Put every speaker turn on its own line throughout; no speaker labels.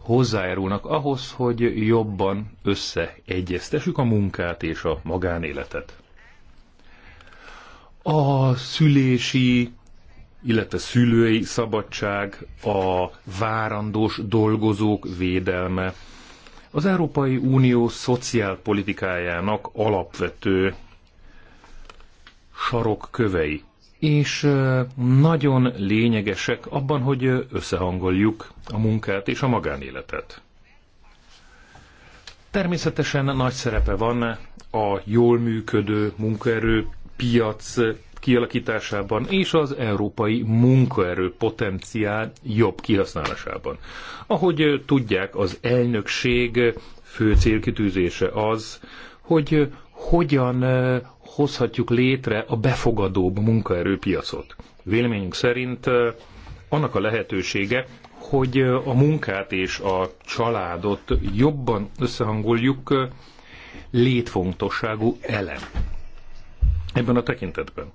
hozzájárulnak ahhoz, hogy jobban összeegyeztessük a munkát és a magánéletet. A szülési, illetve szülői szabadság, a várandós dolgozók védelme, az Európai Unió szociálpolitikájának alapvető sarokkövei és nagyon lényegesek abban, hogy összehangoljuk a munkát és a magánéletet. Természetesen nagy szerepe van a jól működő munkaerő piac kialakításában és az európai munkaerő potenciál jobb kihasználásában. Ahogy tudják, az elnökség fő célkitűzése az, hogy hogyan hozhatjuk létre a befogadóbb munkaerőpiacot. Véleményünk szerint annak a lehetősége, hogy a munkát és a családot jobban összehangoljuk létfontosságú elem ebben a tekintetben.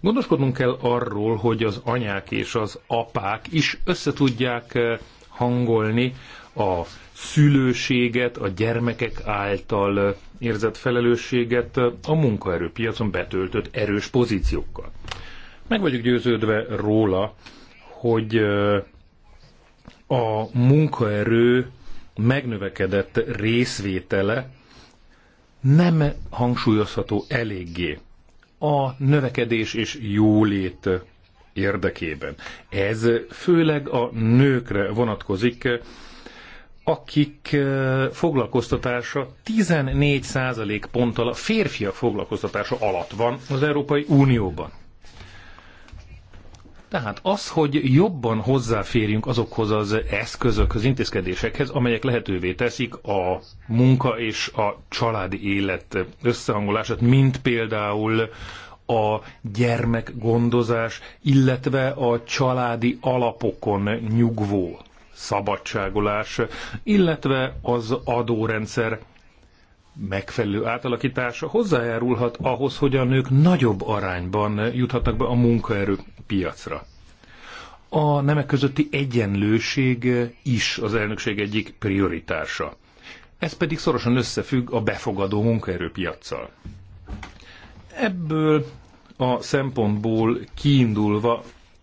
Gondoskodnunk kell arról, hogy az anyák és az apák is összetudják hangolni a szülőséget, a gyermekek által érzett felelősséget a munkaerőpiacon betöltött erős pozíciókkal. Meg vagyok győződve róla, hogy a munkaerő megnövekedett részvétele nem hangsúlyozható eléggé a növekedés és jólét érdekében. Ez főleg a nőkre vonatkozik, akik foglalkoztatása 14 százalék ponttal a férfiak foglalkoztatása alatt van az Európai Unióban. Tehát az, hogy jobban hozzáférjünk azokhoz az eszközökhöz, intézkedésekhez, amelyek lehetővé teszik a munka és a családi élet összehangolását, mint például a gyermekgondozás, illetve a családi alapokon nyugvó szabadságolás, illetve az adórendszer megfelelő átalakítása hozzájárulhat ahhoz, hogy a nők nagyobb arányban juthatnak be a munkaerő piacra. A nemek közötti egyenlőség is az elnökség egyik prioritása. Ez pedig szorosan összefügg a befogadó munkaerőpiacsal. Ebből a szempontból kiindulva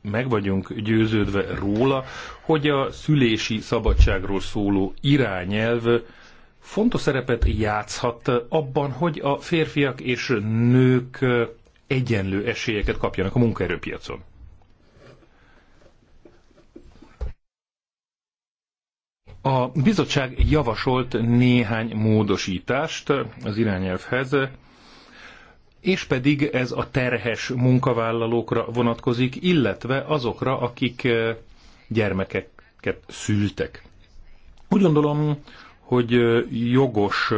meg vagyunk győződve róla, hogy a szülési szabadságról szóló irányelv fontos szerepet játszhat abban, hogy a férfiak és nők egyenlő esélyeket kapjanak a munkaerőpiacon. A bizottság javasolt néhány módosítást az irányelvhez, és pedig ez a terhes munkavállalókra vonatkozik, illetve azokra, akik gyermekeket szültek. Úgy gondolom, hogy jogos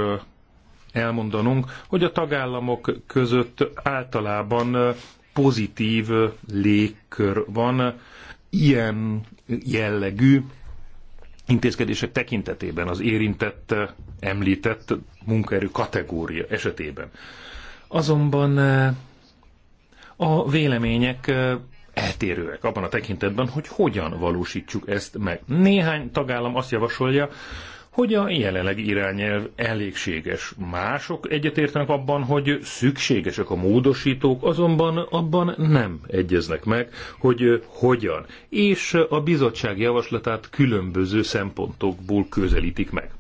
elmondanunk, hogy a tagállamok között általában pozitív légkör van ilyen jellegű intézkedések tekintetében az érintett, említett munkaerő kategória esetében. Azonban eh, a vélemények eh, eltérőek abban a tekintetben, hogy hogyan valósítsuk ezt meg. Néhány tagállam azt javasolja, hogy a jelenlegi irányelv elégséges. Mások egyetértenek abban, hogy szükségesek a módosítók, azonban abban nem egyeznek meg, hogy hogyan. És a bizottság javaslatát különböző szempontokból közelítik meg.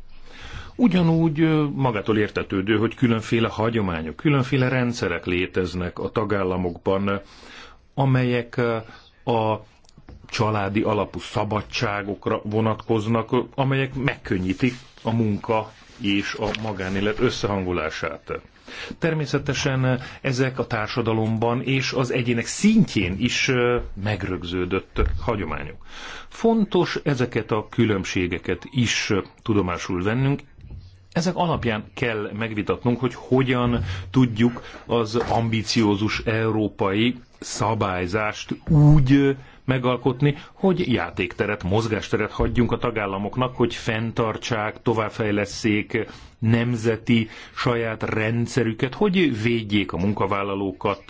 Ugyanúgy magától értetődő, hogy különféle hagyományok, különféle rendszerek léteznek a tagállamokban, amelyek a családi alapú szabadságokra vonatkoznak, amelyek megkönnyítik a munka és a magánélet összehangulását. Természetesen ezek a társadalomban és az egyének szintjén is megrögződött hagyományok. Fontos ezeket a különbségeket is tudomásul vennünk, ezek alapján kell megvitatnunk, hogy hogyan tudjuk az ambiciózus európai szabályzást úgy megalkotni, hogy játékteret, mozgásteret hagyjunk a tagállamoknak, hogy fenntartsák, továbbfejleszék nemzeti saját rendszerüket, hogy védjék a munkavállalókat,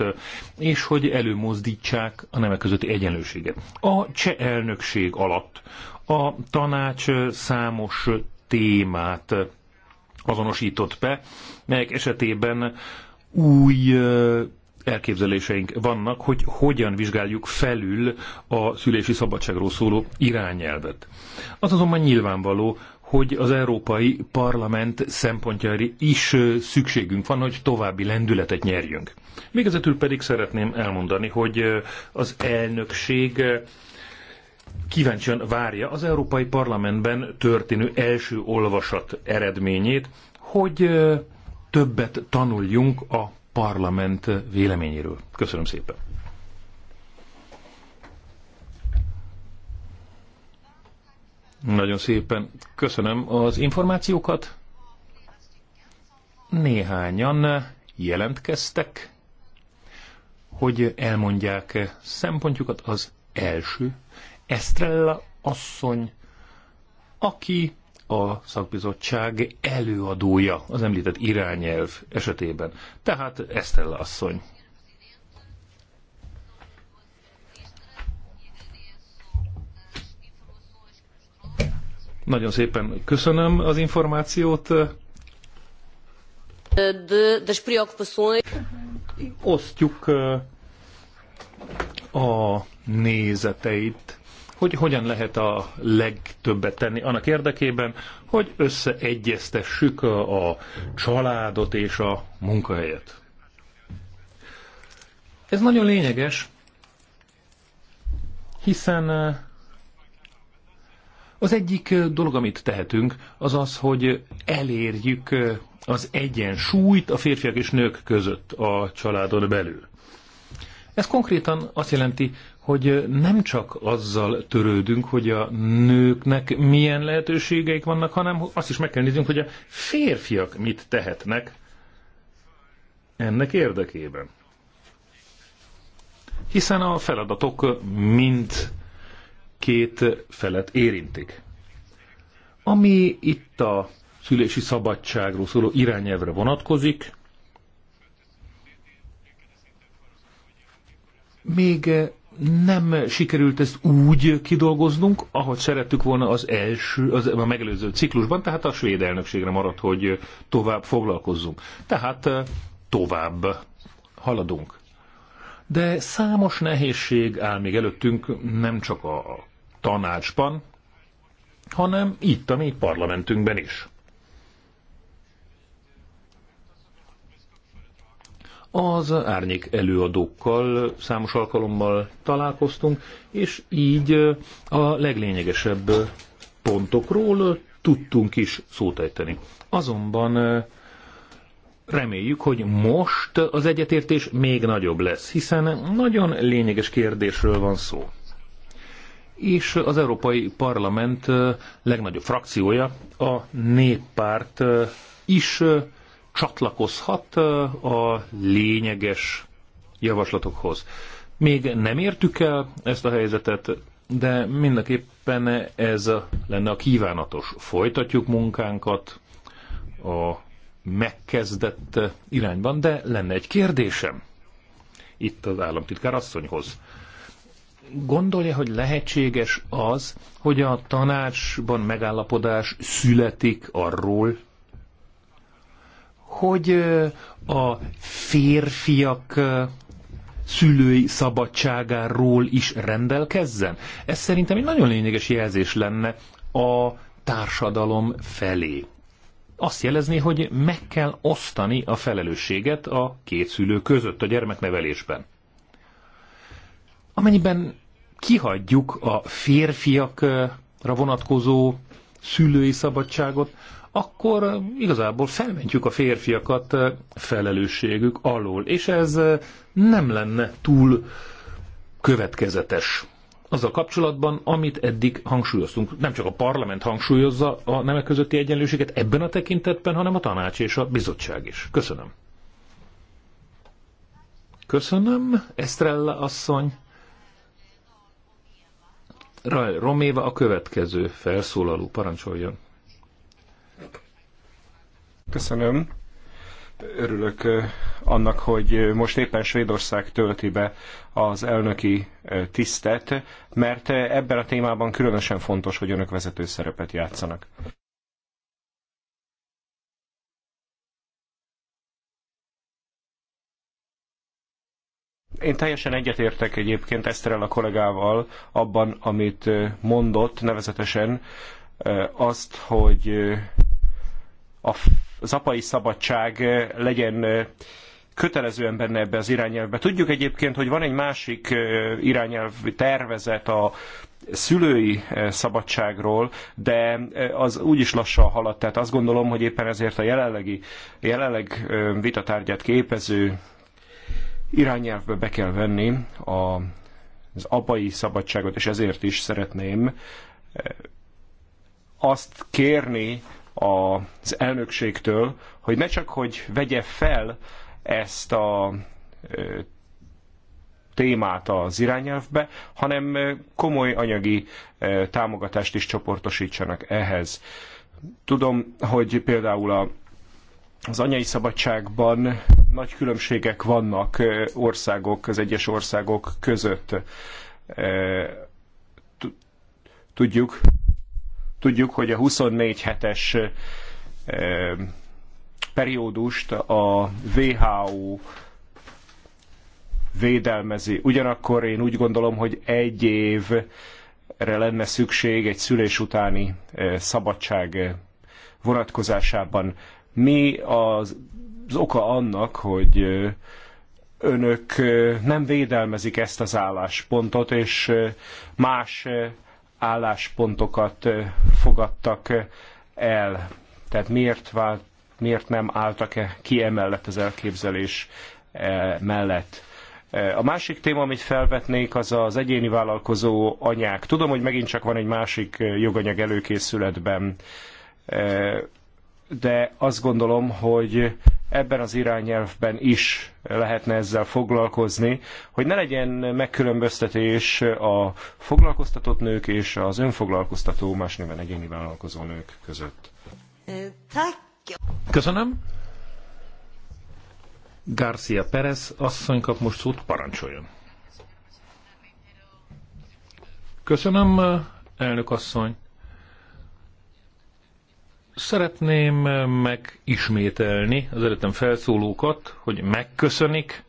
és hogy előmozdítsák a nemek közötti egyenlőséget. A cseh elnökség alatt a tanács számos témát azonosított be, melyek esetében új elképzeléseink vannak, hogy hogyan vizsgáljuk felül a szülési szabadságról szóló irányelvet. Az azonban nyilvánvaló, hogy az Európai Parlament szempontjára is szükségünk van, hogy további lendületet nyerjünk. Végezetül pedig szeretném elmondani, hogy az elnökség kíváncsian várja az Európai Parlamentben történő első olvasat eredményét, hogy többet tanuljunk a parlament véleményéről. Köszönöm szépen! Nagyon szépen köszönöm az információkat. Néhányan jelentkeztek, hogy elmondják szempontjukat az első Estrella asszony, aki a szakbizottság előadója az említett irányelv esetében. Tehát Estrella asszony. Nagyon szépen köszönöm az információt. Osztjuk a nézeteit hogy hogyan lehet a legtöbbet tenni annak érdekében, hogy összeegyeztessük a családot és a munkahelyet. Ez nagyon lényeges, hiszen eh, az egyik eh, dolog, amit tehetünk, az az, hogy elérjük eh, az egyensúlyt a férfiak és nők között a családon belül. Ez konkrétan azt jelenti, hogy nem csak azzal törődünk, hogy a nőknek milyen lehetőségeik vannak, hanem azt is meg kell néznünk, hogy a férfiak mit tehetnek ennek érdekében. Hiszen a feladatok mind két felet érintik. Ami itt a szülési szabadságról szóló irányelvre vonatkozik, még eh, nem sikerült ezt úgy kidolgoznunk, ahogy szerettük volna az első, az, a megelőző ciklusban, tehát a svéd elnökségre maradt, hogy eh, tovább foglalkozzunk. Tehát eh, tovább haladunk. De számos nehézség áll még előttünk, nem csak a tanácsban, hanem itt a mi parlamentünkben is. Az árnyék előadókkal számos alkalommal találkoztunk, és így a leglényegesebb pontokról tudtunk is szót ejteni. Azonban reméljük, hogy most az egyetértés még nagyobb lesz, hiszen nagyon lényeges kérdésről van szó. És az Európai Parlament legnagyobb frakciója, a néppárt is csatlakozhat a lényeges javaslatokhoz. Még nem értük el ezt a helyzetet, de mindenképpen ez lenne a kívánatos. Folytatjuk munkánkat a megkezdett irányban, de lenne egy kérdésem itt az államtitkár asszonyhoz. Gondolja, hogy lehetséges az, hogy a tanácsban megállapodás születik arról, hogy a férfiak szülői szabadságáról is rendelkezzen? Ez szerintem egy nagyon lényeges jelzés lenne a társadalom felé. Azt jelezné, hogy meg kell osztani a felelősséget a két szülő között a gyermeknevelésben. Amennyiben kihagyjuk a férfiakra vonatkozó szülői szabadságot, akkor igazából felmentjük a férfiakat felelősségük alól, és ez nem lenne túl következetes Az a kapcsolatban, amit eddig hangsúlyoztunk. Nem csak a parlament hangsúlyozza a nemek közötti egyenlőséget ebben a tekintetben, hanem a tanács és a bizottság is. Köszönöm. Köszönöm, Estrella asszony. Roméva a következő felszólaló parancsoljon.
Köszönöm. Örülök eh, annak, hogy eh, most éppen Svédország tölti be az elnöki eh, tisztet, mert ebben a témában különösen fontos, hogy önök vezető szerepet játszanak. én teljesen egyetértek egyébként Eszterel a kollégával abban, amit mondott, nevezetesen azt, hogy a az apai szabadság eh, legyen eh, kötelezően benne ebbe az irányelvbe. Tudjuk egyébként, hogy van egy másik eh, irányelv tervezet a szülői szabadságról, de az úgyis lassan halad. Tehát azt gondolom, hogy éppen ezért a jelenlegi, jelenleg vitatárgyát képező irányelvbe be kell venni a, az apai szabadságot, és ezért is szeretném azt kérni az elnökségtől, hogy ne csak hogy vegye fel ezt a témát az irányelvbe, hanem komoly anyagi támogatást is csoportosítsanak ehhez. Tudom, hogy például a az anyai szabadságban nagy különbségek vannak országok, az egyes országok között. Tudjuk, Tudjuk, hogy a 24 hetes periódust a WHO védelmezi. Ugyanakkor én úgy gondolom, hogy egy évre lenne szükség egy szülés utáni szabadság vonatkozásában. Mi az, az oka annak, hogy önök nem védelmezik ezt az álláspontot, és más álláspontokat fogadtak el. Tehát miért, vált, miért nem álltak -e ki emellett az elképzelés e, mellett? E, a másik téma, amit felvetnék, az az egyéni vállalkozó anyák. Tudom, hogy megint csak van egy másik joganyag előkészületben e, de azt gondolom, hogy ebben az irányelvben is lehetne ezzel foglalkozni, hogy ne legyen megkülönböztetés a foglalkoztatott nők és az önfoglalkoztató, más néven egyéni vállalkozó nők között. Köszönöm. Garcia Perez
asszony kap most szót, parancsoljon. Köszönöm, elnök asszony. Szeretném megismételni az előttem felszólókat, hogy megköszönik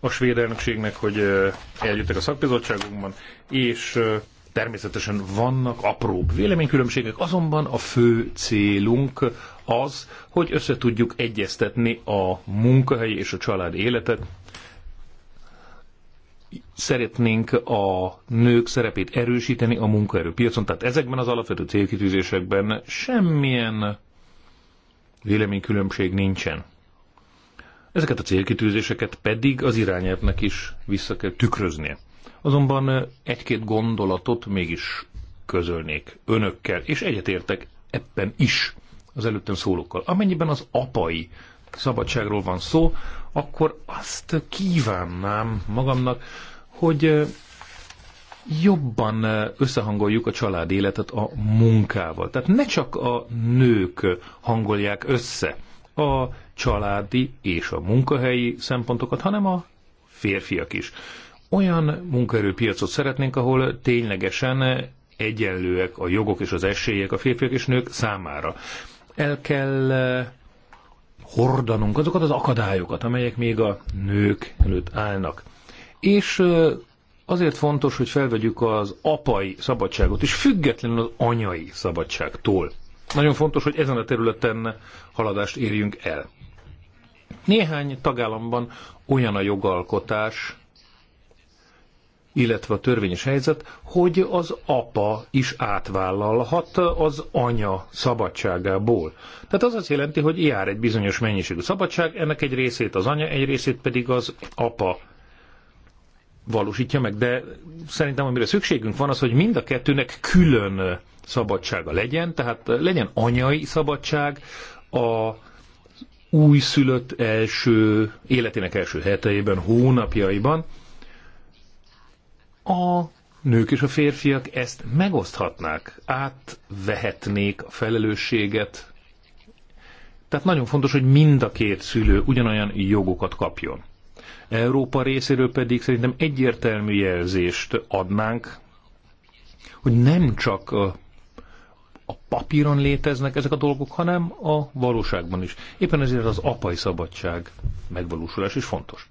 a svéd elnökségnek, hogy eljöttek a szakbizottságunkban, és természetesen vannak apróbb véleménykülönbségek, azonban a fő célunk az, hogy összetudjuk egyeztetni a munkahelyi és a család életet, szeretnénk a nők szerepét erősíteni a munkaerőpiacon. Tehát ezekben az alapvető célkitűzésekben semmilyen véleménykülönbség nincsen. Ezeket a célkitűzéseket pedig az irányelvnek is vissza kell tükröznie. Azonban egy-két gondolatot mégis közölnék önökkel, és egyetértek ebben is az előttem szólókkal. Amennyiben az apai szabadságról van szó, akkor azt kívánnám magamnak, hogy jobban összehangoljuk a család életet a munkával. Tehát ne csak a nők hangolják össze a családi és a munkahelyi szempontokat, hanem a férfiak is. Olyan munkaerőpiacot szeretnénk, ahol ténylegesen egyenlőek a jogok és az esélyek a férfiak és nők számára. El kell hordanunk azokat az akadályokat, amelyek még a nők előtt állnak. És azért fontos, hogy felvegyük az apai szabadságot, és függetlenül az anyai szabadságtól. Nagyon fontos, hogy ezen a területen haladást érjünk el. Néhány tagállamban olyan a jogalkotás, illetve a törvényes helyzet, hogy az apa is átvállalhat az anya szabadságából. Tehát az azt jelenti, hogy jár egy bizonyos mennyiségű szabadság, ennek egy részét az anya, egy részét pedig az apa valósítja meg, de szerintem amire szükségünk van az, hogy mind a kettőnek külön szabadsága legyen, tehát legyen anyai szabadság a újszülött első, életének első heteiben, hónapjaiban. A nők és a férfiak ezt megoszthatnák, átvehetnék a felelősséget. Tehát nagyon fontos, hogy mind a két szülő ugyanolyan jogokat kapjon. Európa részéről pedig szerintem egyértelmű jelzést adnánk, hogy nem csak a a papíron léteznek ezek a dolgok, hanem a valóságban is. Éppen ezért az apai szabadság megvalósulás is fontos.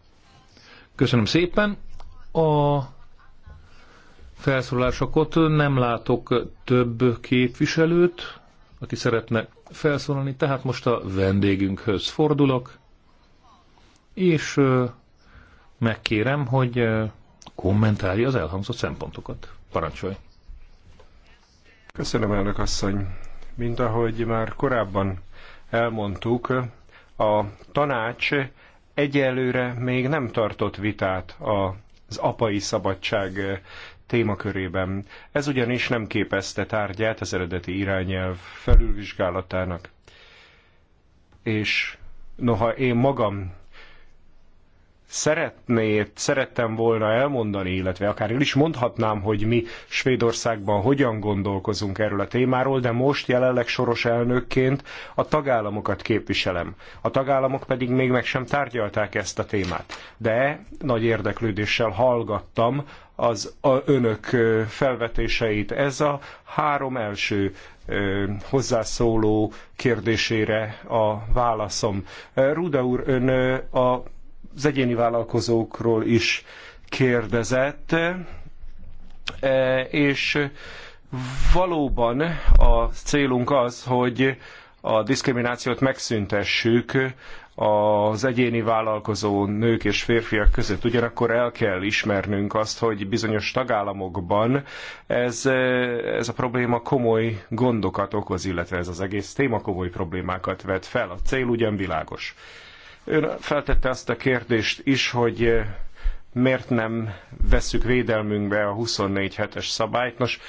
Köszönöm szépen. A felszólásokat nem látok több képviselőt, aki szeretne felszólalni, tehát most a vendégünkhöz fordulok, és megkérem, hogy kommentálja az elhangzott szempontokat. Parancsolj!
Köszönöm, elnök asszony! Mint ahogy már korábban elmondtuk, a tanács egyelőre még nem tartott vitát az apai szabadság témakörében. Ez ugyanis nem képezte tárgyát az eredeti irányelv felülvizsgálatának. És noha én magam szeretné, szerettem volna elmondani, illetve akár el is mondhatnám, hogy mi Svédországban hogyan gondolkozunk erről a témáról, de most jelenleg soros elnökként a tagállamokat képviselem. A tagállamok pedig még meg sem tárgyalták ezt a témát. De nagy érdeklődéssel hallgattam az a önök felvetéseit. Ez a három első hozzászóló kérdésére a válaszom. Ruda úr, ön a az egyéni vállalkozókról is kérdezett, e, és valóban a célunk az, hogy a diszkriminációt megszüntessük az egyéni vállalkozó nők és férfiak között. Ugyanakkor el kell ismernünk azt, hogy bizonyos tagállamokban ez, e, ez a probléma komoly gondokat okoz, illetve ez az egész téma komoly problémákat vet fel. A cél ugyan világos. Ön feltette azt a kérdést is, hogy eh, miért nem vesszük védelmünkbe a 24 hetes szabályt. Nos,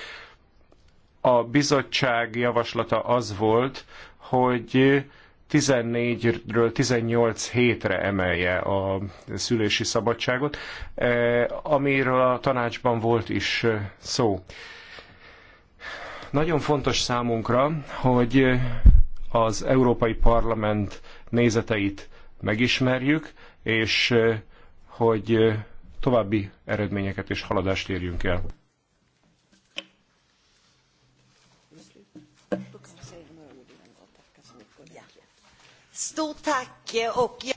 a bizottság javaslata az volt, hogy 14-ről 18 hétre emelje a szülési szabadságot, eh, amiről a tanácsban volt is eh, szó. Nagyon fontos számunkra, hogy az Európai Parlament nézeteit megismerjük, és eh, hogy eh, további eredményeket és haladást érjünk el.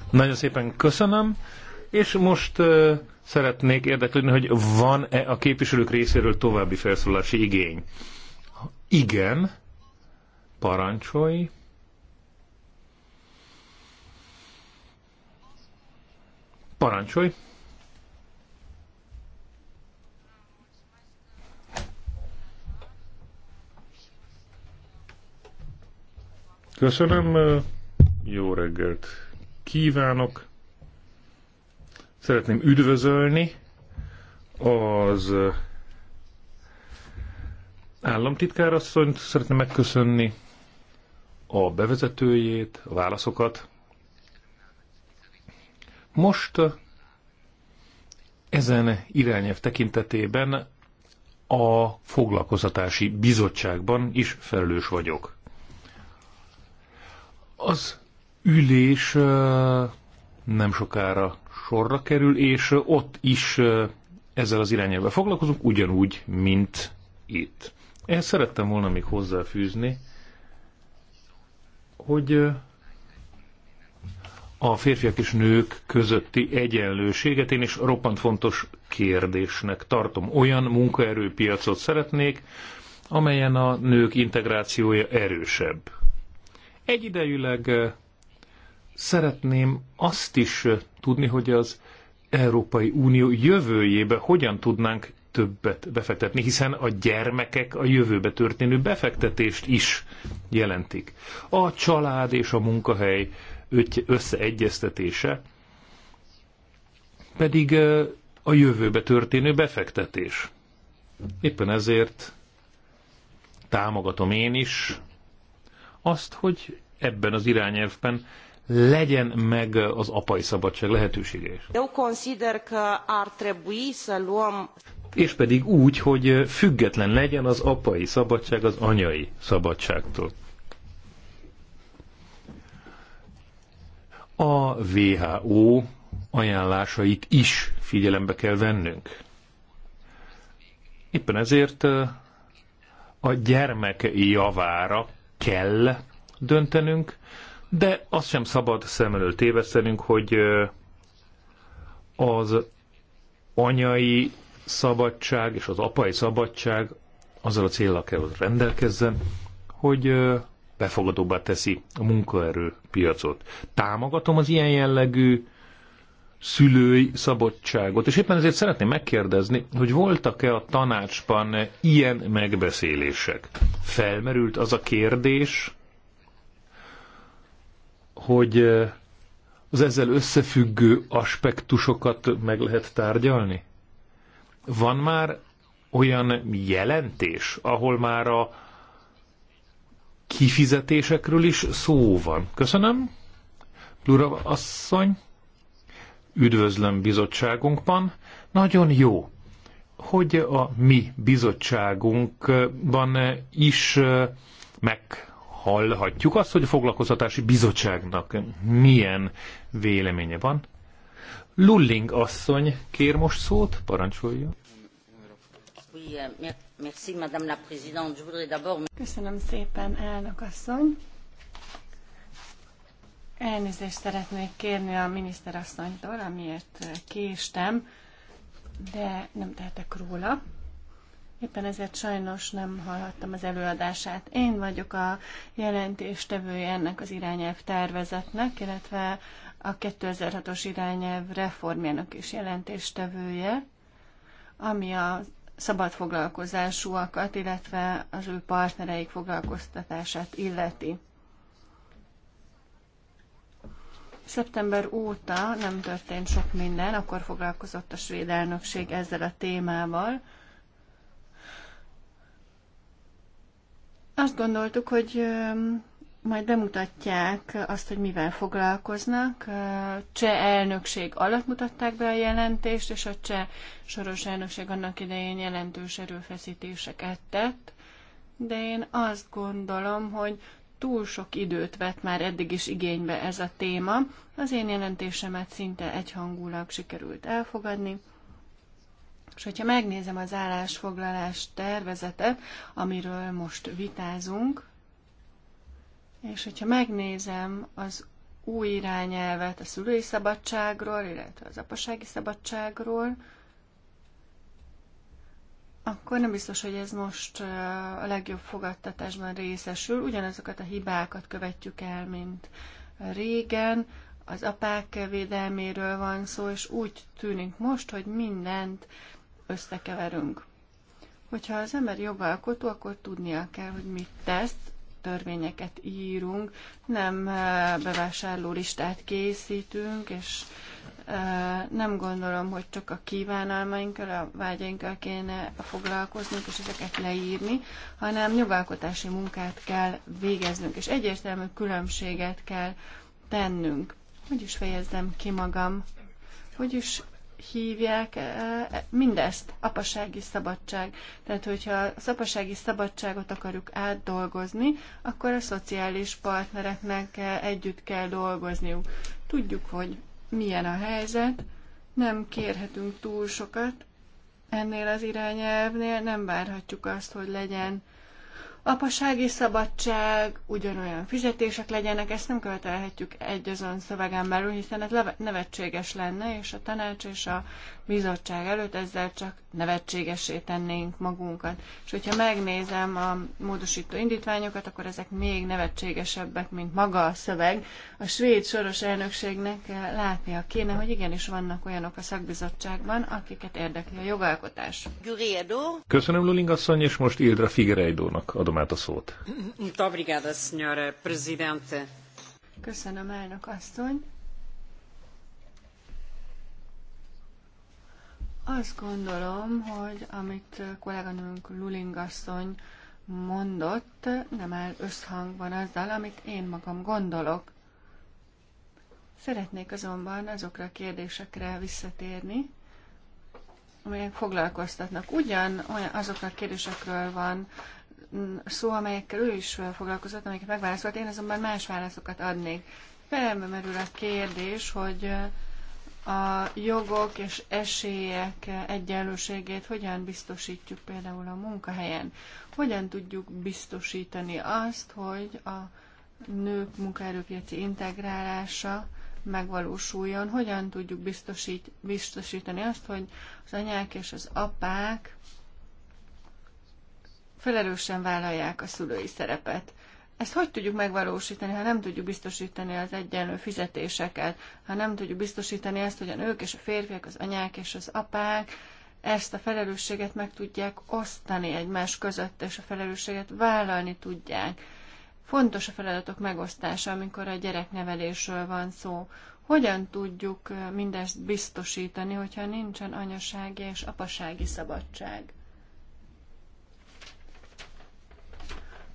Nagyon szépen köszönöm, és most uh, szeretnék érdeklődni, hogy van-e a képviselők részéről további felszólalási igény. Igen, parancsolj. Parancsolj! Köszönöm, jó reggelt kívánok! Szeretném üdvözölni az államtitkárasszonyt, szeretném megköszönni a bevezetőjét, a válaszokat. Most uh, ezen irányelv tekintetében a foglalkoztatási bizottságban is felelős vagyok. Az ülés uh, nem sokára sorra kerül, és uh, ott is ezzel az irányelvvel foglalkozunk, ugyanúgy, mint itt. Én szerettem volna még hozzáfűzni, hogy a férfiak és nők közötti egyenlőséget én is roppant fontos kérdésnek tartom. Olyan munkaerőpiacot szeretnék, amelyen a nők integrációja erősebb. Egyidejűleg eh, szeretném azt is eh, tudni, hogy az Európai Unió jövőjébe hogyan tudnánk többet befektetni, hiszen a gyermekek a jövőbe történő befektetést is jelentik. A család és a munkahely összeegyeztetése pedig a jövőbe történő befektetés. Éppen ezért támogatom én is azt, hogy ebben az irányelvben legyen meg az apai szabadság lehetősége is.
Eu consider că ar trebui să luăm...
És pedig úgy, hogy független legyen az apai szabadság az anyai szabadságtól. a WHO ajánlásait is figyelembe kell vennünk. Éppen ezért a gyermek javára kell döntenünk, de azt sem szabad szem elől tévesztenünk, hogy az anyai szabadság és az apai szabadság azzal a célra kell, hogy rendelkezzen, hogy befogadóbbá teszi a munkaerőpiacot. Támogatom az ilyen jellegű szülői szabadságot, és éppen ezért szeretném megkérdezni, hogy voltak-e a tanácsban ilyen megbeszélések? Felmerült az a kérdés, hogy eh, az ezzel összefüggő aspektusokat meg lehet tárgyalni? Van már olyan jelentés, ahol már a kifizetésekről is szó van. Köszönöm. Lura asszony, üdvözlöm bizottságunkban. Nagyon jó, hogy a mi bizottságunkban is meghallhatjuk azt, hogy a foglalkoztatási bizottságnak milyen véleménye van. Lulling asszony kér most szót, parancsoljon.
Euh,
Köszönöm szépen, elnök asszony. Elnézést szeretnék kérni a miniszterasszonytól, amiért késtem, de nem tehetek róla. Éppen ezért sajnos nem hallhattam az előadását. Én vagyok a jelentéstevője ennek az irányelv tervezetnek, illetve a 2006-os irányelv reformjának is jelentéstevője, ami az szabad foglalkozásúakat, illetve az ő partnereik foglalkoztatását illeti. Szeptember óta nem történt sok minden, akkor foglalkozott a svéd elnökség ezzel a témával. Azt gondoltuk, hogy majd bemutatják azt, hogy mivel foglalkoznak. Cseh elnökség alatt mutatták be a jelentést, és a cseh soros elnökség annak idején jelentős erőfeszítéseket tett, de én azt gondolom, hogy túl sok időt vett már eddig is igénybe ez a téma. Az én jelentésemet szinte egyhangulag sikerült elfogadni. És hogyha megnézem az állásfoglalás tervezetet, amiről most vitázunk, és hogyha megnézem az új irányelvet a szülői szabadságról, illetve az apasági szabadságról, akkor nem biztos, hogy ez most a legjobb fogadtatásban részesül. Ugyanazokat a hibákat követjük el, mint régen. Az apák védelméről van szó, és úgy tűnik most, hogy mindent összekeverünk. Hogyha az ember jogalkotó, akkor tudnia kell, hogy mit tesz, törvényeket írunk, nem eh, bevásárló listát készítünk, és eh, nem gondolom, hogy csak a kívánalmainkkal, a vágyainkkal kéne foglalkoznunk és ezeket leírni, hanem jogalkotási munkát kell végeznünk, és egyértelmű különbséget kell tennünk. Hogy is fejezzem ki magam? Hogy is hívják e, e, mindezt apasági szabadság. Tehát, hogyha a apasági szabadságot akarjuk átdolgozni, akkor a szociális partnereknek e, együtt kell dolgozniuk. Tudjuk, hogy milyen a helyzet, nem kérhetünk túl sokat ennél az irányelvnél, nem várhatjuk azt, hogy legyen apasági szabadság, ugyanolyan fizetések legyenek, ezt nem követelhetjük egy azon szövegen belül, hiszen ez nevetséges lenne, és a tanács és a bizottság előtt, ezzel csak nevetségesé tennénk magunkat. És hogyha megnézem a módosító indítványokat, akkor ezek még nevetségesebbek, mint maga a szöveg. A svéd soros elnökségnek látnia kéne, hogy igenis vannak olyanok a szakbizottságban, akiket érdekli a jogalkotás.
Köszönöm, Luling asszony, és most Ildra Figereidónak adom át a szót.
Köszönöm, elnök asszony. Azt gondolom, hogy amit kolléganőnk Luling asszony mondott, nem áll összhangban azzal, amit én magam gondolok. Szeretnék azonban azokra a kérdésekre visszatérni, amelyek foglalkoztatnak. Ugyan olyan, azokra a kérdésekről van szó, amelyekkel ő is foglalkozott, amelyeket megválaszolt, én azonban más válaszokat adnék. Felmerül a kérdés, hogy a jogok és esélyek egyenlőségét hogyan biztosítjuk például a munkahelyen? Hogyan tudjuk biztosítani azt, hogy a nők munkaerőpiaci integrálása megvalósuljon? Hogyan tudjuk biztosít, biztosítani azt, hogy az anyák és az apák felelősen vállalják a szülői szerepet? Ezt hogy tudjuk megvalósítani, ha nem tudjuk biztosítani az egyenlő fizetéseket, ha nem tudjuk biztosítani ezt, hogy a nők és a férfiak, az anyák és az apák ezt a felelősséget meg tudják osztani egymás között, és a felelősséget vállalni tudják. Fontos a feladatok megosztása, amikor a gyereknevelésről van szó. Hogyan tudjuk mindezt biztosítani, hogyha nincsen anyasági és apasági szabadság?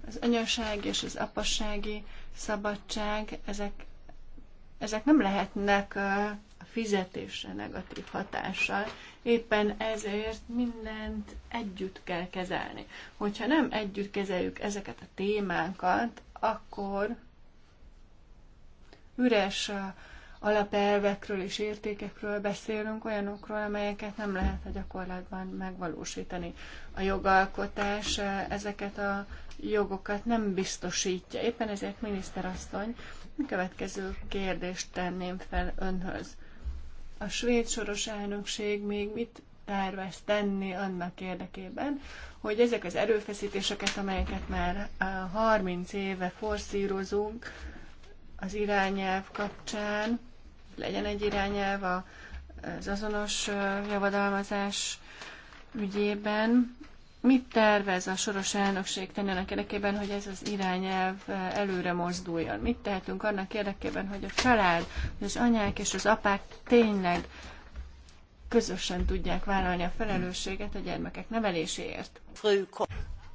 Az anyaság és az apassági szabadság, ezek, ezek nem lehetnek a fizetésre negatív hatással. Éppen ezért mindent együtt kell kezelni. Hogyha nem együtt kezeljük ezeket a témákat, akkor üres a alapelvekről és értékekről beszélünk, olyanokról, amelyeket nem lehet a gyakorlatban megvalósítani. A jogalkotás eh, ezeket a jogokat nem biztosítja. Éppen ezért, miniszterasszony, a következő kérdést tenném fel önhöz. A svéd soros elnökség még mit tervez tenni annak érdekében, hogy ezek az erőfeszítéseket, amelyeket már 30 eh, éve forszírozunk az irányelv kapcsán, legyen egy irányelv az azonos javadalmazás ügyében. Mit tervez a soros elnökség tenni annak érdekében, hogy ez az irányelv előre mozduljon? Mit tehetünk annak érdekében, hogy a család, az anyák és az apák tényleg közösen tudják vállalni a felelősséget a gyermekek neveléséért?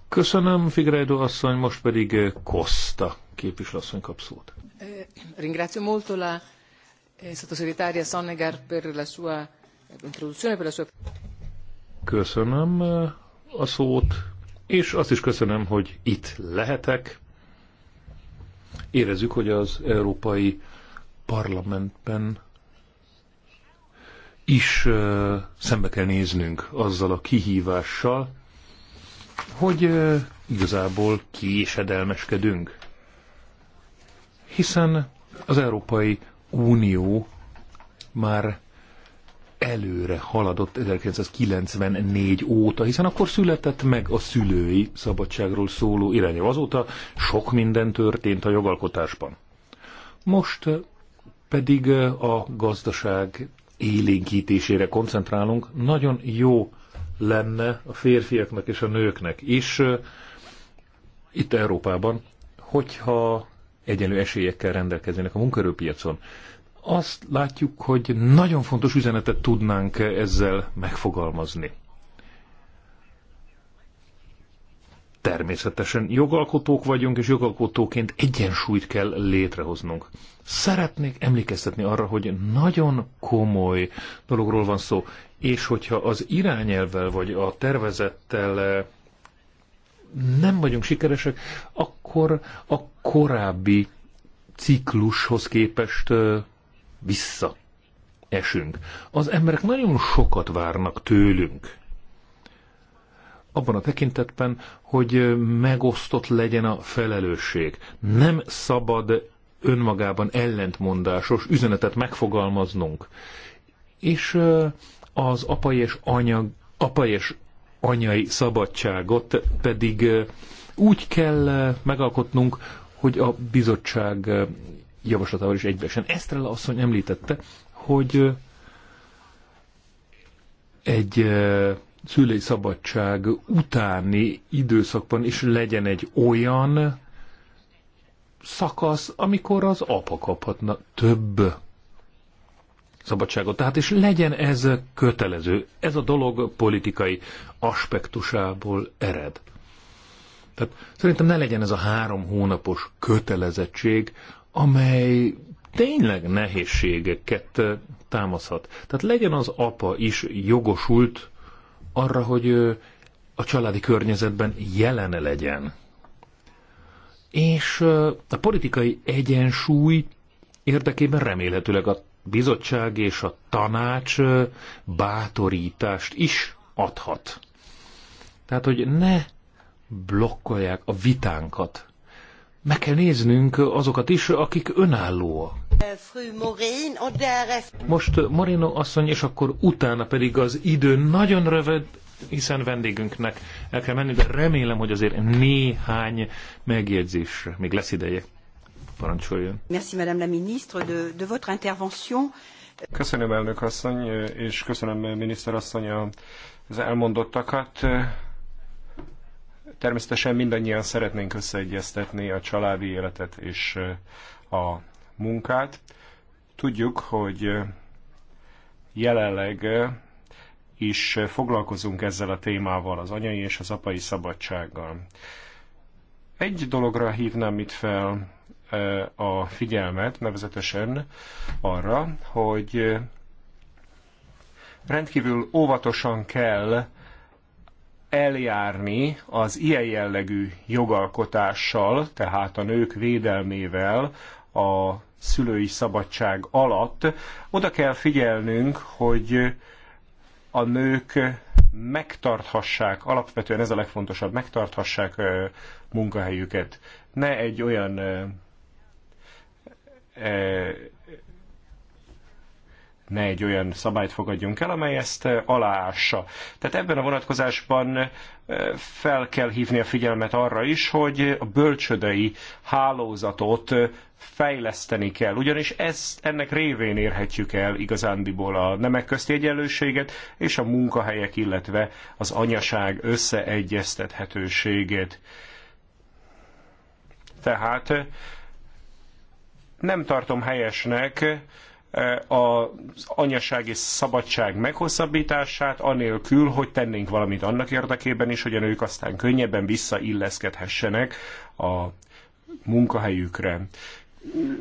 Köszönöm, Figredo asszony, most pedig Costa képviselőasszony kap szót.
Eh, ringrazio molto la Eh, sottosegretaria Sonnegar per la sua eh, introduzione, per la sua...
Köszönöm eh, a szót, és azt is köszönöm, hogy itt lehetek. Érezzük, hogy az Európai Parlamentben is szembe kell néznünk azzal a kihívással, hogy igazából késedelmeskedünk. Hiszen az Európai Unió már előre haladott 1994 óta, hiszen akkor született meg a szülői szabadságról szóló irányelv. Azóta sok minden történt a jogalkotásban. Most eh, pedig eh, a gazdaság élénkítésére koncentrálunk. Nagyon jó lenne a férfiaknak és a nőknek is eh, itt Európában, hogyha egyenlő esélyekkel rendelkeznének a munkaerőpiacon. Azt látjuk, hogy nagyon fontos üzenetet tudnánk ezzel megfogalmazni. Természetesen jogalkotók vagyunk, és jogalkotóként egyensúlyt kell létrehoznunk. Szeretnék emlékeztetni arra, hogy nagyon komoly dologról van szó, és hogyha az irányelvel vagy a tervezettel eh, nem vagyunk sikeresek, akkor a korábbi ciklushoz képest vissza esünk. Az emberek nagyon sokat várnak tőlünk. Abban a tekintetben, hogy megosztott legyen a felelősség. Nem szabad önmagában ellentmondásos üzenetet megfogalmaznunk. És az apai és anya, apai és anyai szabadságot pedig úgy kell megalkotnunk, hogy a bizottság javaslatával is egybesen. Esztrella asszony említette, hogy egy szülői szabadság utáni időszakban is legyen egy olyan szakasz, amikor az apa kaphatna több szabadságot. Tehát és legyen ez kötelező. Ez a dolog politikai aspektusából ered. Tehát szerintem ne legyen ez a három hónapos kötelezettség, amely tényleg nehézségeket támaszhat. Tehát legyen az apa is jogosult arra, hogy a családi környezetben jelen legyen. És a politikai egyensúly érdekében remélhetőleg a bizottság és a tanács bátorítást is adhat. Tehát, hogy ne blokkolják a vitánkat. Meg kell néznünk azokat is, akik önállóak. Most Marino asszony, és akkor utána pedig az idő nagyon rövid, hiszen vendégünknek el kell menni, de remélem, hogy azért néhány megjegyzésre még lesz ideje. Parancsoljon.
Merci, Madame la Ministre, de, de votre intervention.
Köszönöm, elnök asszony, és köszönöm, miniszter asszony, az elmondottakat. Természetesen mindannyian szeretnénk összeegyeztetni a családi életet és a munkát. Tudjuk, hogy jelenleg is foglalkozunk ezzel a témával, az anyai és az apai szabadsággal. Egy dologra hívnám itt fel e, a figyelmet, nevezetesen arra, hogy rendkívül óvatosan kell eljárni az ilyen jellegű jogalkotással, tehát a nők védelmével a szülői szabadság alatt. Oda kell figyelnünk, hogy a nők megtarthassák, alapvetően ez a legfontosabb, megtarthassák munkahelyüket. Ne egy olyan ne egy olyan szabályt fogadjunk el, amely ezt aláássa. Tehát ebben a vonatkozásban fel kell hívni a figyelmet arra is, hogy a bölcsödei hálózatot fejleszteni kell, ugyanis ez, ennek révén érhetjük el igazándiból a nemek közti egyenlőséget és a munkahelyek, illetve az anyaság összeegyeztethetőségét. Tehát nem tartom helyesnek, az anyasági szabadság meghosszabbítását, anélkül, hogy tennénk valamit annak érdekében is, hogy a nők aztán könnyebben visszailleszkedhessenek a munkahelyükre.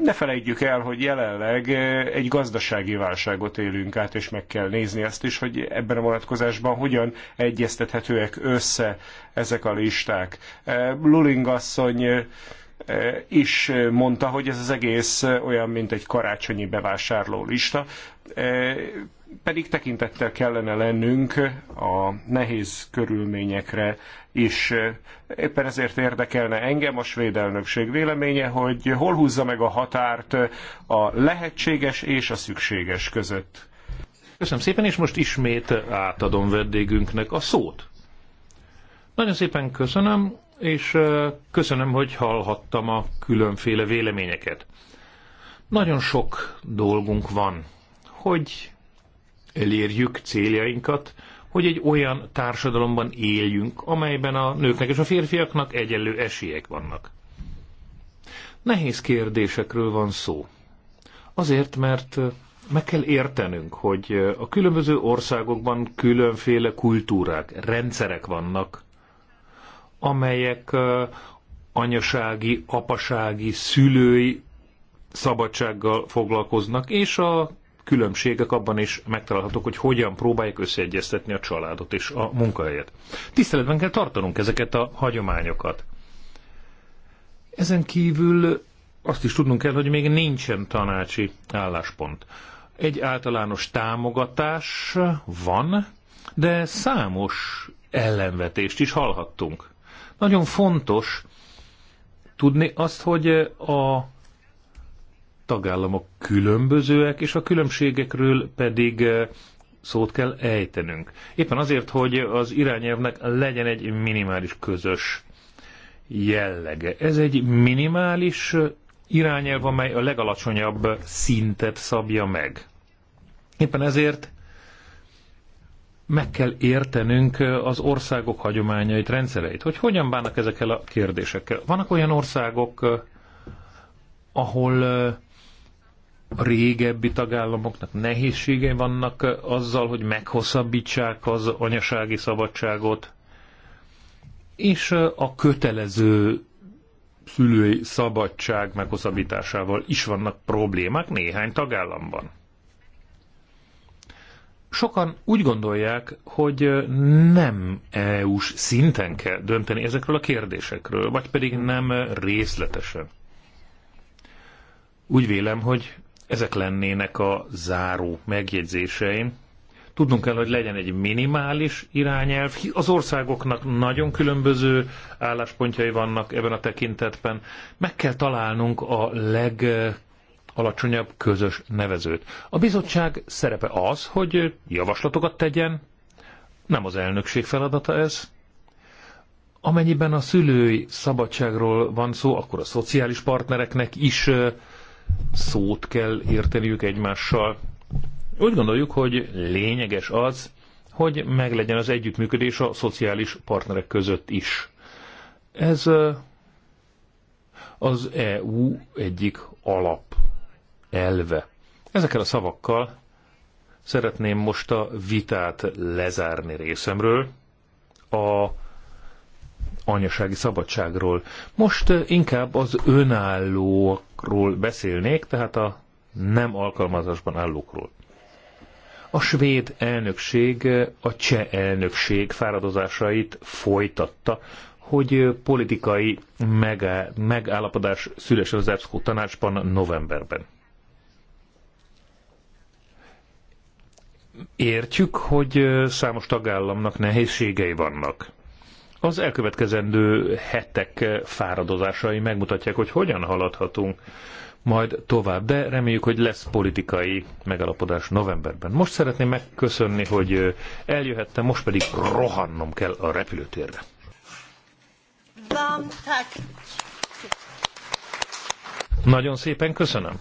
Ne felejtjük el, hogy jelenleg egy gazdasági válságot élünk át, és meg kell nézni ezt is, hogy ebben a vonatkozásban hogyan egyeztethetőek össze ezek a listák. Lulingasszony. asszony Eh, is mondta, hogy ez az egész eh, olyan, mint egy karácsonyi bevásárló lista, eh, pedig tekintettel kellene lennünk a nehéz körülményekre is. Éppen ezért érdekelne engem a svéd elnökség véleménye, hogy hol húzza meg a határt a lehetséges és a szükséges között.
Köszönöm szépen, és most ismét átadom vendégünknek a szót. Nagyon szépen köszönöm és köszönöm, hogy hallhattam a különféle véleményeket. Nagyon sok dolgunk van, hogy elérjük céljainkat, hogy egy olyan társadalomban éljünk, amelyben a nőknek és a férfiaknak egyenlő esélyek vannak. Nehéz kérdésekről van szó. Azért, mert meg kell értenünk, hogy a különböző országokban különféle kultúrák, rendszerek vannak, amelyek anyasági, apasági, szülői szabadsággal foglalkoznak, és a különbségek abban is megtalálhatók, hogy hogyan próbálják összeegyeztetni a családot és a munkahelyet. Tiszteletben kell tartanunk ezeket a hagyományokat. Ezen kívül azt is tudnunk kell, hogy még nincsen tanácsi álláspont. Egy általános támogatás van, de számos ellenvetést is hallhattunk. Nagyon fontos tudni azt, hogy a tagállamok különbözőek, és a különbségekről pedig szót kell ejtenünk. Éppen azért, hogy az irányelvnek legyen egy minimális közös jellege. Ez egy minimális irányelv, amely a legalacsonyabb szintet szabja meg. Éppen ezért meg kell értenünk az országok hagyományait, rendszereit, hogy hogyan bánnak ezekkel a kérdésekkel. Vannak olyan országok, ahol a régebbi tagállamoknak nehézségei vannak azzal, hogy meghosszabbítsák az anyasági szabadságot, és a kötelező szülői szabadság meghosszabbításával is vannak problémák néhány tagállamban. Sokan úgy gondolják, hogy nem EU-s szinten kell dönteni ezekről a kérdésekről, vagy pedig nem részletesen. Úgy vélem, hogy ezek lennének a záró megjegyzéseim. Tudnunk kell, hogy legyen egy minimális irányelv. Az országoknak nagyon különböző álláspontjai vannak ebben a tekintetben. Meg kell találnunk a leg alacsonyabb közös nevezőt. A bizottság szerepe az, hogy javaslatokat tegyen, nem az elnökség feladata ez. Amennyiben a szülői szabadságról van szó, akkor a szociális partnereknek is szót kell érteniük egymással. Úgy gondoljuk, hogy lényeges az, hogy meglegyen az együttműködés a szociális partnerek között is. Ez az EU egyik alap elve. Ezekkel a szavakkal szeretném most a vitát lezárni részemről a anyasági szabadságról. Most eh, inkább az önállókról beszélnék, tehát a nem alkalmazásban állókról. A svéd elnökség eh, a cseh elnökség fáradozásait folytatta, hogy eh, politikai megállapodás szülesen az EBSZKO tanácsban novemberben. értjük, hogy számos tagállamnak nehézségei vannak. Az elkövetkezendő hetek fáradozásai megmutatják, hogy hogyan haladhatunk majd tovább, de reméljük, hogy lesz politikai megalapodás novemberben. Most szeretném megköszönni, hogy eljöhettem, most pedig rohannom kell a repülőtérre. Nagyon szépen köszönöm.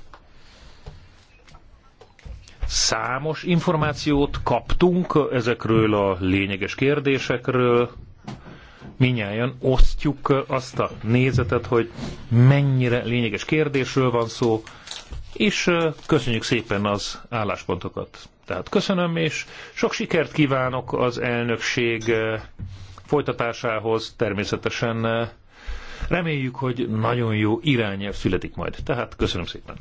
Számos információt kaptunk ezekről a lényeges kérdésekről. Minnyáján osztjuk azt a nézetet, hogy mennyire lényeges kérdésről van szó, és köszönjük szépen az álláspontokat. Tehát köszönöm, és sok sikert kívánok az elnökség folytatásához. Természetesen reméljük, hogy nagyon jó irányel születik majd. Tehát köszönöm szépen.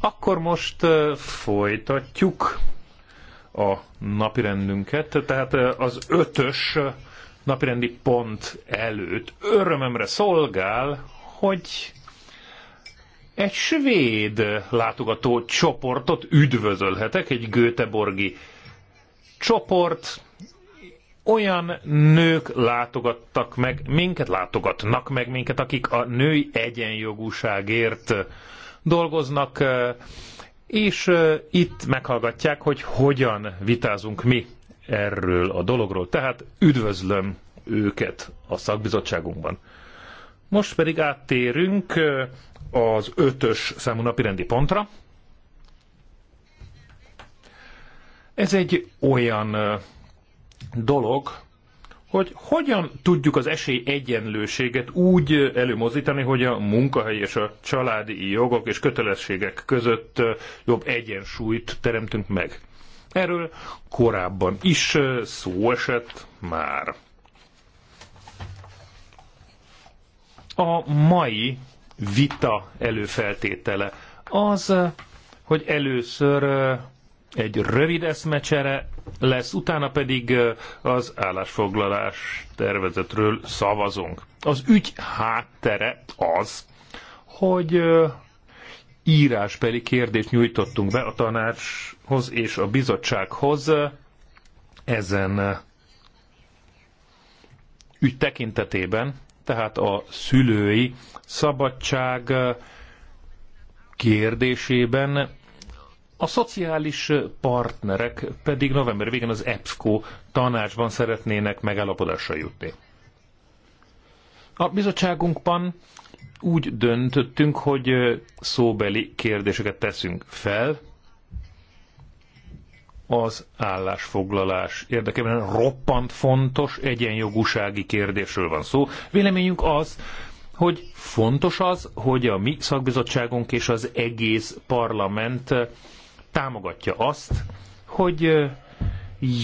Akkor most folytatjuk a napirendünket, tehát az ötös napirendi pont előtt örömemre szolgál, hogy egy svéd látogató csoportot üdvözölhetek, egy göteborgi csoport olyan nők látogattak meg minket, látogatnak meg minket, akik a női egyenjogúságért dolgoznak, és itt meghallgatják, hogy hogyan vitázunk mi erről a dologról. Tehát üdvözlöm őket a szakbizottságunkban. Most pedig áttérünk az ötös számú napirendi pontra. Ez egy olyan dolog, hogy hogyan tudjuk az esély egyenlőséget úgy előmozdítani, hogy a munkahely és a családi jogok és kötelességek között jobb egyensúlyt teremtünk meg. Erről korábban is szó esett már. A mai vita előfeltétele az, hogy először egy rövid eszmecsere lesz, utána pedig az állásfoglalás tervezetről szavazunk. Az ügy háttere az, hogy írásbeli kérdést nyújtottunk be a tanácshoz és a bizottsághoz ezen ügy tekintetében, tehát a szülői szabadság kérdésében a szociális partnerek pedig november végén az EPSCO tanácsban szeretnének megállapodásra jutni. A bizottságunkban úgy döntöttünk, hogy szóbeli kérdéseket teszünk fel az állásfoglalás érdekében. Roppant fontos egyenjogúsági kérdésről van szó. Véleményünk az, hogy fontos az, hogy a mi szakbizottságunk és az egész parlament támogatja azt, hogy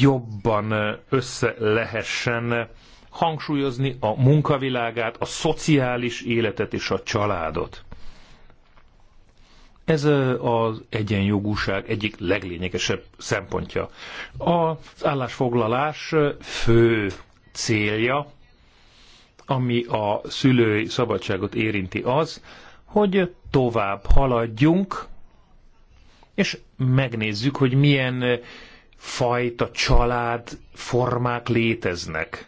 jobban össze lehessen hangsúlyozni a munkavilágát, a szociális életet és a családot. Ez az egyenjogúság egyik leglényegesebb szempontja. Az állásfoglalás fő célja, ami a szülői szabadságot érinti az, hogy tovább haladjunk, és megnézzük, hogy milyen fajta család formák léteznek.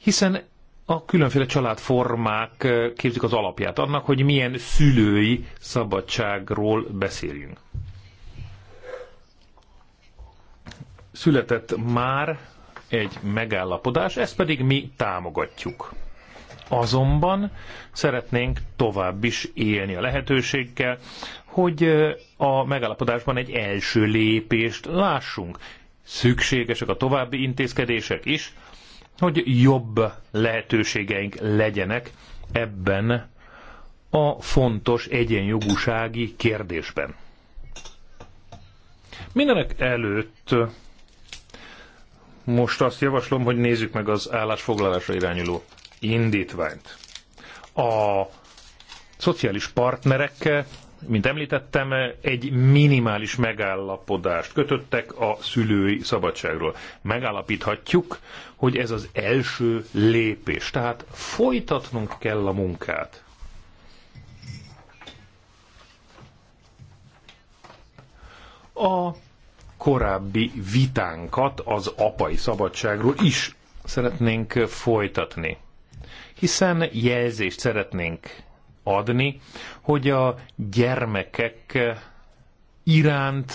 Hiszen a különféle családformák képzik az alapját annak, hogy milyen szülői szabadságról beszéljünk. Született már egy megállapodás, ezt pedig mi támogatjuk. Azonban szeretnénk tovább is élni a lehetőséggel, hogy a megállapodásban egy első lépést lássunk. Szükségesek a további intézkedések is, hogy jobb lehetőségeink legyenek ebben a fontos egyenjogúsági kérdésben. Mindenek előtt most azt javaslom, hogy nézzük meg az állásfoglalásra irányuló indítványt. A szociális partnerekkel, mint említettem, egy minimális megállapodást kötöttek a szülői szabadságról. Megállapíthatjuk, hogy ez az első lépés, tehát folytatnunk kell a munkát. A korábbi vitánkat az apai szabadságról is szeretnénk folytatni hiszen jelzést szeretnénk adni, hogy a gyermekek iránt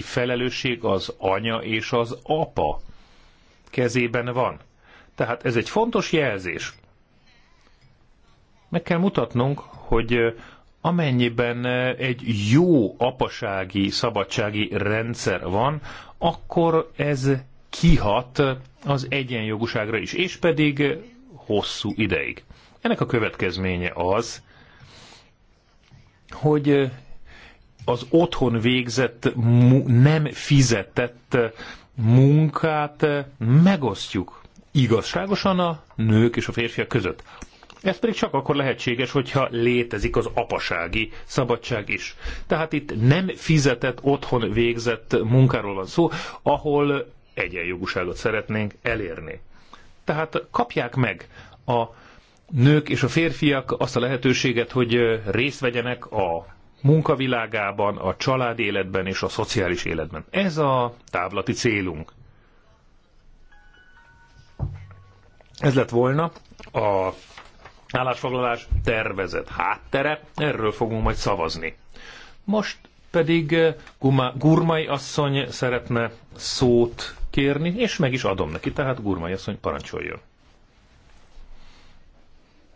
felelősség az anya és az apa kezében van. Tehát ez egy fontos jelzés. Meg kell mutatnunk, hogy amennyiben egy jó apasági, szabadsági rendszer van, akkor ez kihat az egyenjogúságra is, és pedig hosszú ideig. Ennek a következménye az, hogy az otthon végzett, nem fizetett munkát megosztjuk igazságosan a nők és a férfiak között. Ez pedig csak akkor lehetséges, hogyha létezik az apasági szabadság is. Tehát itt nem fizetett, otthon végzett munkáról van szó, ahol egyenjogúságot szeretnénk elérni. Tehát kapják meg a nők és a férfiak azt a lehetőséget, hogy részt vegyenek a munkavilágában, a család életben és a szociális életben. Ez a távlati célunk. Ez lett volna a állásfoglalás tervezet háttere, erről fogunk majd szavazni. Most pedig Gurmai asszony szeretne szót kérni, és meg is adom neki, tehát Gurmai asszony parancsoljon.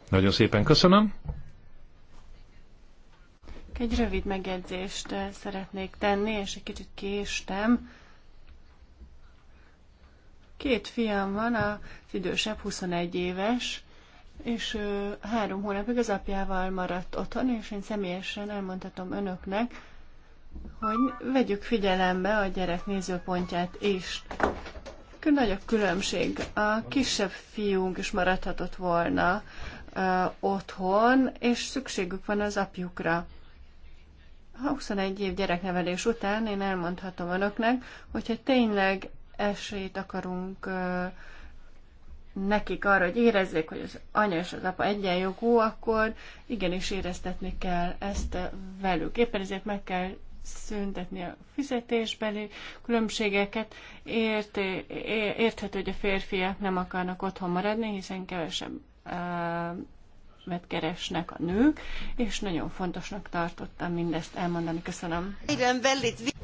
Nagyon szépen köszönöm.
Egy rövid megjegyzést eh, szeretnék tenni, és egy kicsit késtem. Két fiam van, az idősebb 21 éves, és három hónapig az apjával maradt otthon, és én személyesen elmondhatom önöknek, hogy vegyük figyelembe a gyerek nézőpontját is. Nagy a különbség. A kisebb fiunk is maradhatott volna ö, otthon, és szükségük van az apjukra. 21 év gyereknevelés után én elmondhatom önöknek, hogyha tényleg esélyt akarunk ö, nekik arra, hogy érezzék, hogy az anya és az apa egyenjogú, akkor igenis éreztetni kell ezt velük. Éppen ezért meg kell szüntetni a fizetésbeli különbségeket. Ért, érthető, hogy a férfiak nem akarnak otthon maradni, hiszen kevesebb mert keresnek a nők, és nagyon fontosnak tartottam mindezt elmondani. Köszönöm.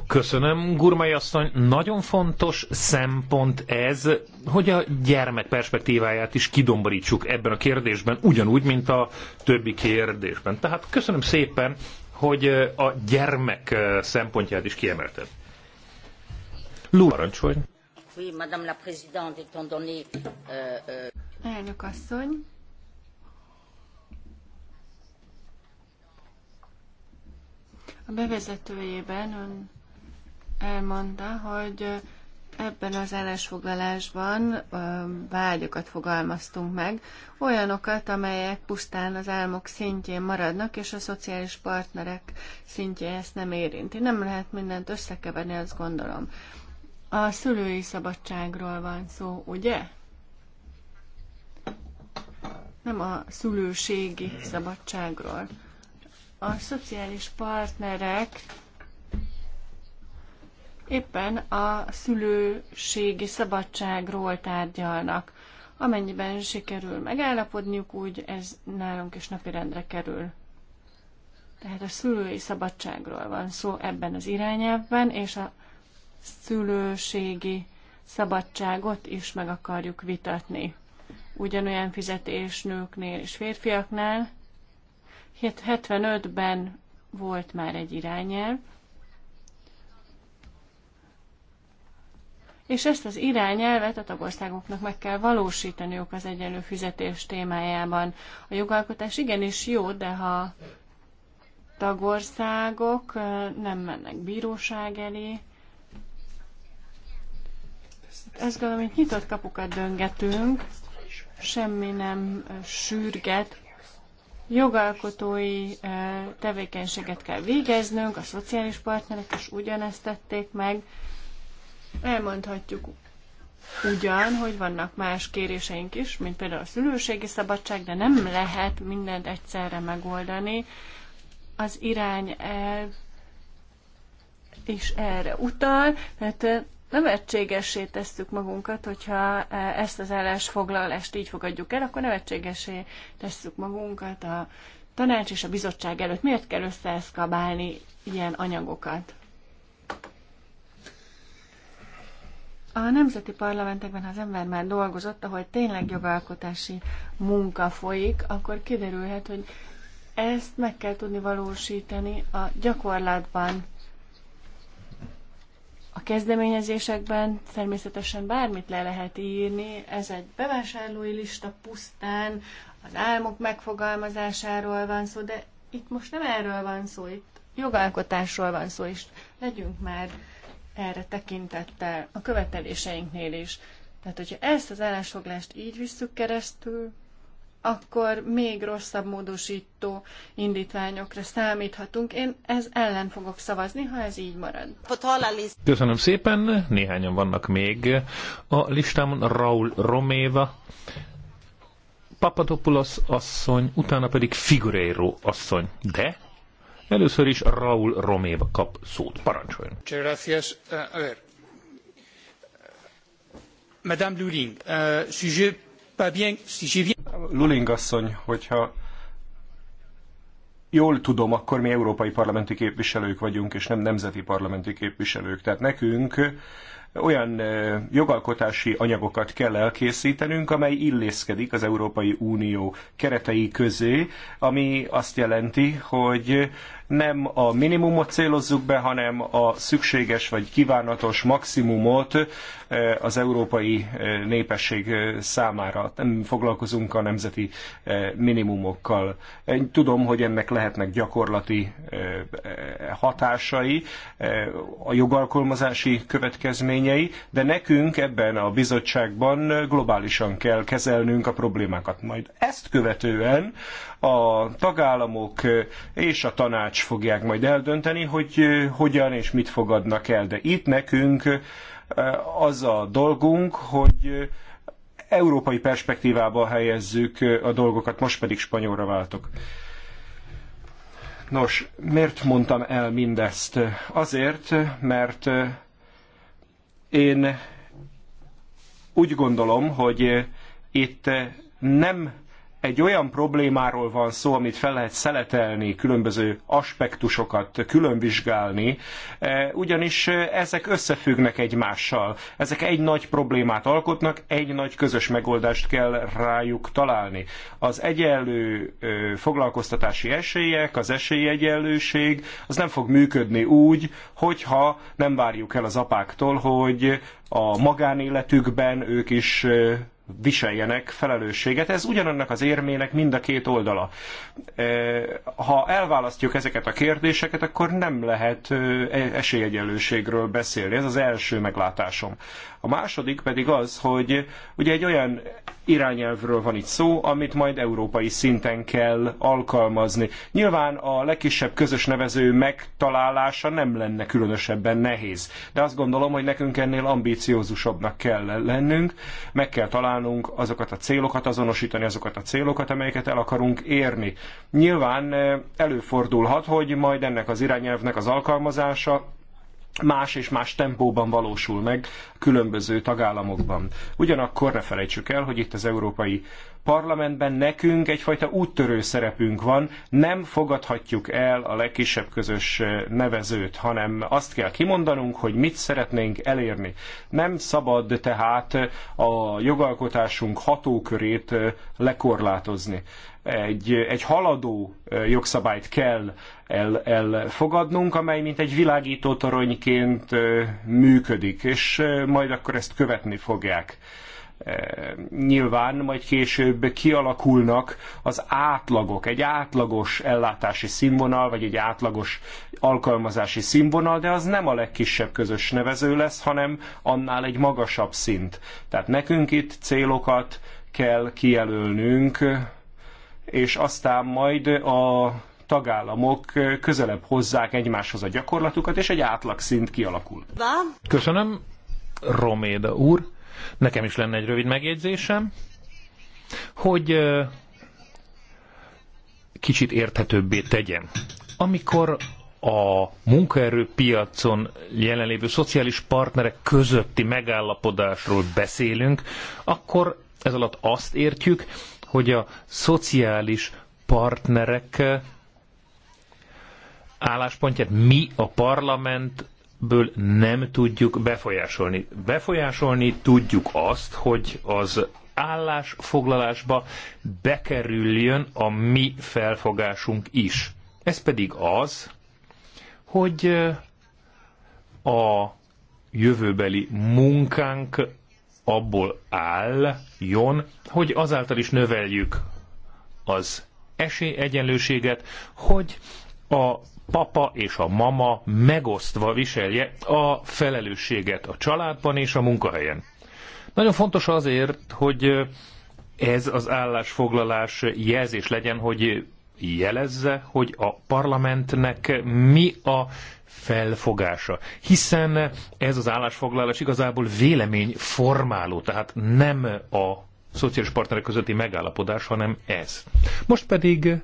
Köszönöm, Gurmai asszony. Nagyon fontos szempont ez, hogy a gyermek perspektíváját is kidomborítsuk ebben a kérdésben, ugyanúgy, mint a többi kérdésben. Tehát köszönöm szépen hogy a gyermek szempontját is kiemelted. Lú, parancsolj!
Oui, Madame la Présidente, étant donné... Euh, euh,
Elnök asszony, A bevezetőjében ön elmondta, hogy Ebben az állásfoglalásban vágyokat fogalmaztunk meg, olyanokat, amelyek pusztán az álmok szintjén maradnak, és a szociális partnerek szintjén ezt nem érinti. Nem lehet mindent összekeverni, azt gondolom. A szülői szabadságról van szó, ugye? Nem a szülőségi szabadságról. A szociális partnerek éppen a szülőségi szabadságról tárgyalnak. Amennyiben sikerül megállapodniuk, úgy ez nálunk is rendre kerül. Tehát a szülői szabadságról van szó ebben az irányelvben, és a szülőségi szabadságot is meg akarjuk vitatni. Ugyanolyan fizetés nőknél és férfiaknál. 75-ben volt már egy irányelv, és ezt az irányelvet a tagországoknak meg kell valósítaniuk az egyenlő fizetés témájában. A jogalkotás igenis jó, de ha tagországok nem mennek bíróság elé, hát azt gondolom, hogy nyitott kapukat döngetünk, semmi nem sürget. Jogalkotói tevékenységet kell végeznünk, a szociális partnerek is ugyanezt tették meg, Elmondhatjuk ugyan, hogy vannak más kéréseink is, mint például a szülőségi szabadság, de nem lehet mindent egyszerre megoldani. Az irány irányelv is erre utal, mert nevetségessé tesszük magunkat, hogyha ezt az állásfoglalást így fogadjuk el, akkor nevetségessé tesszük magunkat a tanács és a bizottság előtt. Miért kell összeeszkabálni ilyen anyagokat? A nemzeti parlamentekben, ha az ember már dolgozott, ahol tényleg jogalkotási munka folyik, akkor kiderülhet, hogy ezt meg kell tudni valósítani a gyakorlatban. A kezdeményezésekben természetesen bármit le lehet írni, ez egy bevásárlói lista pusztán, az álmok megfogalmazásáról van szó, de itt most nem erről van szó, itt jogalkotásról van szó, és legyünk már erre tekintettel a követeléseinknél is. Tehát, hogyha ezt az állásfoglást így visszük keresztül, akkor még rosszabb módosító indítványokra számíthatunk. Én ez ellen fogok szavazni, ha ez így marad.
Köszönöm szépen, néhányan vannak még a listámon. Raul Roméva, Papadopoulos asszony, utána pedig Figureiro asszony. De Először is Raúl Romév kap
szót. Parancsoljon.
Eh,
Madame Luling, eh, si je pas bien, si j'ai bien... Luling asszony, hogyha jól tudom, akkor mi európai parlamenti képviselők vagyunk, és nem nemzeti parlamenti képviselők. Tehát nekünk olyan jogalkotási anyagokat kell elkészítenünk, amely illészkedik az Európai Unió keretei közé, ami azt jelenti, hogy nem a minimumot célozzuk be, hanem a szükséges vagy kívánatos maximumot eh, az európai eh, népesség eh, számára. Nem foglalkozunk a nemzeti minimumokkal. tudom, hogy ennek lehetnek gyakorlati hatásai, a jogalkalmazási következményei, de nekünk ebben a bizottságban globálisan kell kezelnünk a problémákat. Majd ezt követően a tagállamok és a tanács tanács fogják majd eldönteni, hogy hogyan és mit fogadnak el. De itt nekünk az a dolgunk, hogy európai perspektívába helyezzük a dolgokat, most pedig spanyolra váltok. Nos, miért mondtam el mindezt? Azért, mert én úgy gondolom, hogy itt nem egy olyan problémáról van szó, amit fel lehet szeletelni, különböző aspektusokat különvizsgálni, e, ugyanis e, ezek összefüggnek egymással. Ezek egy nagy problémát alkotnak, egy nagy közös megoldást kell rájuk találni. Az egyenlő e, foglalkoztatási esélyek, az esélyegyenlőség, az nem fog működni úgy, hogyha nem várjuk el az apáktól, hogy a magánéletükben ők is viseljenek felelősséget. Ez ugyanannak az érmének mind a két oldala. Ha elválasztjuk ezeket a kérdéseket, akkor nem lehet e, esélyegyenlőségről beszélni. Ez az első meglátásom. A második pedig az, hogy ugye egy olyan irányelvről van itt szó, amit majd európai szinten kell alkalmazni. Nyilván a legkisebb közös nevező megtalálása nem lenne különösebben nehéz, de azt gondolom, hogy nekünk ennél ambíciózusabbnak kell lennünk, meg kell találni megpróbálnunk azokat a célokat azonosítani, azokat a célokat, amelyeket el akarunk érni. Nyilván eh, előfordulhat, hogy majd ennek az irányelvnek az alkalmazása más és más tempóban valósul meg különböző tagállamokban. Ugyanakkor ne felejtsük el, hogy itt az Európai parlamentben nekünk egyfajta úttörő szerepünk van, nem fogadhatjuk el a legkisebb közös nevezőt, hanem azt kell kimondanunk, hogy mit szeretnénk elérni. Nem szabad tehát a jogalkotásunk hatókörét lekorlátozni egy, egy haladó jogszabályt kell el, elfogadnunk, amely mint egy világító toronyként működik, és majd akkor ezt követni fogják nyilván majd később kialakulnak az átlagok, egy átlagos ellátási színvonal, vagy egy átlagos alkalmazási színvonal, de az nem a legkisebb közös nevező lesz, hanem annál egy magasabb szint. Tehát nekünk itt célokat kell kijelölnünk, és aztán majd a tagállamok közelebb hozzák egymáshoz a gyakorlatukat, és egy átlagszint kialakul. Köszönöm, Roméda úr. Nekem
is lenne egy rövid megjegyzésem, hogy kicsit érthetőbbé tegyen. Amikor a munkaerőpiacon jelenlévő szociális partnerek közötti megállapodásról beszélünk, akkor ez alatt azt értjük, hogy a szociális partnerek álláspontját mi a parlament ből nem tudjuk befolyásolni. Befolyásolni tudjuk azt, hogy az állásfoglalásba bekerüljön a mi felfogásunk is. Ez pedig az, hogy a jövőbeli munkánk abból álljon, hogy azáltal is növeljük az esélyegyenlőséget, hogy a papa és a mama megosztva viselje a felelősséget a családban és a munkahelyen. Nagyon fontos azért, hogy ez az állásfoglalás jelzés legyen, hogy jelezze, hogy a parlamentnek mi a felfogása. Hiszen ez az állásfoglalás igazából vélemény formáló, tehát nem a szociális partnerek közötti megállapodás, hanem ez. Most pedig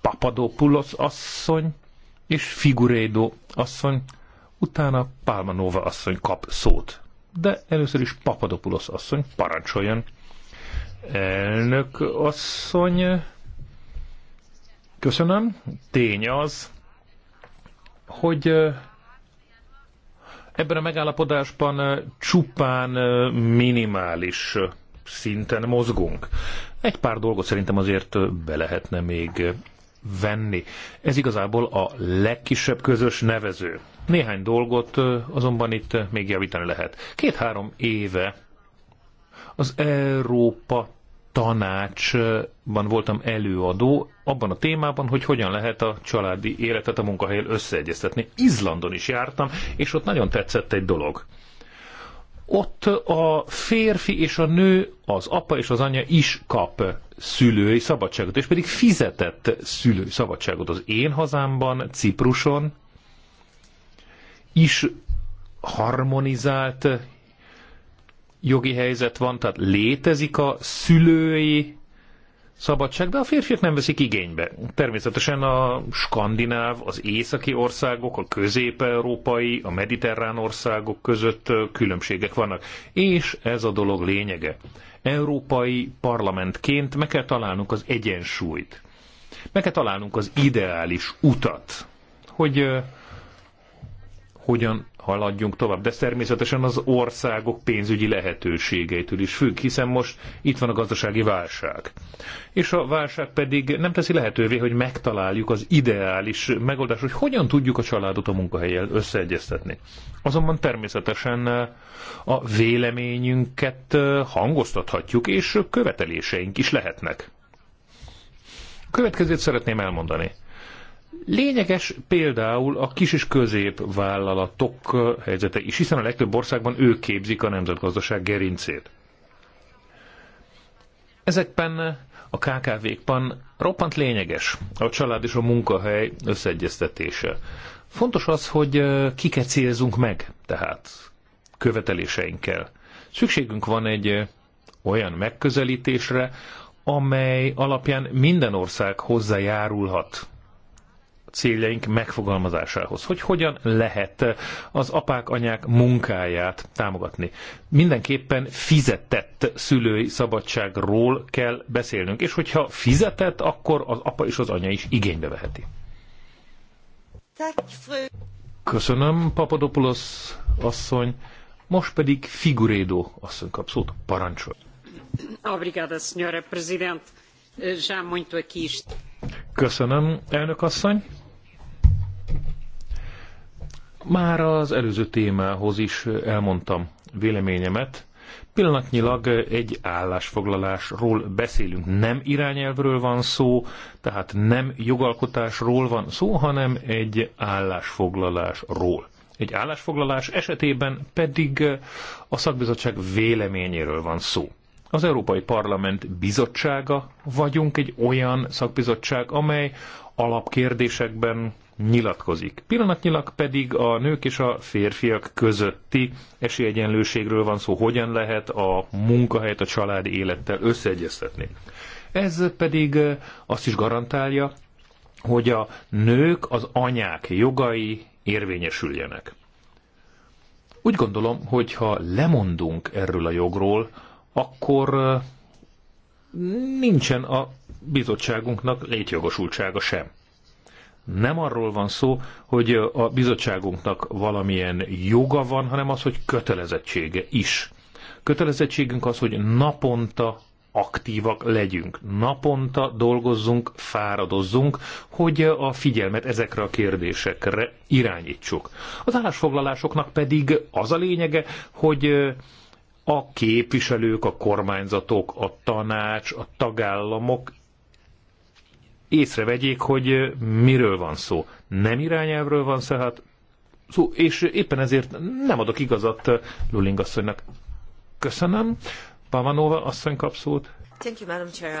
Papadopoulos asszony és Figurédo asszony, utána Palmanova asszony kap szót. De először is Papadopoulos asszony, parancsoljon. Elnök asszony, köszönöm. Tény az, hogy ebben a megállapodásban csupán minimális szinten mozgunk. Egy pár dolgot szerintem azért be lehetne még venni. Ez igazából a legkisebb közös nevező. Néhány dolgot azonban itt még javítani lehet. Két-három éve az Európa tanácsban voltam előadó abban a témában, hogy hogyan lehet a családi életet a munkahelyen összeegyeztetni. Izlandon is jártam, és ott nagyon tetszett egy dolog ott a férfi és a nő, az apa és az anya is kap szülői szabadságot, és pedig fizetett szülői szabadságot. Az én hazámban, Cipruson is harmonizált jogi helyzet van, tehát létezik a szülői szabadság, de a férfiak nem veszik igénybe. Természetesen a skandináv, az északi országok, a közép-európai, a mediterrán országok között különbségek vannak. És ez a dolog lényege. Európai parlamentként meg kell találnunk az egyensúlyt. Meg kell találnunk az ideális utat, hogy hogyan haladjunk tovább. De természetesen az országok pénzügyi lehetőségeitől is függ, hiszen most itt van a gazdasági válság. És a válság pedig nem teszi lehetővé, hogy megtaláljuk az ideális megoldást, hogy hogyan tudjuk a családot a munkahelyel összeegyeztetni. Azonban természetesen a véleményünket hangoztathatjuk, és követeléseink is lehetnek. A következőt szeretném elmondani. Lényeges például a kis és középvállalatok helyzete is, hiszen a legtöbb országban ők képzik a nemzetgazdaság gerincét. Ezekben a KKV-kban roppant lényeges a család és a munkahely összeegyeztetése. Fontos az, hogy kiket célzunk meg, tehát követeléseinkkel. Szükségünk van egy olyan megközelítésre, amely alapján minden ország hozzájárulhat céljaink megfogalmazásához, hogy hogyan lehet az apák-anyák munkáját támogatni. Mindenképpen fizetett szülői szabadságról kell beszélnünk, és hogyha fizetett, akkor az apa és az anya is igénybe veheti. Köszönöm, Papadopoulos asszony. Most pedig figurédo asszony kap szót. Parancsol.
Obrigada, senhora Já muito aqui
Köszönöm, elnök asszony. Már az előző témához is elmondtam véleményemet. Pillanatnyilag egy állásfoglalásról beszélünk. Nem irányelvről van szó, tehát nem jogalkotásról van szó, hanem egy állásfoglalásról. Egy állásfoglalás esetében pedig a szakbizottság véleményéről van szó az Európai Parlament bizottsága vagyunk, egy olyan szakbizottság, amely alapkérdésekben nyilatkozik. Pillanatnyilag pedig a nők és a férfiak közötti esélyegyenlőségről van szó, hogyan lehet a munkahelyet a családi élettel összeegyeztetni. Ez pedig azt is garantálja, hogy a nők, az anyák jogai érvényesüljenek. Úgy gondolom, hogy ha lemondunk erről a jogról, akkor nincsen a bizottságunknak létjogosultsága sem. Nem arról van szó, hogy a bizottságunknak valamilyen joga van, hanem az, hogy kötelezettsége is. Kötelezettségünk az, hogy naponta aktívak legyünk, naponta dolgozzunk, fáradozzunk, hogy a figyelmet ezekre a kérdésekre irányítsuk. Az állásfoglalásoknak pedig az a lényege, hogy a képviselők, a kormányzatok, a tanács, a tagállamok észrevegyék, hogy miről van szó. Nem irányelvről van szó, hát szó, és éppen ezért nem adok igazat Luling asszonynak. Köszönöm.
Pavanova asszony kap szót.
Thank you, Madam Chair.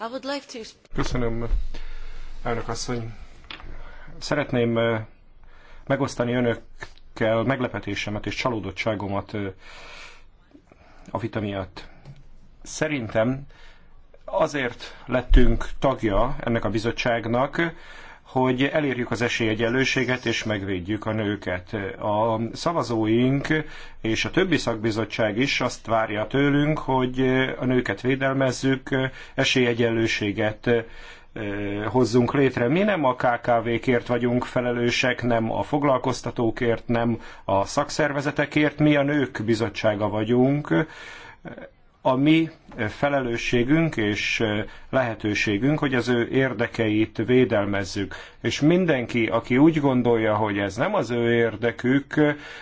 I would like to...
Köszönöm, elnök asszony. Szeretném eh, megosztani önökkel meglepetésemet és csalódottságomat eh, a vita miatt. Szerintem azért lettünk tagja ennek a bizottságnak, hogy elérjük az esélyegyenlőséget és megvédjük a nőket. A szavazóink és a többi szakbizottság is azt várja tőlünk, hogy a nőket védelmezzük, esélyegyenlőséget hozzunk létre. Mi nem a KKV-kért vagyunk felelősek, nem a foglalkoztatókért, nem a szakszervezetekért, mi a nők bizottsága vagyunk a mi eh, felelősségünk és eh, lehetőségünk, hogy az ő érdekeit védelmezzük. És mindenki, aki úgy gondolja, hogy ez nem az ő érdekük,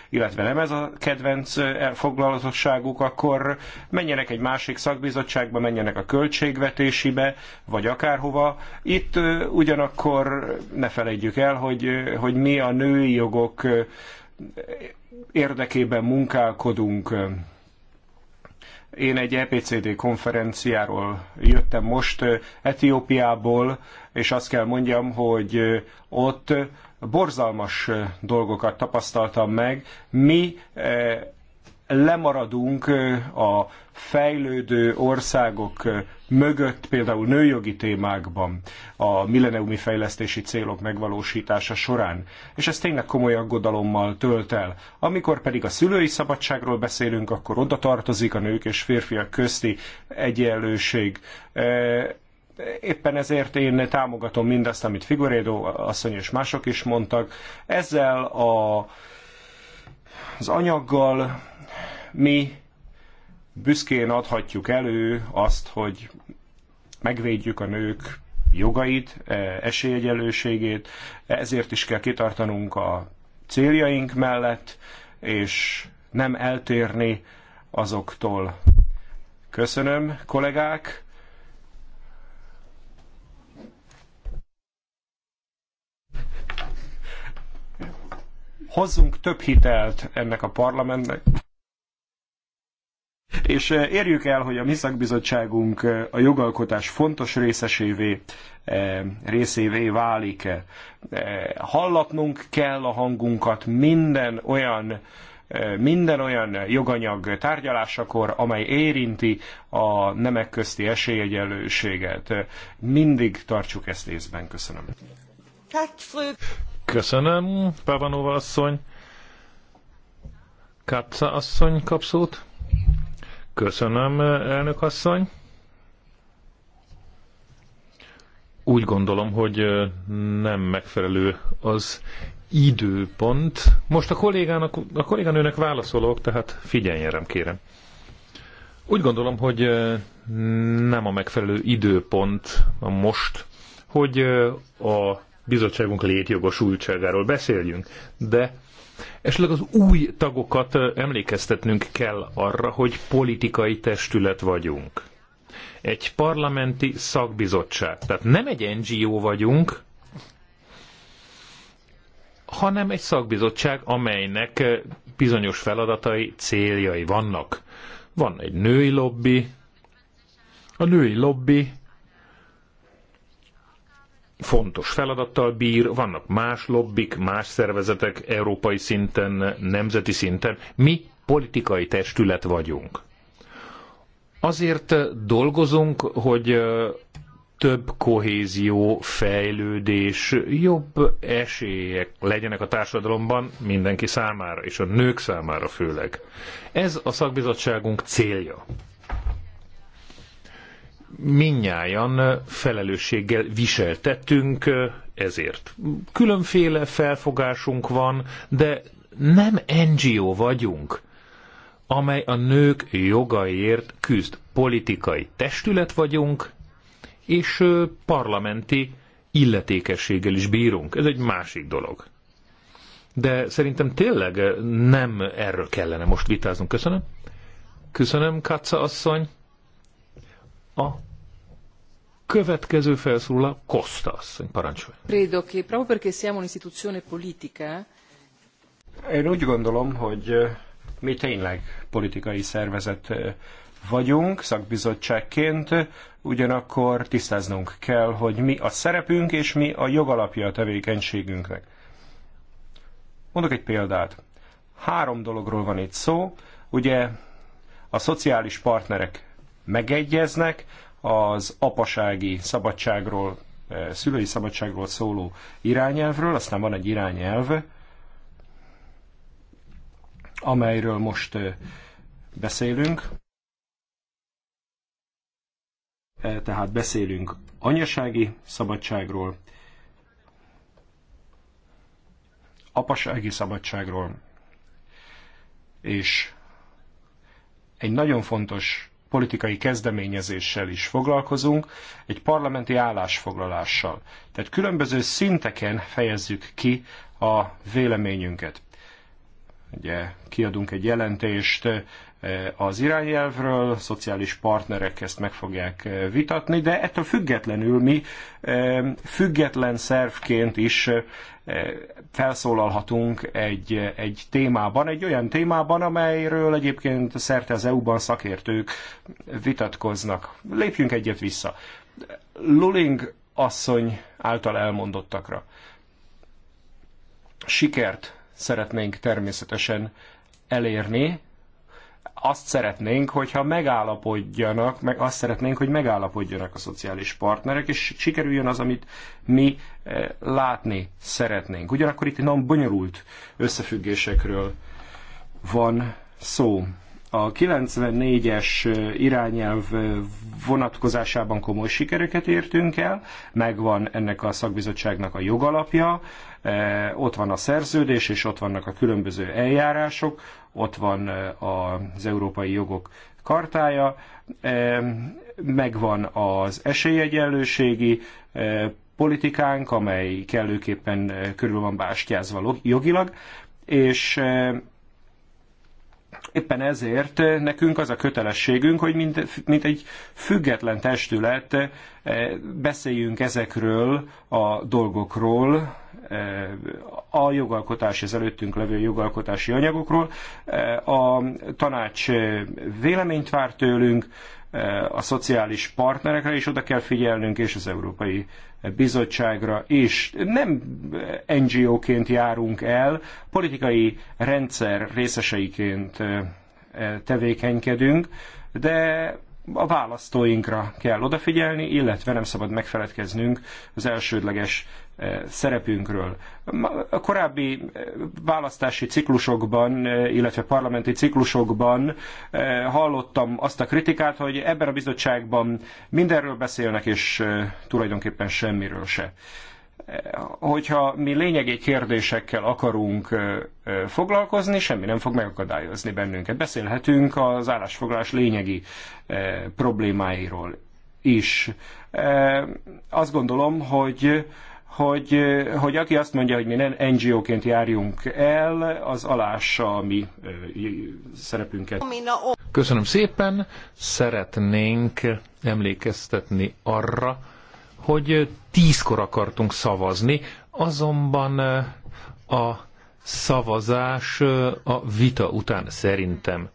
illetve nem ez a kedvenc eh, elfoglalatosságuk, akkor menjenek egy másik szakbizottságba, menjenek a költségvetésibe, vagy akárhova. Itt ugyanakkor ne felejtjük el, hogy, hogy mi a női jogok érdekében munkálkodunk én egy EPCD konferenciáról jöttem most Etiópiából, és azt kell mondjam, hogy ott borzalmas dolgokat tapasztaltam meg. Mi lemaradunk a fejlődő országok mögött, például nőjogi témákban a milleniumi fejlesztési célok megvalósítása során. És ez tényleg komoly aggodalommal tölt el. Amikor pedig a szülői szabadságról beszélünk, akkor oda tartozik a nők és férfiak közti egyenlőség. Éppen ezért én támogatom mindazt, amit Figueredo asszony és mások is mondtak. Ezzel a, az anyaggal mi büszkén adhatjuk elő azt, hogy megvédjük a nők jogait, e, esélyegyelőségét, ezért is kell kitartanunk a céljaink mellett, és nem eltérni azoktól. Köszönöm, kollégák! Hozzunk több hitelt ennek a parlamentnek. És eh, érjük el, hogy a mi szakbizottságunk eh, a jogalkotás fontos részesévé, eh, részévé válik. Hallatnunk kell a hangunkat minden olyan minden olyan joganyag tárgyalásakor, amely érinti a nemek közti esélyegyenlőséget. Mindig tartsuk ezt észben. Köszönöm. Köszönöm, Pavanova asszony.
Katza asszony kapszót. Köszönöm, elnök asszony. Úgy gondolom, hogy nem megfelelő az időpont. Most a kollégának, a kolléganőnek válaszolok, tehát figyeljen kérem. Úgy gondolom, hogy nem a megfelelő időpont a most, hogy a bizottságunk létjogosultságáról beszéljünk, de Esetleg az új tagokat emlékeztetnünk kell arra, hogy politikai testület vagyunk. Egy parlamenti szakbizottság. Tehát nem egy NGO vagyunk, hanem egy szakbizottság, amelynek bizonyos feladatai, céljai vannak. Van egy női lobby, a női lobby fontos feladattal bír, vannak más lobbik, más szervezetek európai szinten, nemzeti szinten. Mi politikai testület vagyunk. Azért dolgozunk, hogy több kohézió, fejlődés, jobb esélyek legyenek a társadalomban mindenki számára, és a nők számára főleg. Ez a szakbizottságunk célja minnyáján felelősséggel viseltettünk ezért. Különféle felfogásunk van, de nem NGO vagyunk, amely a nők jogaiért küzd. Politikai testület vagyunk, és parlamenti illetékességgel is bírunk. Ez egy másik dolog. De szerintem tényleg nem erről kellene most vitáznunk. Köszönöm. Köszönöm, Katza asszony. A következő felszólal Costa
asszony, parancsolj.
Credo che proprio perché siamo un'istituzione politica.
Én úgy gondolom, hogy eh, mi tényleg politikai szervezet eh, vagyunk szakbizottságként, ugyanakkor tisztáznunk kell, hogy mi a szerepünk és mi a jogalapja a tevékenységünknek. Mondok egy példát. Három dologról van itt szó. Ugye a szociális partnerek megegyeznek, az apasági szabadságról, eh, szülői szabadságról szóló irányelvről, aztán van egy irányelv, amelyről most eh, beszélünk. Eh, tehát beszélünk anyasági szabadságról, apasági szabadságról, és egy nagyon fontos politikai kezdeményezéssel is foglalkozunk, egy parlamenti állásfoglalással. Tehát különböző szinteken fejezzük ki a véleményünket. Ugye kiadunk egy jelentést, Eh, az irányelvről, szociális partnerek ezt meg fogják eh, vitatni, de ettől függetlenül mi eh, független szervként is felszólalhatunk egy, egy témában, egy olyan témában, amelyről egyébként szerte az EU-ban szakértők vitatkoznak. Lépjünk egyet vissza. Luling asszony által elmondottakra. Sikert szeretnénk természetesen elérni, azt szeretnénk, hogyha megállapodjanak, meg azt szeretnénk, hogy megállapodjanak a szociális partnerek, és sikerüljön az, amit mi eh, látni szeretnénk. Ugyanakkor itt nagyon bonyolult összefüggésekről van szó. A 94-es eh, irányelv eh, vonatkozásában komoly sikereket értünk el, megvan ennek a szakbizottságnak a jogalapja, ott van a szerződés, és ott vannak a különböző eljárások, ott van az európai jogok kartája, megvan az esélyegyenlőségi politikánk, amely kellőképpen körül van bástyázva jogilag, és éppen ezért nekünk az a kötelességünk, hogy mint, mint egy független testület beszéljünk ezekről a dolgokról, a jogalkotás, az előttünk levő jogalkotási anyagokról. A tanács véleményt vár tőlünk, a szociális partnerekre is oda kell figyelnünk, és az Európai Bizottságra is. Nem NGO-ként járunk el, politikai rendszer részeseiként eh, tevékenykedünk, de a választóinkra kell odafigyelni, illetve nem szabad megfeledkeznünk az elsődleges E, szerepünkről. A korábbi e, választási ciklusokban, e, illetve parlamenti ciklusokban hallottam azt a kritikát, hogy ebben a bizottságban mindenről beszélnek, és tulajdonképpen semmiről se hogyha mi lényegi kérdésekkel akarunk foglalkozni, semmi nem fog megakadályozni bennünket. Beszélhetünk az állásfoglalás lényegi problémáiról is. Azt gondolom, hogy hogy, hogy aki azt mondja, hogy mi nem NGO-ként járjunk el, az alássa a mi szerepünket. Köszönöm szépen,
szeretnénk emlékeztetni arra, hogy tízkor akartunk szavazni, azonban a szavazás a vita után szerintem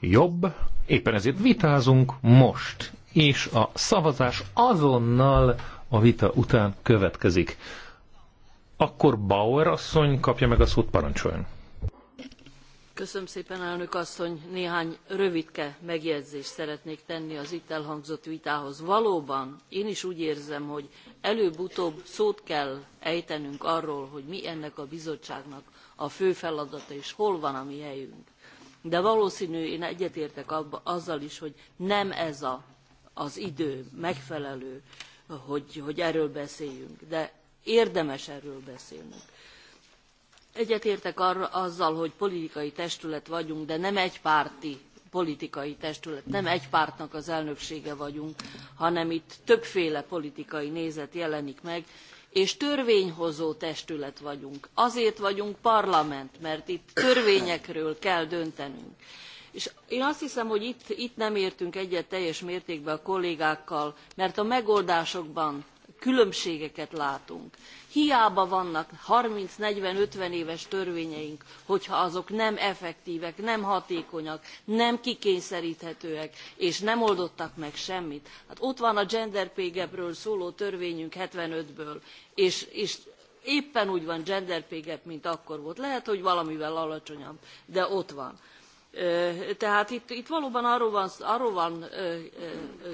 jobb, éppen ezért vitázunk most, és a szavazás azonnal a vita után következik. Akkor Bauer asszony kapja meg a szót, parancsoljon.
Köszönöm szépen, elnök asszony. Néhány rövidke megjegyzést szeretnék tenni az itt elhangzott vitához. Valóban én is úgy érzem, hogy előbb-utóbb szót kell ejtenünk arról, hogy mi ennek a bizottságnak a fő feladata, és hol van a mi helyünk. De valószínű, én egyetértek abba, azzal is, hogy nem ez a, az idő megfelelő hogy, hogy erről beszéljünk, de érdemes erről beszélnünk. Egyetértek arra, azzal, hogy politikai testület vagyunk, de nem egypárti politikai testület, nem egy pártnak az elnöksége vagyunk, hanem itt többféle politikai nézet jelenik meg, és törvényhozó testület vagyunk. Azért vagyunk parlament, mert itt törvényekről kell döntenünk és én azt hiszem, hogy itt, itt nem értünk egyet teljes mértékben a kollégákkal, mert a megoldásokban különbségeket látunk. Hiába vannak 30 forty fifty éves törvényeink, hogyha azok nem effektívek, nem hatékonyak, nem kikényszerthetőek és nem oldottak meg semmit. Hát ott van a gender pay gap-ről szóló törvényünk 75-ből, és, és éppen úgy van gender pay gap, mint akkor volt. Lehet, hogy valamivel alacsonyabb, de ott van. Tehát itt, itt valóban arról van, arról van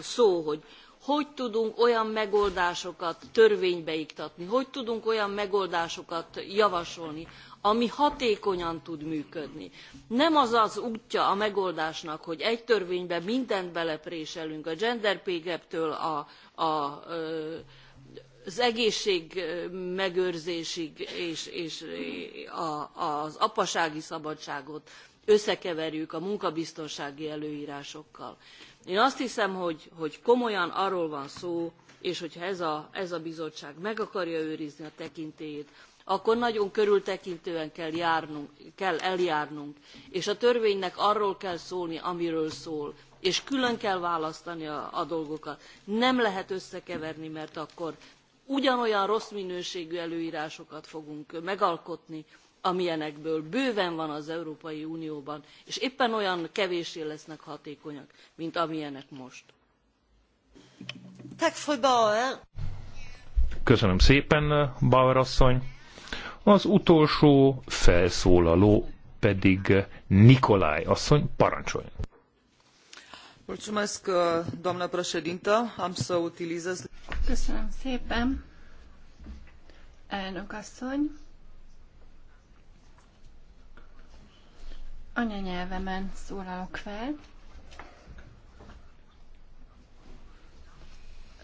szó, hogy hogy tudunk olyan megoldásokat törvénybe iktatni, hogy tudunk olyan megoldásokat javasolni, ami hatékonyan tud működni. Nem az az útja a megoldásnak, hogy egy törvénybe mindent belepréselünk, a gender pay gap-től a, a az egészség megőrzésig és, és a, az apasági szabadságot összekeverjük a munkabiztonsági előrásokkal. én azt hiszem hogy, komolyan arról van szó és hogyha ez a, ez a bizottság meg akarja őrizni a tekintélyét akkor nagyon körültekintően kell, eljárnunk és a törvénynek arról kell szólni amiről szól és külön kell választani a, a dolgokat. nem lehet összekeverni mert akkor ugyanolyan rossz minőségű előrásokat fogunk megalkotni amilyenekből bőven van az Európai Unióban, és éppen olyan kevéssé lesznek hatékonyak, mint amilyenek most.
Köszönöm szépen, Bauer asszony. Az utolsó felszólaló pedig Nikolaj asszony, parancsoljon.
Mulțumesc, doamnă președintă. Am să utilizez...
Köszönöm szépen, elnök asszony. Anyanyelvemen szólalok fel.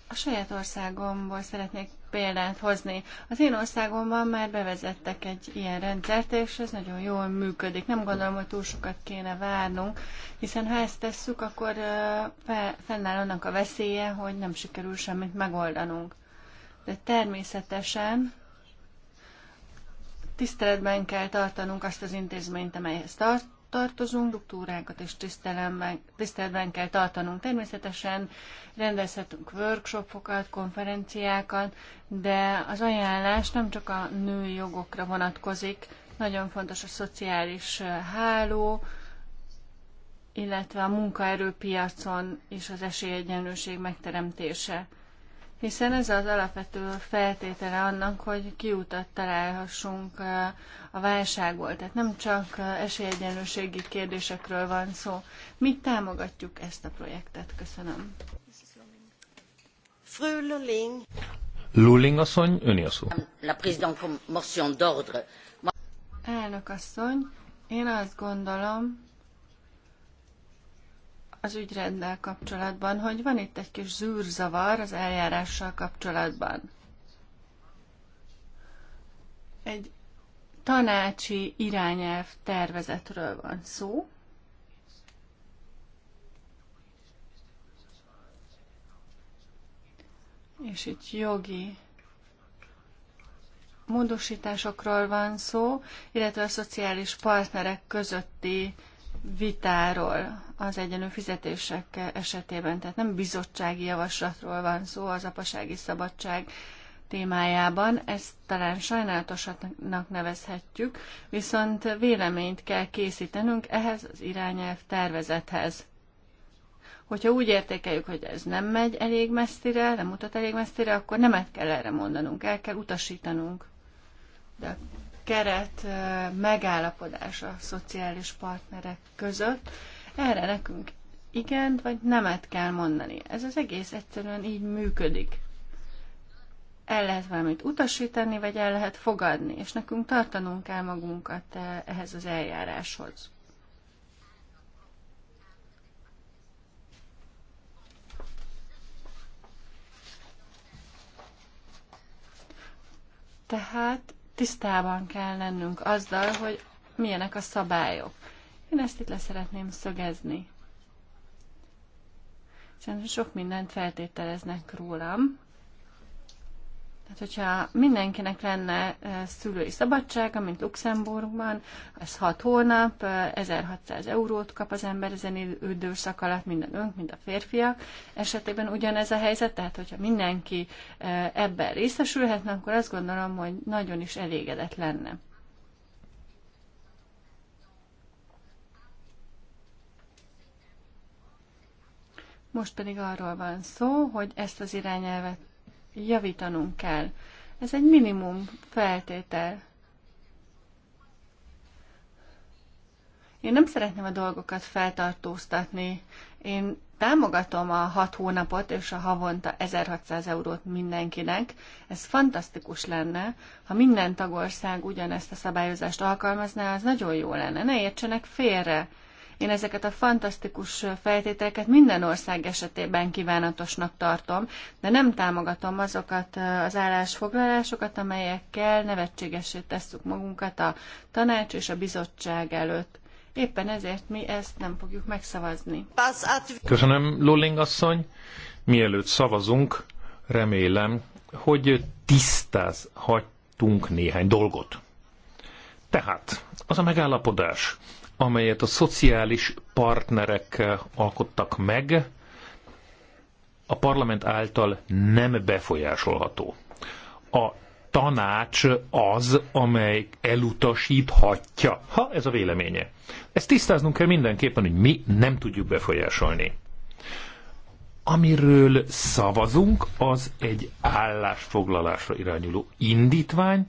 A saját országomból szeretnék példát hozni. Az én országomban már bevezettek egy ilyen rendszert, és ez nagyon jól működik. Nem gondolom, hogy túl sokat kéne várnunk, hiszen ha ezt tesszük, akkor fennáll annak a veszélye, hogy nem sikerül semmit megoldanunk. De természetesen tiszteletben kell tartanunk azt az intézményt, amelyhez tart, tartozunk, struktúrákat is tiszteletben, kell tartanunk. Természetesen rendezhetünk workshopokat, konferenciákat, de az ajánlás nem csak a női jogokra vonatkozik, nagyon fontos a szociális háló, illetve a munkaerőpiacon és az esélyegyenlőség megteremtése hiszen ez az alapvető feltétele annak, hogy kiutat találhassunk a válságból. Tehát nem csak esélyegyenlőségi kérdésekről van szó. Mi támogatjuk ezt a projektet. Köszönöm.
Frau Luling.
Luling asszony, öni a szó.
La présidente motion d'ordre.
Elnök asszony, én azt gondolom, az ügyrenddel kapcsolatban, hogy van itt egy kis zűrzavar az eljárással kapcsolatban. Egy tanácsi irányelv tervezetről van szó. És itt jogi módosításokról van szó, illetve a szociális partnerek közötti vitáról az egyenlő fizetések esetében, tehát nem bizottsági javaslatról van szó az apasági szabadság témájában, ezt talán sajnálatosatnak nevezhetjük, viszont véleményt kell készítenünk ehhez az irányelv tervezethez. Hogyha úgy értékeljük, hogy ez nem megy elég messzire, nem mutat elég messzire, akkor nemet kell erre mondanunk, el kell utasítanunk. De keret megállapodás a szociális partnerek között. Erre nekünk igent vagy nemet kell mondani. Ez az egész egyszerűen így működik. El lehet valamit utasítani, vagy el lehet fogadni, és nekünk tartanunk kell magunkat ehhez az eljáráshoz. Tehát tisztában kell lennünk azzal, hogy milyenek a szabályok. Én ezt itt leszeretném szögezni. Szerintem sok mindent feltételeznek rólam. Hát, hogyha mindenkinek lenne szülői szabadság, mint Luxemburgban, ez 6 hónap, 1600 eurót kap az ember ezen időszak alatt, minden önk, mind a férfiak esetében ugyanez a helyzet, tehát hogyha mindenki ebben részesülhetne, akkor azt gondolom, hogy nagyon is elégedett lenne. Most pedig arról van szó, hogy ezt az irányelvet javítanunk kell. Ez egy minimum feltétel. Én nem szeretném a dolgokat feltartóztatni. Én támogatom a hat hónapot és a havonta 1600 eurót mindenkinek. Ez fantasztikus lenne. Ha minden tagország ugyanezt a szabályozást alkalmazná, az nagyon jó lenne. Ne értsenek félre. Én ezeket a fantasztikus feltételeket minden ország esetében kívánatosnak tartom, de nem támogatom azokat az állásfoglalásokat, amelyekkel nevetségesé tesszük magunkat a tanács és a bizottság előtt. Éppen ezért mi ezt nem fogjuk megszavazni. Köszönöm,
Lulling asszony. Mielőtt szavazunk, remélem, hogy tisztázhatunk néhány dolgot. Tehát, az a megállapodás, amelyet a szociális partnerek alkottak meg, a parlament által nem befolyásolható. A tanács az, amely elutasíthatja, ha ez a véleménye. Ezt tisztáznunk kell mindenképpen, hogy mi nem tudjuk befolyásolni. Amiről szavazunk, az egy állásfoglalásra irányuló indítvány,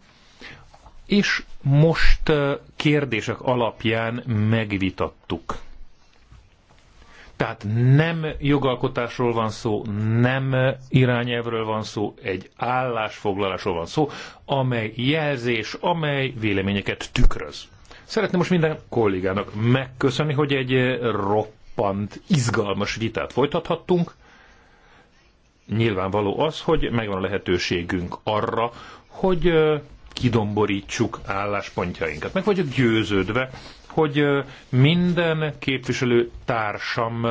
és most kérdések alapján megvitattuk. Tehát nem jogalkotásról van szó, nem irányelvről van szó, egy állásfoglalásról van szó, amely jelzés, amely véleményeket tükröz. Szeretném most minden kollégának megköszönni, hogy egy roppant, izgalmas vitát folytathattunk. Nyilvánvaló az, hogy megvan a lehetőségünk arra, hogy kidomborítsuk álláspontjainkat. Meg vagyok győződve, hogy minden képviselő társam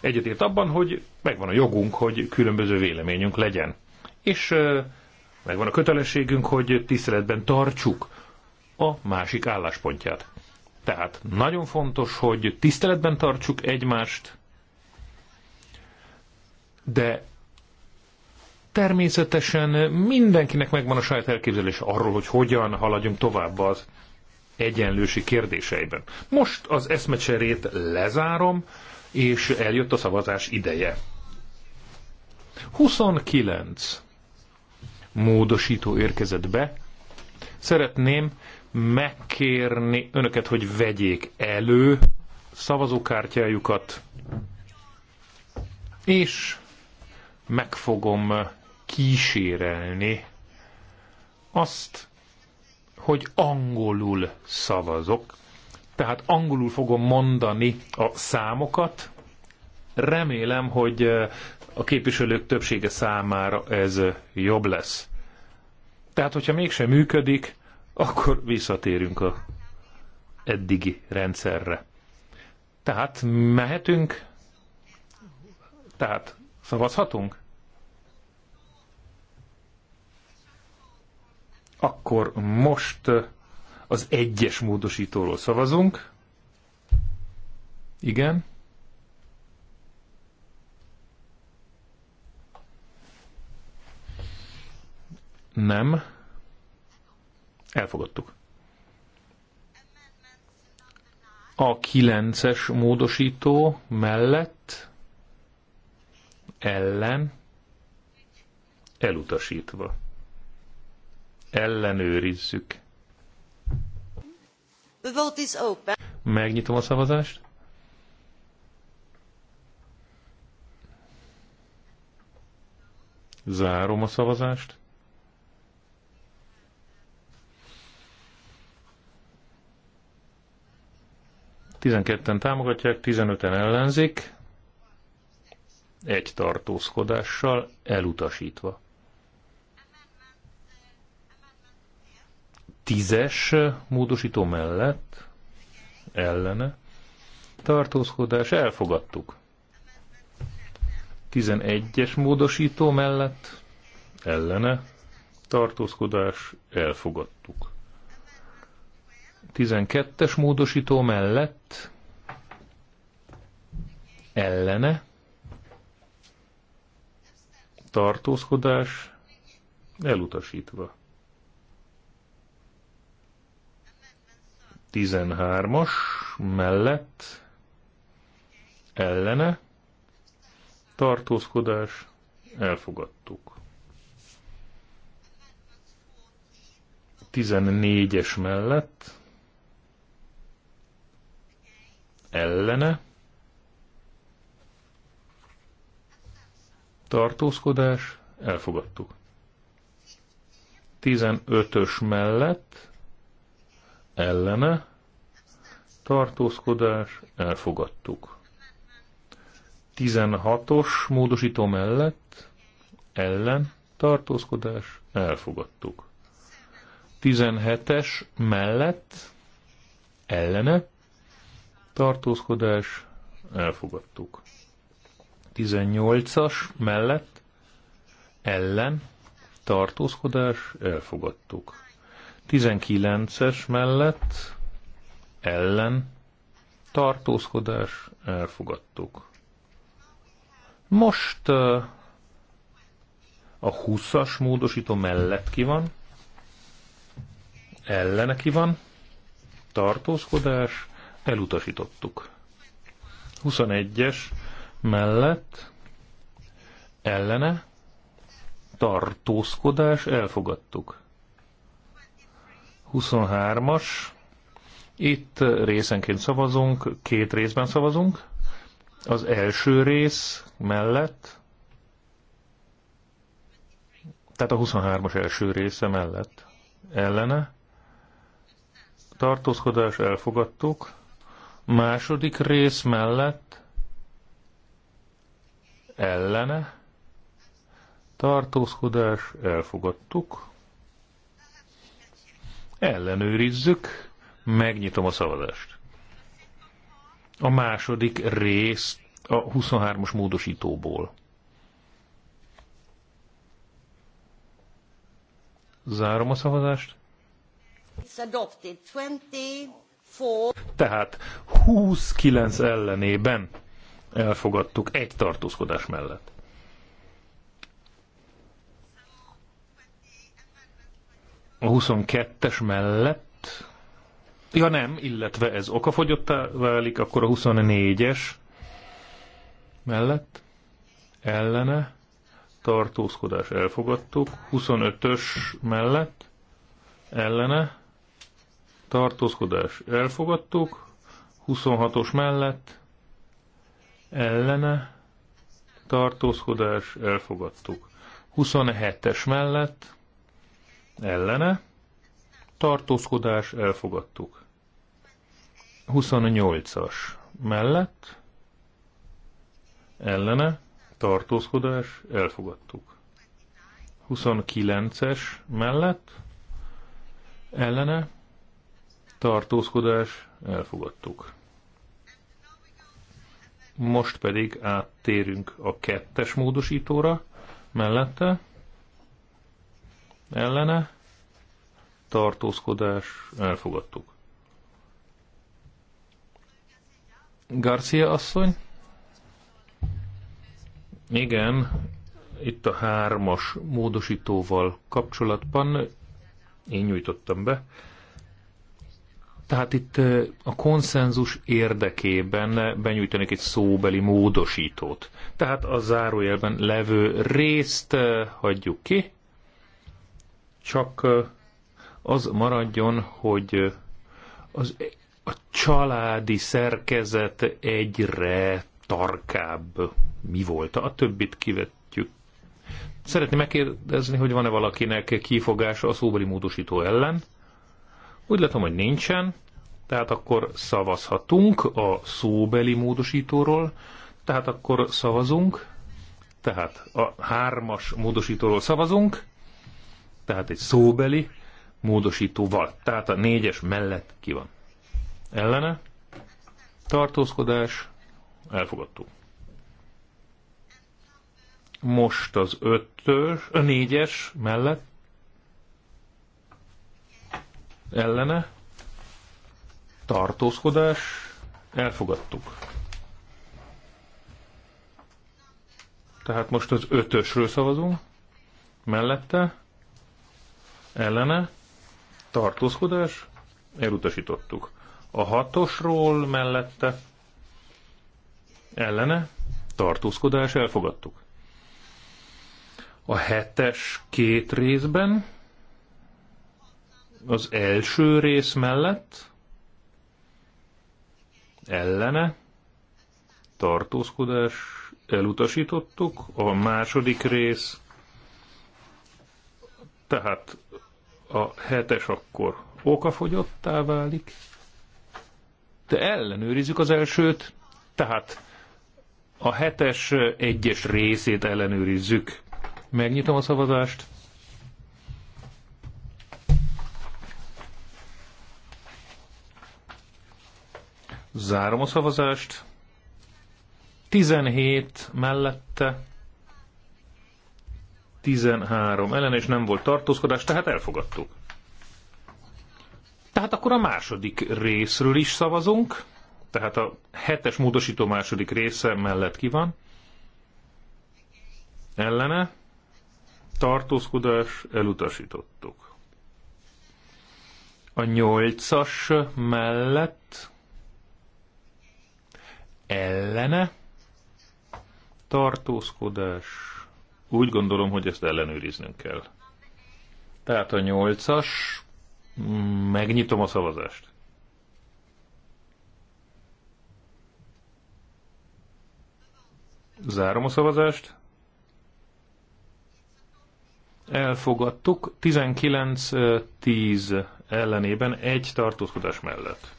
egyetért abban, hogy megvan a jogunk, hogy különböző véleményünk legyen. És megvan a kötelességünk, hogy tiszteletben tartsuk a másik álláspontját. Tehát nagyon fontos, hogy tiszteletben tartsuk egymást, de Természetesen mindenkinek megvan a saját elképzelése arról, hogy hogyan haladjunk tovább az egyenlősi kérdéseiben. Most az eszmecserét lezárom, és eljött a szavazás ideje. 29 módosító érkezett be. Szeretném megkérni önöket, hogy vegyék elő szavazókártyájukat, és meg fogom kísérelni azt, hogy angolul szavazok. Tehát angolul fogom mondani a számokat. Remélem, hogy eh, a képviselők többsége számára ez eh, jobb lesz. Tehát, hogyha mégsem működik, akkor visszatérünk a eddigi rendszerre. Tehát mehetünk? Tehát szavazhatunk? Akkor most az egyes módosítóról szavazunk. Igen. Nem. Elfogadtuk. A kilences módosító mellett ellen elutasítva ellenőrizzük.
The vote is open.
Megnyitom a szavazást. Zárom a szavazást. Tizenketten támogatják, tizenöten ellenzik, egy tartózkodással elutasítva. Tízes módosító mellett ellene tartózkodás elfogadtuk. 11-es módosító mellett ellene tartózkodás elfogadtuk. 12-es módosító mellett ellene tartózkodás elutasítva. 13-as mellett ellene tartózkodás elfogadtuk. 14-es mellett ellene tartózkodás elfogadtuk. 15-ös mellett ellene, tartózkodás, elfogadtuk. 16-os módosító mellett, ellen, tartózkodás, elfogadtuk. 17-es mellett, ellene, tartózkodás, elfogadtuk. 18-as mellett, ellen, tartózkodás, elfogadtuk. 19-es mellett ellen tartózkodás elfogadtuk. Most a 20-as módosító mellett ki van, ellene ki van, tartózkodás, elutasítottuk. 21-es mellett ellene tartózkodás elfogadtuk. 23-as. Itt részenként szavazunk, két részben szavazunk. Az első rész mellett, tehát a 23-as első része mellett ellene. Tartózkodás elfogadtuk. Második rész mellett ellene. Tartózkodás elfogadtuk. Ellenőrizzük, megnyitom a szavazást. A második rész a 23-os módosítóból. Zárom a szavazást. Tehát 29 ellenében elfogadtuk egy tartózkodás mellett. a 22-es mellett, ja nem, illetve ez okafogyottá válik, akkor a 24-es mellett, ellene, tartózkodás elfogadtuk, 25-ös mellett, ellene, tartózkodás elfogadtuk, 26-os mellett, ellene, tartózkodás elfogadtuk. 27-es mellett, ellene, tartózkodás elfogadtuk. 28-as mellett, ellene, tartózkodás elfogadtuk. 29-es mellett, ellene, tartózkodás elfogadtuk. Most pedig áttérünk a kettes módosítóra mellette, ellene, tartózkodás, elfogadtuk. Garcia asszony? Igen, itt a hármas módosítóval kapcsolatban én nyújtottam be. Tehát itt a konszenzus érdekében benyújtanék egy szóbeli módosítót. Tehát a zárójelben levő részt hagyjuk ki, csak az maradjon, hogy az, a családi szerkezet egyre tarkább mi volt. A többit kivetjük. Szeretném megkérdezni, hogy van-e valakinek kifogása a szóbeli módosító ellen. Úgy látom, hogy nincsen. Tehát akkor szavazhatunk a szóbeli módosítóról. Tehát akkor szavazunk. Tehát a hármas módosítóról szavazunk. Tehát egy szóbeli módosítóval. Tehát a négyes mellett ki van. Ellene. Tartózkodás. Elfogadtuk. Most az ötös, a négyes mellett. Ellene. Tartózkodás. Elfogadtuk. Tehát most az ötösről szavazunk. Mellette ellene, tartózkodás, elutasítottuk. A hatosról mellette, ellene, tartózkodás, elfogadtuk. A hetes két részben, az első rész mellett, ellene, tartózkodás, elutasítottuk. A második rész, tehát a hetes akkor okafogyottá válik, de ellenőrizzük az elsőt, tehát a hetes egyes részét ellenőrizzük. Megnyitom a szavazást. Zárom a szavazást. 17 mellette 13 ellen, és nem volt tartózkodás, tehát elfogadtuk. Tehát akkor a második részről is szavazunk, tehát a hetes módosító második része mellett ki van. Ellene tartózkodás elutasítottuk. A nyolcas mellett ellene tartózkodás úgy gondolom, hogy ezt ellenőriznünk kell. Tehát a nyolcas, megnyitom a szavazást. Zárom a szavazást. Elfogadtuk 19-10 ellenében egy tartózkodás mellett.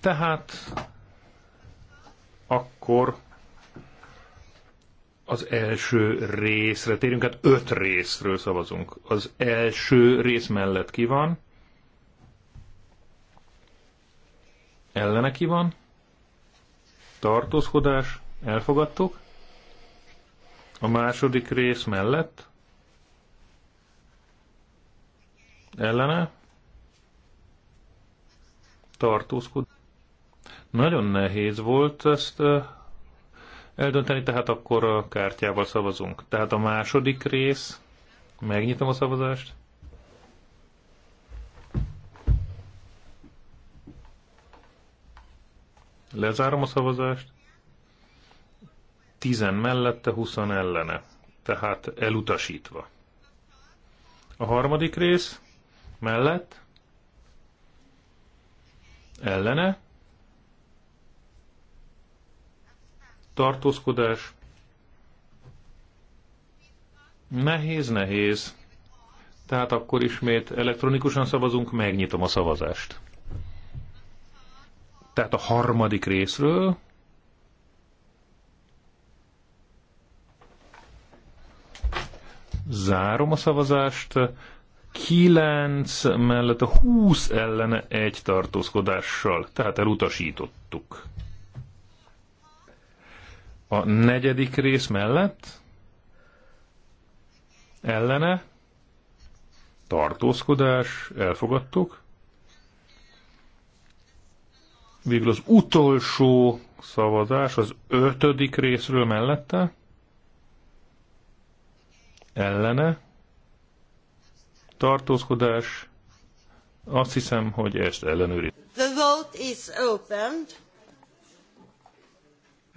Tehát akkor az első részre térünk, hát öt részről szavazunk. Az első rész mellett ki van? Ellene ki van? Tartózkodás? Elfogadtuk? A második rész mellett? Ellene? Tartózkodás? Nagyon nehéz volt ezt eh, eldönteni, tehát akkor a kártyával szavazunk. Tehát a második rész, megnyitom a szavazást. Lezárom a szavazást. 10 mellette, 20 ellene. Tehát elutasítva. A harmadik rész mellett ellene tartózkodás. Nehéz, nehéz. Tehát akkor ismét elektronikusan szavazunk, megnyitom a szavazást. Tehát a harmadik részről. Zárom a szavazást. 9 mellett a 20 ellene egy tartózkodással, tehát elutasítottuk a negyedik rész mellett ellene tartózkodás, elfogadtuk. Végül az utolsó szavazás az ötödik részről mellette ellene tartózkodás. Azt hiszem, hogy ezt ellenőri.
The vote is opened.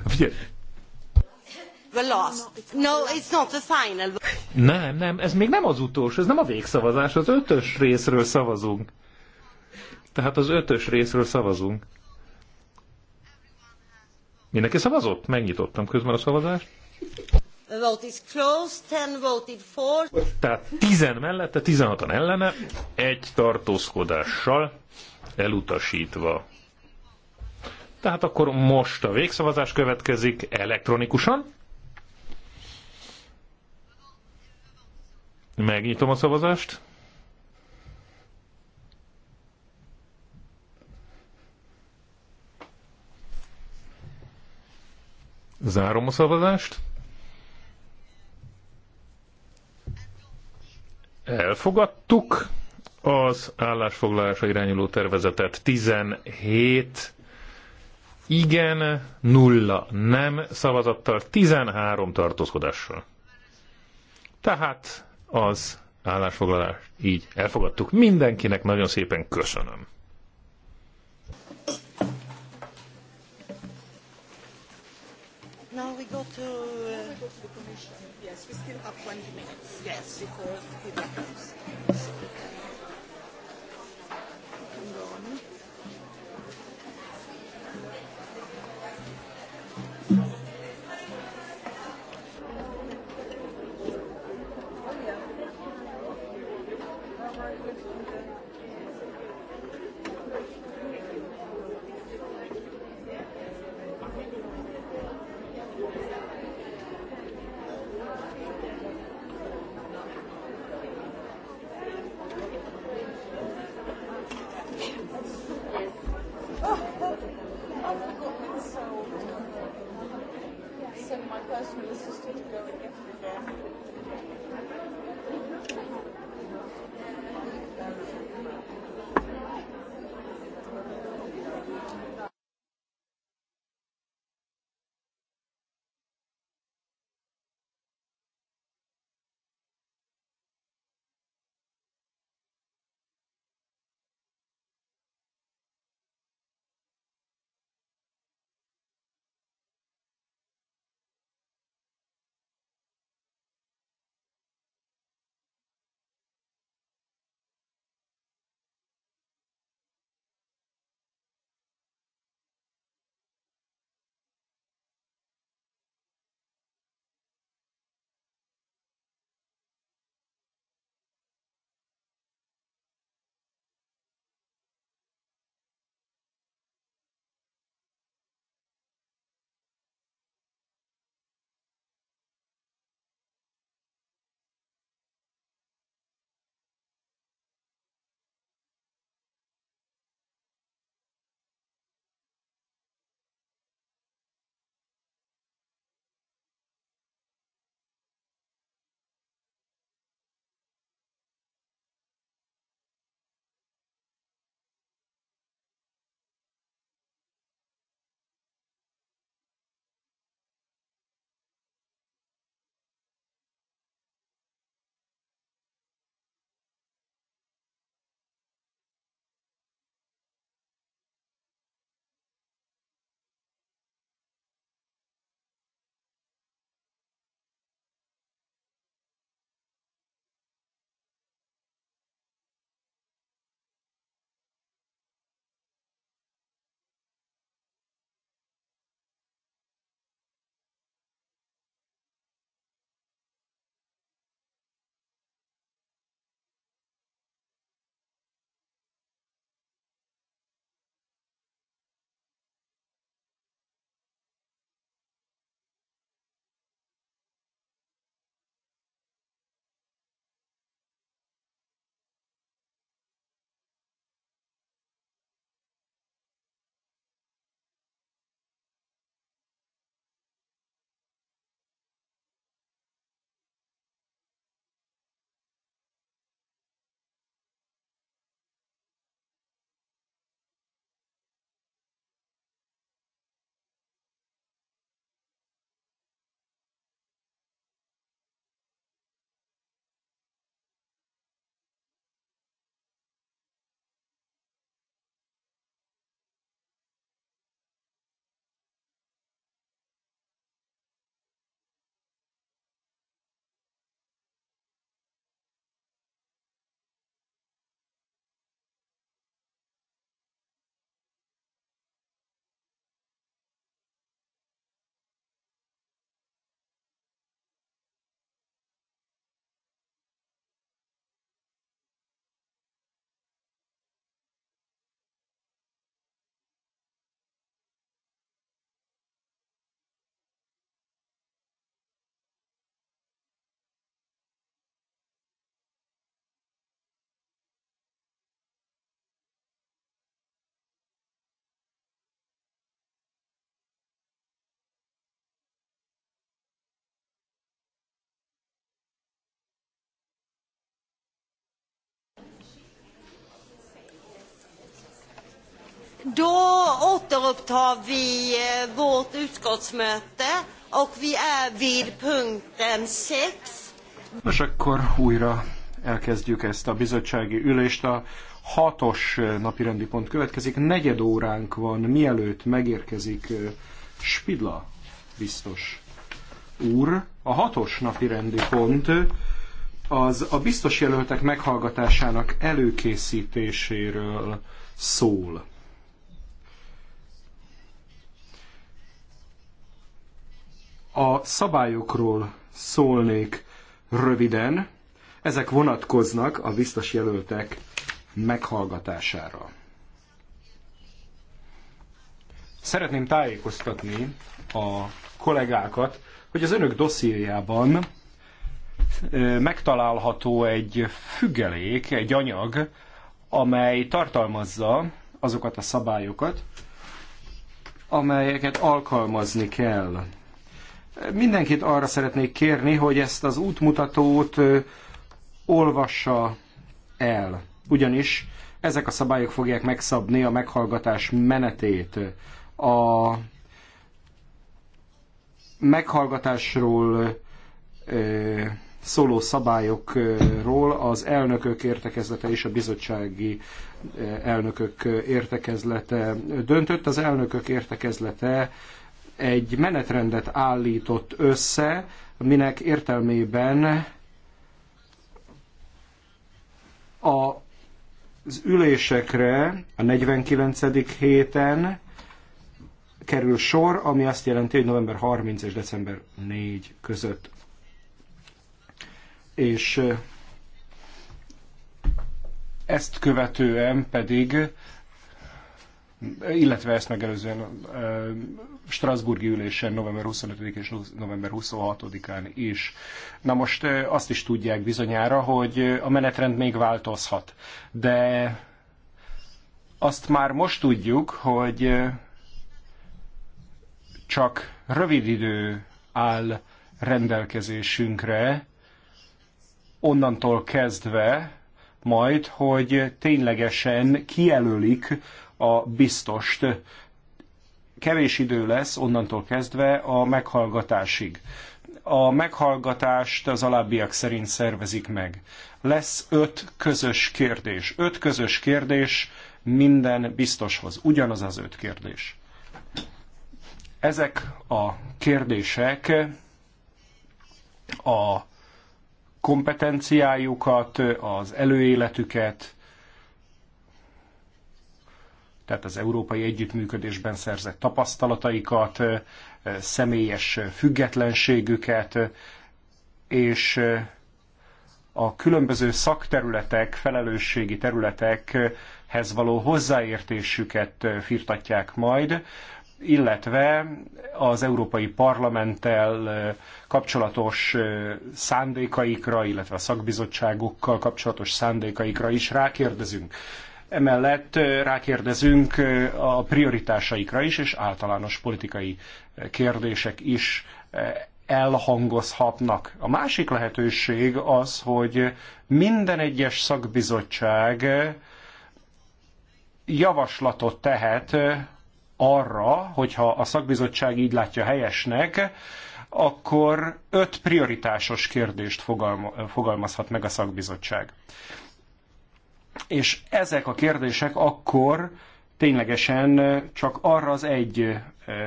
Figyelj, nem, nem, ez még nem az utolsó, ez nem a végszavazás, az ötös részről szavazunk. Tehát az ötös részről szavazunk. Mindenki szavazott? Megnyitottam közben a szavazást. Tehát 10 mellette, 16-an ellene, egy tartózkodással elutasítva. Tehát akkor most a végszavazás következik elektronikusan. Megnyitom a szavazást. Zárom a szavazást. Elfogadtuk az állásfoglalásra irányuló tervezetet 17 igen, nulla nem szavazattal, 13 tartózkodással. Tehát az állásfoglalás így elfogadtuk. Mindenkinek nagyon szépen köszönöm.
Now we go to, uh, Yes, we still have 20 minutes. Yes, because advice from the sister to go and get to the gas.
återupptar vi eh, vårt utskottsmöte
och vi är vid punkten 6.
Most akkor újra elkezdjük ezt a bizottsági ülést. A hatos eh, napirendi pont következik. Negyed óránk van, mielőtt megérkezik eh, Spidla biztos úr. A hatos napirendi pont az a biztos jelöltek meghallgatásának előkészítéséről szól. A szabályokról szólnék röviden. Ezek vonatkoznak a biztos jelöltek meghallgatására. Szeretném tájékoztatni a kollégákat, hogy az önök dossziéjában megtalálható egy függelék, egy anyag, amely tartalmazza azokat a szabályokat, amelyeket alkalmazni kell Mindenkit arra szeretnék kérni, hogy ezt az útmutatót olvassa el, ugyanis ezek a szabályok fogják megszabni a meghallgatás menetét. A meghallgatásról szóló szabályokról az elnökök értekezlete és a bizottsági elnökök értekezlete döntött. Az elnökök értekezlete egy menetrendet állított össze, aminek értelmében a az ülésekre a 49. héten kerül sor, ami azt jelenti, hogy november 30 és december 4 között. És ezt követően pedig illetve ezt megelőzően Strasburgi ülésen november 25 és november 26-án is. Na most azt is tudják bizonyára, hogy a menetrend még változhat, de azt már most tudjuk, hogy csak rövid idő áll rendelkezésünkre, onnantól kezdve, majd, hogy ténylegesen kijelölik a biztost. Kevés idő lesz onnantól kezdve a meghallgatásig. A meghallgatást az alábbiak szerint szervezik meg. Lesz öt közös kérdés. Öt közös kérdés minden biztoshoz. Ugyanaz az öt kérdés. Ezek a kérdések a kompetenciájukat, az előéletüket, tehát az európai együttműködésben szerzett tapasztalataikat, személyes függetlenségüket, és a különböző szakterületek, felelősségi területekhez való hozzáértésüket firtatják majd, illetve az Európai Parlamenttel kapcsolatos szándékaikra, illetve a szakbizottságokkal kapcsolatos szándékaikra is rákérdezünk. Emellett rákérdezünk a prioritásaikra is, és általános politikai kérdések is elhangozhatnak. A másik lehetőség az, hogy minden egyes szakbizottság javaslatot tehet arra, hogyha a szakbizottság így látja helyesnek, akkor öt prioritásos kérdést fogalmazhat meg a szakbizottság. És ezek a kérdések akkor ténylegesen csak arra az egy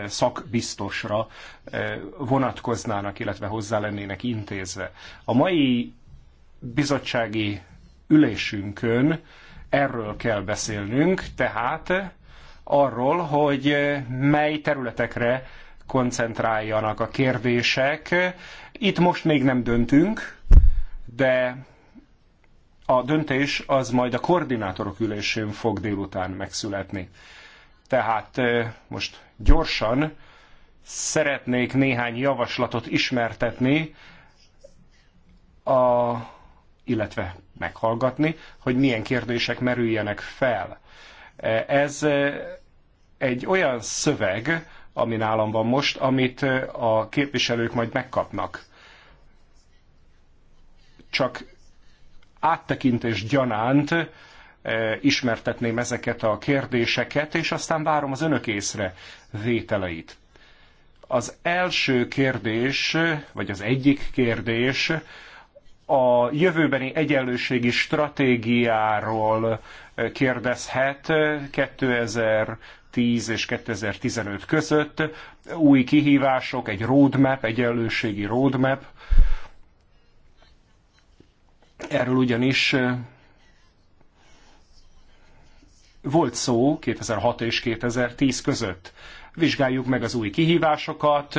szakbiztosra vonatkoznának, illetve hozzá lennének intézve. A mai bizottsági ülésünkön erről kell beszélnünk, tehát arról, hogy mely területekre koncentráljanak a kérdések. Itt most még nem döntünk, de a döntés az majd a koordinátorok ülésén fog délután megszületni. Tehát most gyorsan szeretnék néhány javaslatot ismertetni, a, illetve meghallgatni, hogy milyen kérdések merüljenek fel ez eh, egy olyan szöveg, ami nálam van most, amit eh, a képviselők majd megkapnak. Csak áttekintés gyanánt eh, ismertetném ezeket a kérdéseket, és aztán várom az önök észre vételeit. Az első kérdés, vagy az egyik kérdés, a jövőbeni egyenlőségi stratégiáról eh, kérdezhet 2010 eh, és 2015 között. Új kihívások, egy roadmap, egyenlőségi roadmap. Erről ugyanis eh, volt szó 2006 és 2010 között vizsgáljuk meg az új kihívásokat,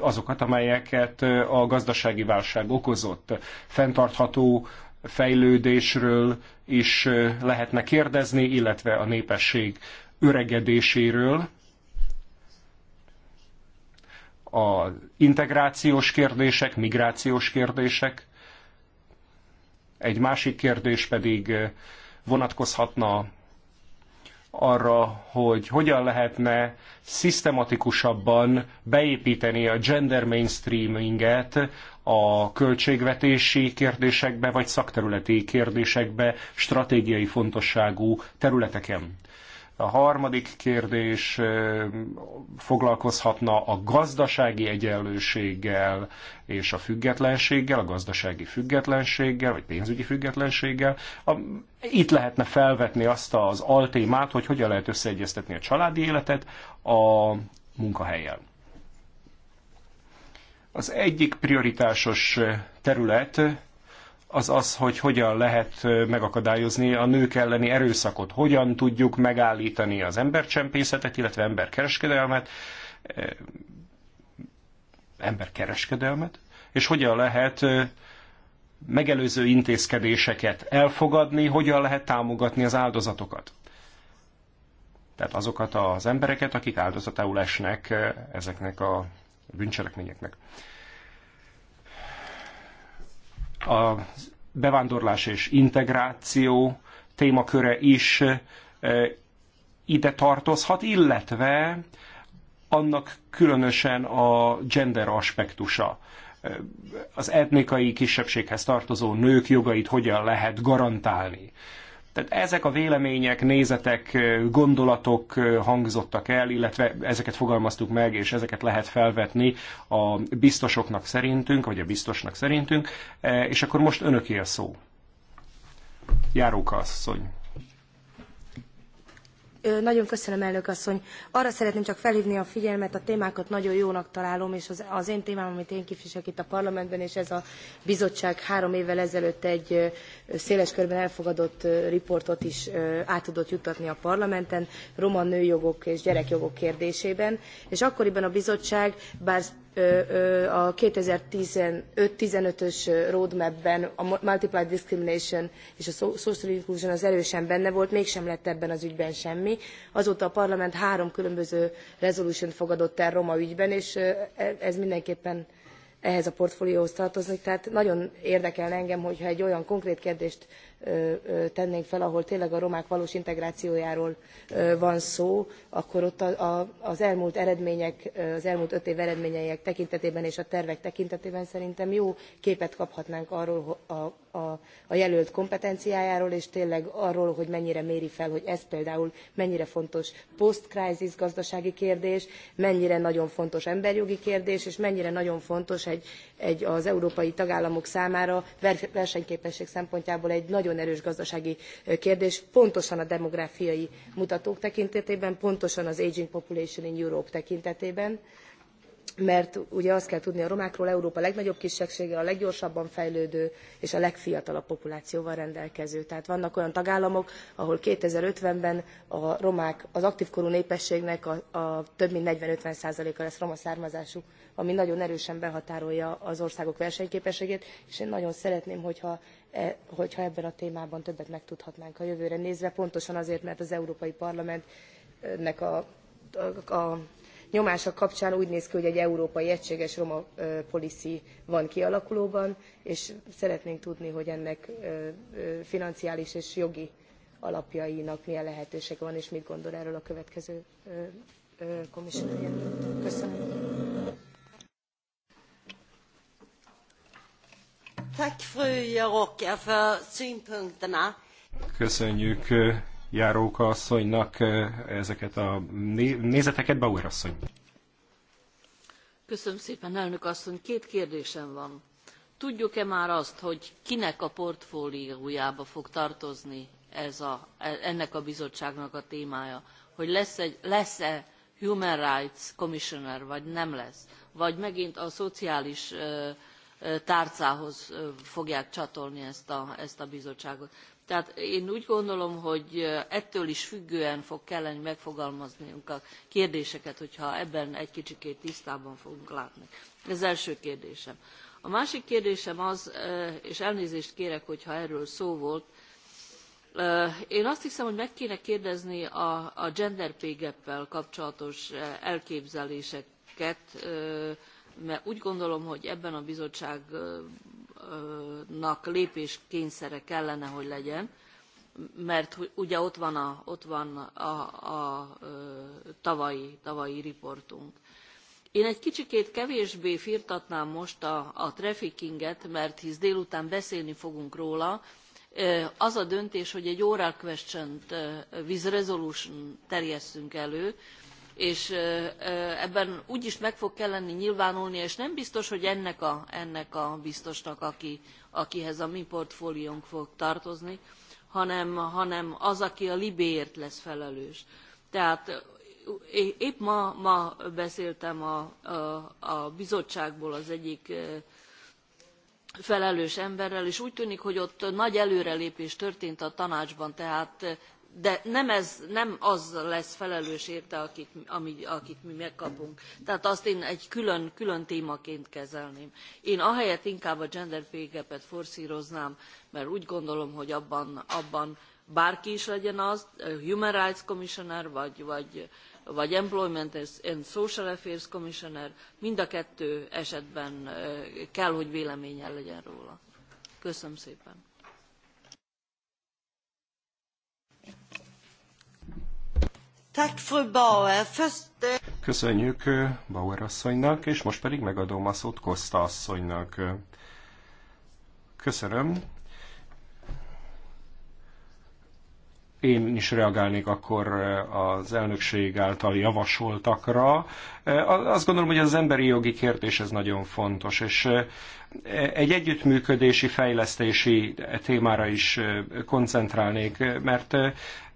azokat, amelyeket a gazdasági válság okozott. Fenntartható fejlődésről is lehetne kérdezni, illetve a népesség öregedéséről, a integrációs kérdések, migrációs kérdések. Egy másik kérdés pedig vonatkozhatna arra, hogy hogyan lehetne szisztematikusabban beépíteni a gender mainstreaminget a költségvetési kérdésekbe, vagy szakterületi kérdésekbe, stratégiai fontosságú területeken. A harmadik kérdés foglalkozhatna a gazdasági egyenlőséggel és a függetlenséggel, a gazdasági függetlenséggel, vagy pénzügyi függetlenséggel. itt lehetne felvetni azt az altémát, hogy hogyan lehet összeegyeztetni a családi életet a munkahelyen. Az egyik prioritásos terület az az, hogy hogyan lehet megakadályozni a nők elleni erőszakot, hogyan tudjuk megállítani az embercsempészetet, illetve emberkereskedelmet, emberkereskedelmet, és hogyan lehet megelőző intézkedéseket elfogadni, hogyan lehet támogatni az áldozatokat. Tehát azokat az embereket, akik áldozatául esnek ezeknek a bűncselekményeknek a bevándorlás és integráció témaköre is e, ide tartozhat, illetve annak különösen a gender aspektusa. E, az etnikai kisebbséghez tartozó nők jogait hogyan lehet garantálni. Tehát ezek a vélemények, nézetek, gondolatok hangzottak el, illetve ezeket fogalmaztuk meg, és ezeket lehet felvetni a biztosoknak szerintünk, vagy a biztosnak szerintünk, e, és akkor most önöké a szó. Járóka asszony
nagyon köszönöm, elnök asszony. Arra szeretném csak felhívni a figyelmet, a témákat nagyon jónak találom, és az, az én témám, amit én képviselek itt a parlamentben, és ez a bizottság három évvel ezelőtt egy széles körben elfogadott riportot is át tudott juttatni a parlamenten, roma nőjogok és gyerekjogok kérdésében. És akkoriban a bizottság, bár a 2015-ös roadmapben a multiplied discrimination és a social inclusion az erősen benne volt, mégsem lett ebben az ügyben semmi. Azóta a parlament három különböző resolution fogadott el roma ügyben, és e, ez mindenképpen ehhez a portfólióhoz tartozik. Tehát nagyon érdekelne engem, hogyha egy olyan konkrét kérdést tennénk fel, ahol tényleg a romák valós integrációjáról van szó, akkor ott az elmúlt eredmények, az elmúlt öt év eredményeinek tekintetében és a tervek tekintetében szerintem jó képet kaphatnánk arról a, a, a jelölt kompetenciájáról, és tényleg arról, hogy mennyire méri fel, hogy ez például mennyire fontos post-crisis gazdasági kérdés, mennyire nagyon fontos emberjogi kérdés, és mennyire nagyon fontos egy, egy az európai tagállamok számára versenyképesség szempontjából egy nagy nagyon erős gazdasági kérdés, pontosan a demográfiai mutatók tekintetében, pontosan az Aging Population in Europe tekintetében mert ugye azt kell tudni a romákról, Európa legnagyobb kisebbsége, a leggyorsabban fejlődő és a legfiatalabb populációval rendelkező. Tehát vannak olyan tagállamok, ahol 2050-ben a romák, az aktív korú népességnek a, a több mint 40-50%-a lesz roma származású, ami nagyon erősen behatárolja az országok versenyképességét, és én nagyon szeretném, hogyha E, hogyha ebben a témában többet megtudhatnánk a jövőre nézve, pontosan azért, mert az Európai Parlamentnek a, a, a nyomása kapcsán úgy néz ki, hogy egy európai egységes roma e, policy van kialakulóban, és szeretnénk tudni, hogy ennek e, financiális és jogi alapjainak milyen lehetősége van, és mit gondol erről a következő commissioner Köszönöm.
Köszönjük eh, Járóka asszonynak eh, ezeket a nézeteket, Bauer asszony.
Köszönöm szépen, elnök asszony. Két kérdésem van. Tudjuk-e már azt, hogy kinek a portfóliójába fog tartozni ez a, e, ennek a bizottságnak a témája? Hogy lesz-e lesz -e Human Rights Commissioner, vagy nem lesz? Vagy megint a szociális uh, tárcához fogják csatolni ezt a, ezt a bizottságot. Tehát én úgy gondolom, hogy ettől is függően fog kelleni megfogalmaznunk a kérdéseket, hogyha ebben egy kicsikét tisztában fogunk látni. Ez első kérdésem. A másik kérdésem az, és elnézést kérek, hogyha erről szó volt, én azt hiszem, hogy meg kéne kérdezni a, a gender pay gap kapcsolatos elképzeléseket, mert úgy gondolom, hogy ebben a bizottságnak lépéskényszere kellene, hogy legyen, mert ugye ott van a, ott van a, a tavalyi, tavalyi riportunk. Én egy kicsikét kevésbé firtatnám most a, a traffickinget, mert hisz délután beszélni fogunk róla. Az a döntés, hogy egy oral question with resolution terjesszünk elő, és ebben úgyis meg fog kelleni nyilvánulnia, és nem biztos, hogy ennek a, ennek a biztosnak, aki, akihez a mi portfóliónk fog tartozni, hanem, hanem az, aki a libéért lesz felelős. Tehát épp ma, ma beszéltem a, a, a bizottságból az egyik felelős emberrel, és úgy tűnik, hogy ott nagy előrelépés történt a tanácsban, tehát de nem, ez, nem az lesz felelős érte, akit, ami, akit mi megkapunk. Tehát azt én egy külön, külön témaként kezelném. Én ahelyett inkább a gender pay gap-et forszíroznám, mert úgy gondolom, hogy abban, abban bárki is legyen az, Human Rights Commissioner, vagy, vagy, vagy Employment and Social Affairs Commissioner, mind a kettő esetben kell, hogy véleményen legyen róla. Köszönöm szépen. Eh,
Köszönjük eh, Bauer asszonynak, és most pedig megadom a szót Costa asszonynak. Köszönöm. Én is reagálnék akkor eh, az elnökség által javasoltakra. Eh, azt gondolom, hogy az emberi jogi kérdés ez nagyon fontos, és eh, egy együttműködési, fejlesztési témára is koncentrálnék, mert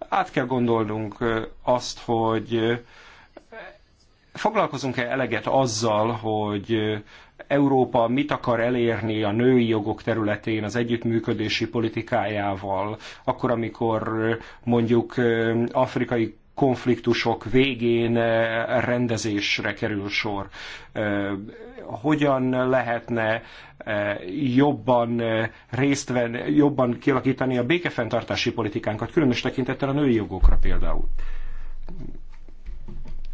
át kell gondolnunk azt, hogy foglalkozunk-e eleget azzal, hogy Európa mit akar elérni a női jogok területén az együttműködési politikájával, akkor, amikor mondjuk afrikai konfliktusok végén rendezésre kerül sor. Hogyan lehetne jobban részt venni, jobban kialakítani a békefenntartási politikánkat, különös tekintettel a női jogokra például?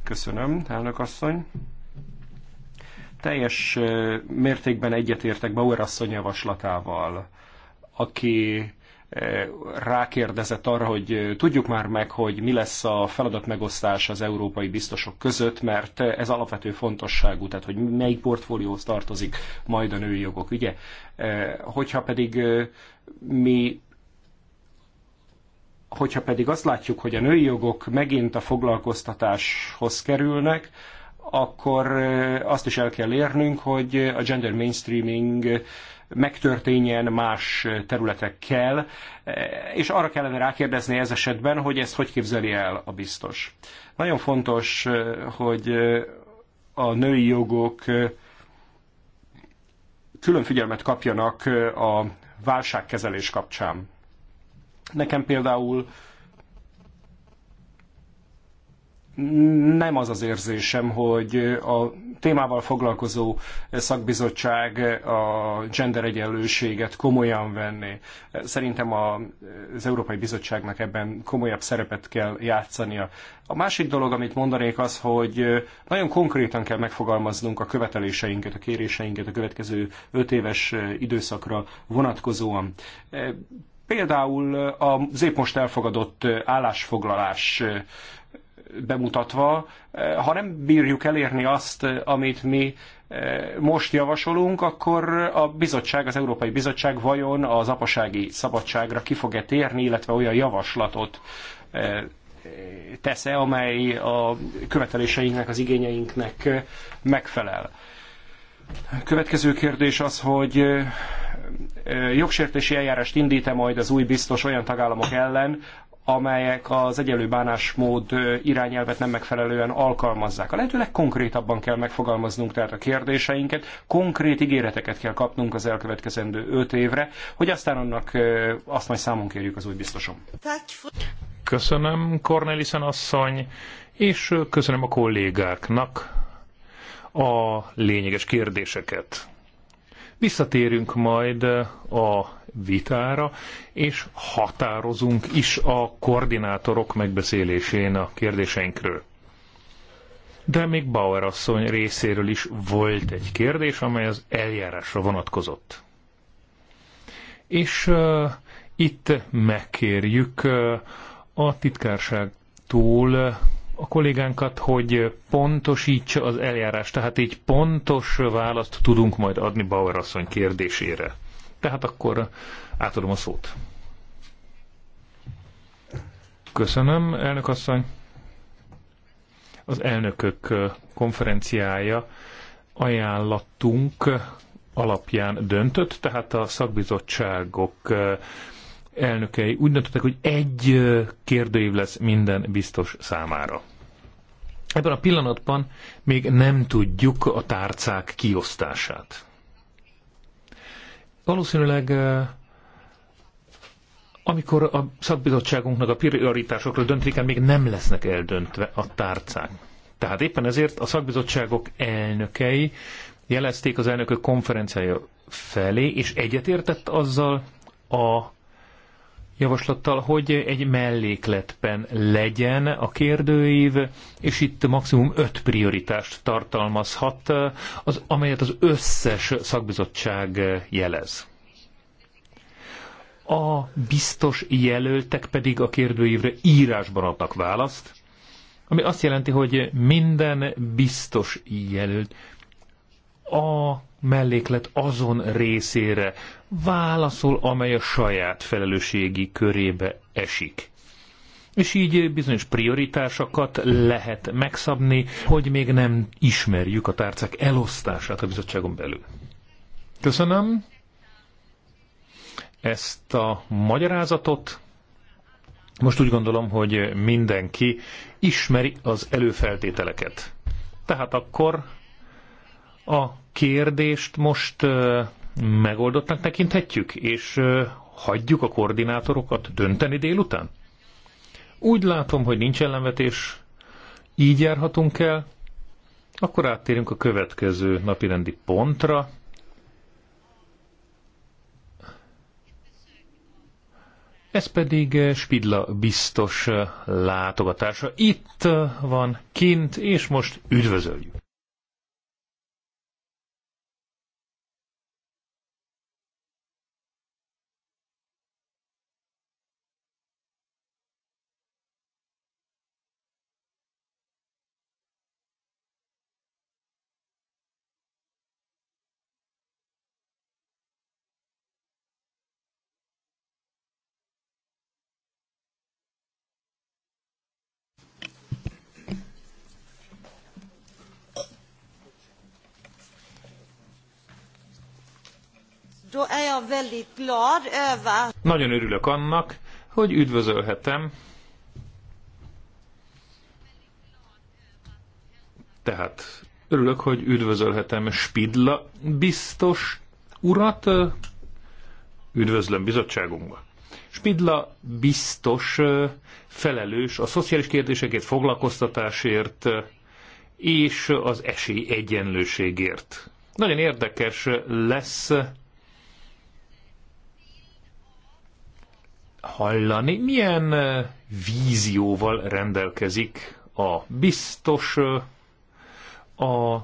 Köszönöm, elnök asszony teljes mértékben egyetértek Bauer asszony javaslatával, aki rákérdezett arra, hogy tudjuk már meg, hogy mi lesz a feladatmegosztás az európai biztosok között, mert ez alapvető fontosságú, tehát hogy melyik portfólióhoz tartozik majd a női jogok ugye? Hogyha pedig mi hogyha pedig azt látjuk, hogy a női jogok megint a foglalkoztatáshoz kerülnek, akkor azt is el kell érnünk, hogy a gender mainstreaming megtörténjen más területekkel, és arra kellene rákérdezni ez esetben, hogy ezt hogy képzeli el a biztos. Nagyon fontos, hogy a női jogok külön figyelmet kapjanak a válságkezelés kapcsán. Nekem például nem az az érzésem, hogy a témával foglalkozó szakbizottság a gender egyenlőséget komolyan venné. Szerintem az Európai Bizottságnak ebben komolyabb szerepet kell játszania. A másik dolog, amit mondanék az, hogy nagyon konkrétan kell megfogalmaznunk a követeléseinket, a kéréseinket a következő öt éves időszakra vonatkozóan. Például az épp most elfogadott állásfoglalás bemutatva, eh, ha nem bírjuk elérni azt, eh, amit mi eh, most javasolunk, akkor a bizottság, az Európai Bizottság vajon az apasági szabadságra ki fog-e térni, illetve olyan javaslatot tesz-e, amely a követeléseinknek, az igényeinknek megfelel. Következő kérdés az, hogy jogsértési eljárást indít-e majd az új biztos olyan tagállamok ellen, amelyek az egyenlő bánásmód irányelvet nem megfelelően alkalmazzák. A lehető legkonkrétabban kell megfogalmaznunk tehát a kérdéseinket, konkrét ígéreteket kell kapnunk az elkövetkezendő öt évre, hogy aztán annak azt majd számon kérjük az új biztosom. Köszönöm
Cornelisen
asszony, és
köszönöm a kollégáknak a lényeges kérdéseket. Visszatérünk majd a vitára, és határozunk is a koordinátorok megbeszélésén a kérdéseinkről. De még Bauer asszony részéről is volt egy kérdés, amely az eljárásra vonatkozott. És uh, itt megkérjük uh, a titkárságtól a kollégánkat, hogy pontosítsa az eljárást, tehát így pontos választ tudunk majd adni Bauer asszony kérdésére. Tehát akkor átadom a szót. Köszönöm, elnök asszony. Az elnökök konferenciája ajánlattunk alapján döntött, tehát a szakbizottságok elnökei úgy döntöttek, hogy egy kérdőív lesz minden biztos számára. Ebben a pillanatban még nem tudjuk a tárcák kiosztását. Valószínűleg amikor a szakbizottságunknak a prioritásokra döntik, még nem lesznek eldöntve a tárcák. Tehát éppen ezért a szakbizottságok elnökei jelezték az elnökök konferenciája felé, és egyetértett azzal a javaslattal, hogy egy mellékletben legyen a kérdőív, és itt maximum öt prioritást tartalmazhat, az, amelyet az összes szakbizottság jelez. A biztos jelöltek pedig a kérdőívre írásban adnak választ, ami azt jelenti, hogy minden biztos jelölt a melléklet azon részére válaszol, amely a saját felelősségi körébe esik. És így bizonyos prioritásokat lehet megszabni, hogy még nem ismerjük a tárcák elosztását a bizottságon belül. Köszönöm ezt a magyarázatot. Most úgy gondolom, hogy mindenki ismeri az előfeltételeket. Tehát akkor a kérdést most megoldottnak tekinthetjük, és hagyjuk a koordinátorokat dönteni délután? Úgy látom, hogy nincs ellenvetés, így járhatunk el, akkor áttérünk a következő napirendi pontra. Ez pedig Spidla biztos látogatása. Itt van kint, és most üdvözöljük! Nagyon örülök annak, hogy üdvözölhetem. Tehát örülök, hogy üdvözölhetem Spidla biztos urat. Üdvözlöm bizottságunkba. Spidla biztos felelős a szociális kérdésekért, foglalkoztatásért és az esély egyenlőségért. Nagyon érdekes lesz hallani, milyen vízióval rendelkezik a biztos, a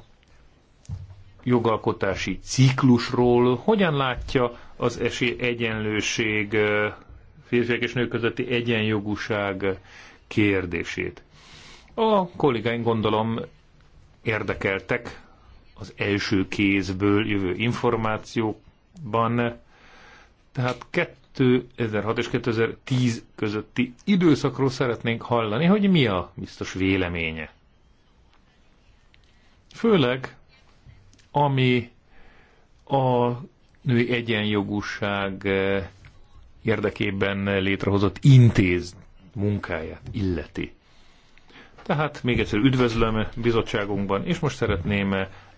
jogalkotási ciklusról, hogyan látja az esély egyenlőség, férfiak és nők közötti egyenjogúság kérdését. A kollégáink gondolom érdekeltek az első kézből jövő információkban, tehát kettő. 2006 és 2010 közötti időszakról szeretnénk hallani, hogy mi a biztos véleménye. Főleg, ami a női egyenjogúság eh, érdekében létrehozott intéz munkáját illeti. Tehát még egyszer üdvözlöm bizottságunkban, és most szeretném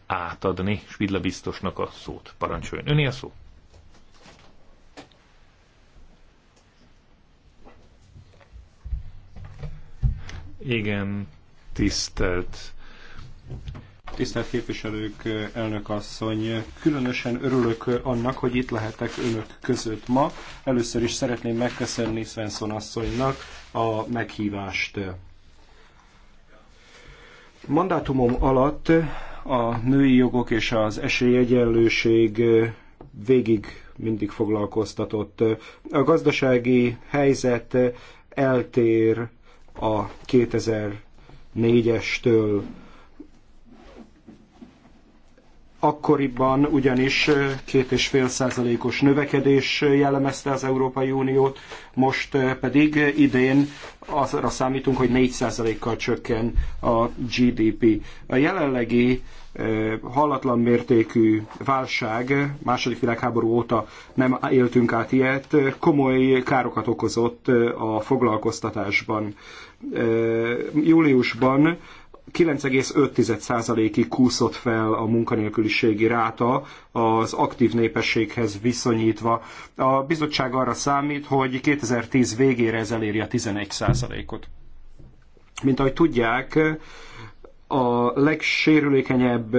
átadni Spidla biztosnak a szót. Parancsoljon, öné a szót.
Igen, tisztelt. Tisztelt képviselők, elnök asszony, különösen örülök annak, hogy itt lehetek önök között ma. Először is szeretném megköszönni Svensson asszonynak a meghívást. Mandátumom alatt a női jogok és az esélyegyenlőség végig mindig foglalkoztatott. A gazdasági helyzet eltér a 2004-estől. Akkoriban ugyanis 2,5 százalékos növekedés jellemezte az Európai Uniót, most pedig idén azra számítunk, hogy 4 százalékkal csökken a GDP. A jelenlegi hallatlan mértékű válság, második világháború óta nem éltünk át ilyet, komoly károkat okozott a foglalkoztatásban. Júliusban 9,5%-ig kúszott fel a munkanélküliségi ráta az aktív népességhez viszonyítva. A bizottság arra számít, hogy 2010 végére ez eléri a 11%-ot. Mint ahogy tudják, a legsérülékenyebb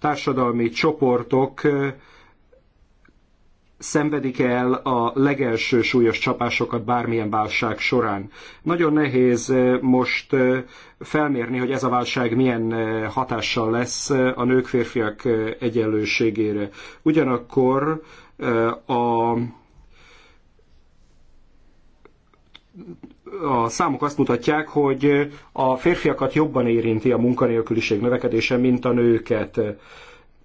társadalmi csoportok szenvedik el a legelső súlyos csapásokat bármilyen válság során. Nagyon nehéz most felmérni, hogy ez a válság milyen hatással lesz a nők-férfiak egyenlőségére. Ugyanakkor a a számok azt mutatják, hogy a férfiakat jobban érinti a munkanélküliség növekedése, mint a nőket.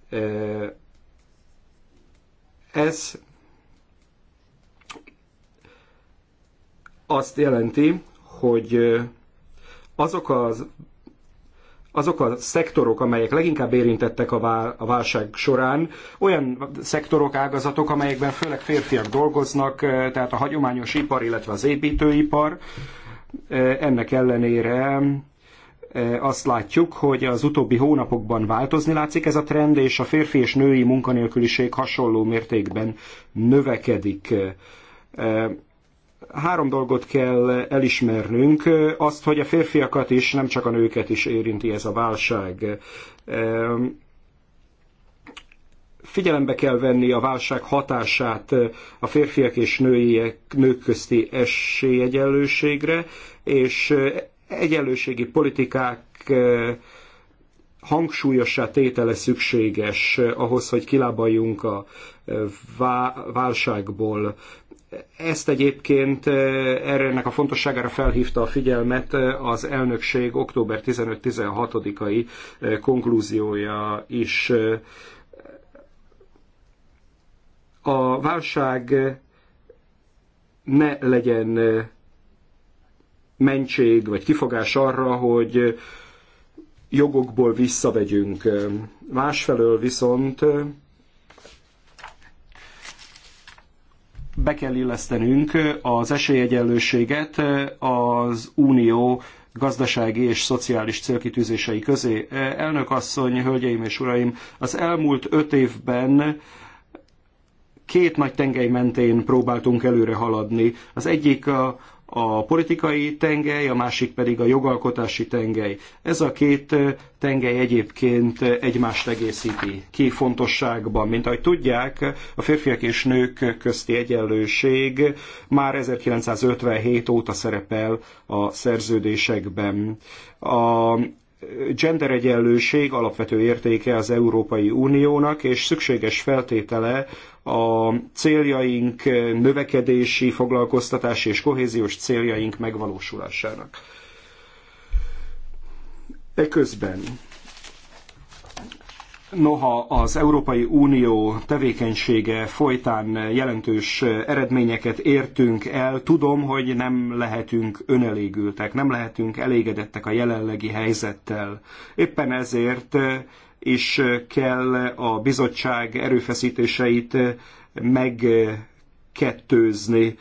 Eh, ez azt jelenti, hogy azok az azok a szektorok, amelyek leginkább érintettek a, válság során, olyan szektorok, ágazatok, amelyekben főleg férfiak dolgoznak, eh, tehát a hagyományos ipar, illetve az építőipar. Eh, ennek ellenére eh, azt látjuk, hogy az utóbbi hónapokban változni látszik ez a trend, és a férfi és női munkanélküliség hasonló mértékben növekedik három dolgot kell elismernünk. Azt, hogy a férfiakat is, nem csak a nőket is érinti ez a válság. Ehm, figyelembe kell venni a válság hatását a férfiak és nőiek, nők közti esélyegyenlőségre, és egyenlőségi politikák eh, hangsúlyossá tétele szükséges ahhoz, hogy kilábaljunk a eh, válságból. Ezt egyébként eh, erre ennek a fontosságára felhívta a figyelmet eh, az elnökség október 15-16-ai eh, konklúziója is. A válság ne legyen mentség vagy kifogás arra, hogy jogokból visszavegyünk. Másfelől viszont be kell illesztenünk az esélyegyenlőséget az unió gazdasági és szociális célkitűzései közé. Elnök asszony, hölgyeim és uraim, az elmúlt öt évben két nagy tengely mentén próbáltunk előre haladni. Az egyik a a politikai tengely, a másik pedig a jogalkotási tengely. Ez a két tengely egyébként egymást egészíti ki fontosságban. Mint ahogy tudják, a férfiak és nők közti egyenlőség már 1957 óta szerepel a szerződésekben. A genderegyenlőség alapvető értéke az Európai Uniónak, és szükséges feltétele a céljaink növekedési, foglalkoztatási és kohéziós céljaink megvalósulásának. Eközben Noha az Európai Unió tevékenysége folytán jelentős eredményeket értünk el, tudom, hogy nem lehetünk önelégültek, nem lehetünk elégedettek a jelenlegi helyzettel. Éppen ezért is kell a bizottság erőfeszítéseit megkettőzni.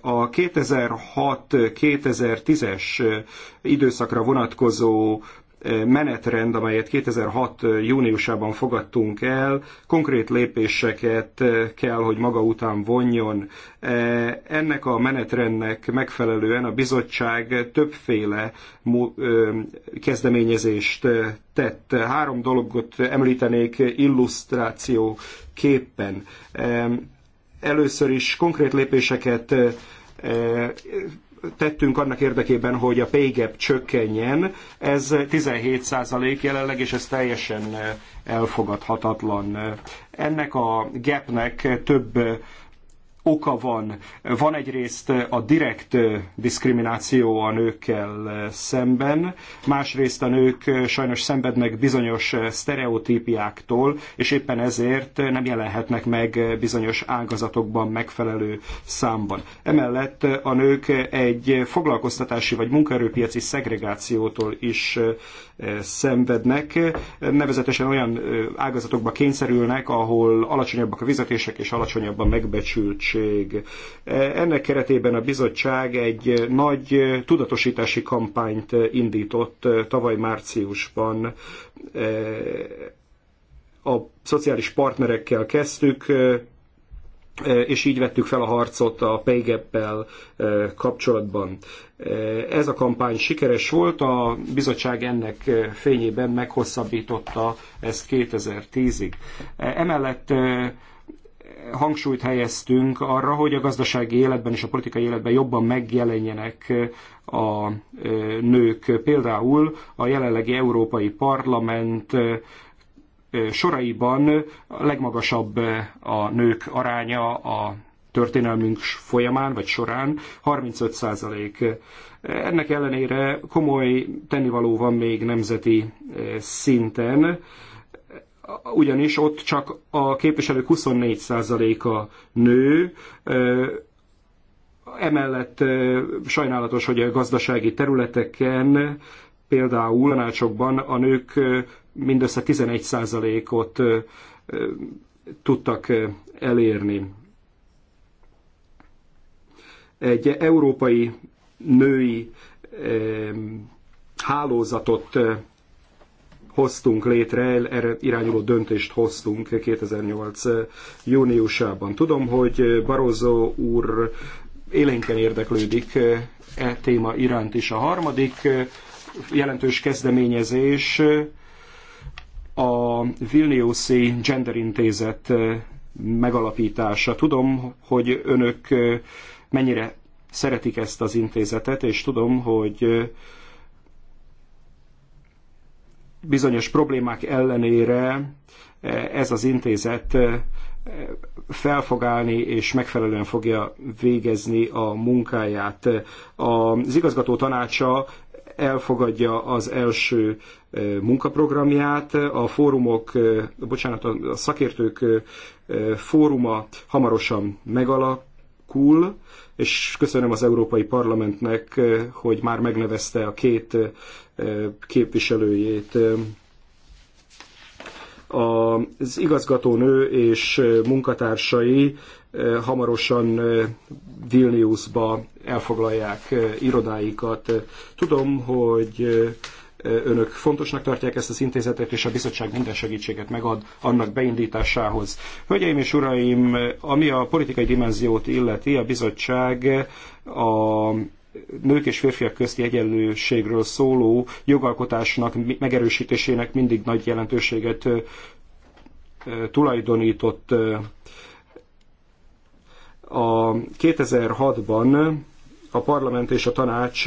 A 2006-2010-es időszakra vonatkozó menetrend, amelyet 2006. júniusában fogadtunk el, konkrét lépéseket kell, hogy maga után vonjon. E, ennek a menetrendnek megfelelően a bizottság többféle kezdeményezést tett. Három dologot említenék illusztráció képpen. E, először is konkrét lépéseket e, tettünk annak érdekében, hogy a gap csökkenjen. Ez 17% jelenleg, és ez teljesen elfogadhatatlan. Ennek a gapnek több oka van. Van egyrészt a direkt diszkrimináció a nőkkel szemben, másrészt a nők sajnos szenvednek bizonyos sztereotípiáktól, és éppen ezért nem jelenhetnek meg bizonyos ágazatokban megfelelő számban. Emellett a nők egy foglalkoztatási vagy munkaerőpiaci szegregációtól is szenvednek, nevezetesen olyan ágazatokba kényszerülnek, ahol alacsonyabbak a fizetések és alacsonyabb a megbecsültség szükség. Ennek keretében a bizottság egy nagy tudatosítási kampányt indított tavaly márciusban a szociális partnerekkel kezdtük, és így vettük fel a harcot a paygap el kapcsolatban. Ez a kampány sikeres volt, a bizottság ennek fényében meghosszabbította ezt 2010-ig. Emellett hangsúlyt helyeztünk arra, hogy a gazdasági életben és a politikai életben jobban megjelenjenek a nők. Például a jelenlegi Európai Parlament soraiban a legmagasabb a nők aránya a történelmünk folyamán vagy során 35 százalék. Ennek ellenére komoly tennivaló van még nemzeti szinten ugyanis ott csak a képviselők 24%-a nő, emellett sajnálatos, hogy a gazdasági területeken, például tanácsokban a nők mindössze 11%-ot tudtak elérni. Egy európai női hálózatot hoztunk létre, erre irányuló döntést hoztunk 2008. júniusában. Tudom, hogy Barozó úr élénken érdeklődik e téma iránt is. A harmadik jelentős kezdeményezés a Vilniuszi Gender Intézet megalapítása. Tudom, hogy önök mennyire szeretik ezt az intézetet, és tudom, hogy bizonyos problémák ellenére eh, ez az intézet eh, fel fog állni és megfelelően fogja végezni a munkáját. Az igazgató tanácsa elfogadja az első eh, munkaprogramját, a fórumok, bocsánat, a szakértők fóruma hamarosan megalak, Kul és köszönöm az Európai Parlamentnek, eh, hogy már megnevezte a két eh, képviselőjét az igazgatónő és eh, munkatársai hamarosan Vilniusba elfoglalják irodáikat. Tudom, hogy Önök fontosnak tartják ezt az intézetet, és a bizottság minden segítséget megad annak beindításához. Hölgyeim és uraim, ami a politikai dimenziót illeti, a bizottság a nők és férfiak közti egyenlőségről szóló jogalkotásnak megerősítésének mindig nagy jelentőséget tulajdonított. A 2006-ban a parlament és a tanács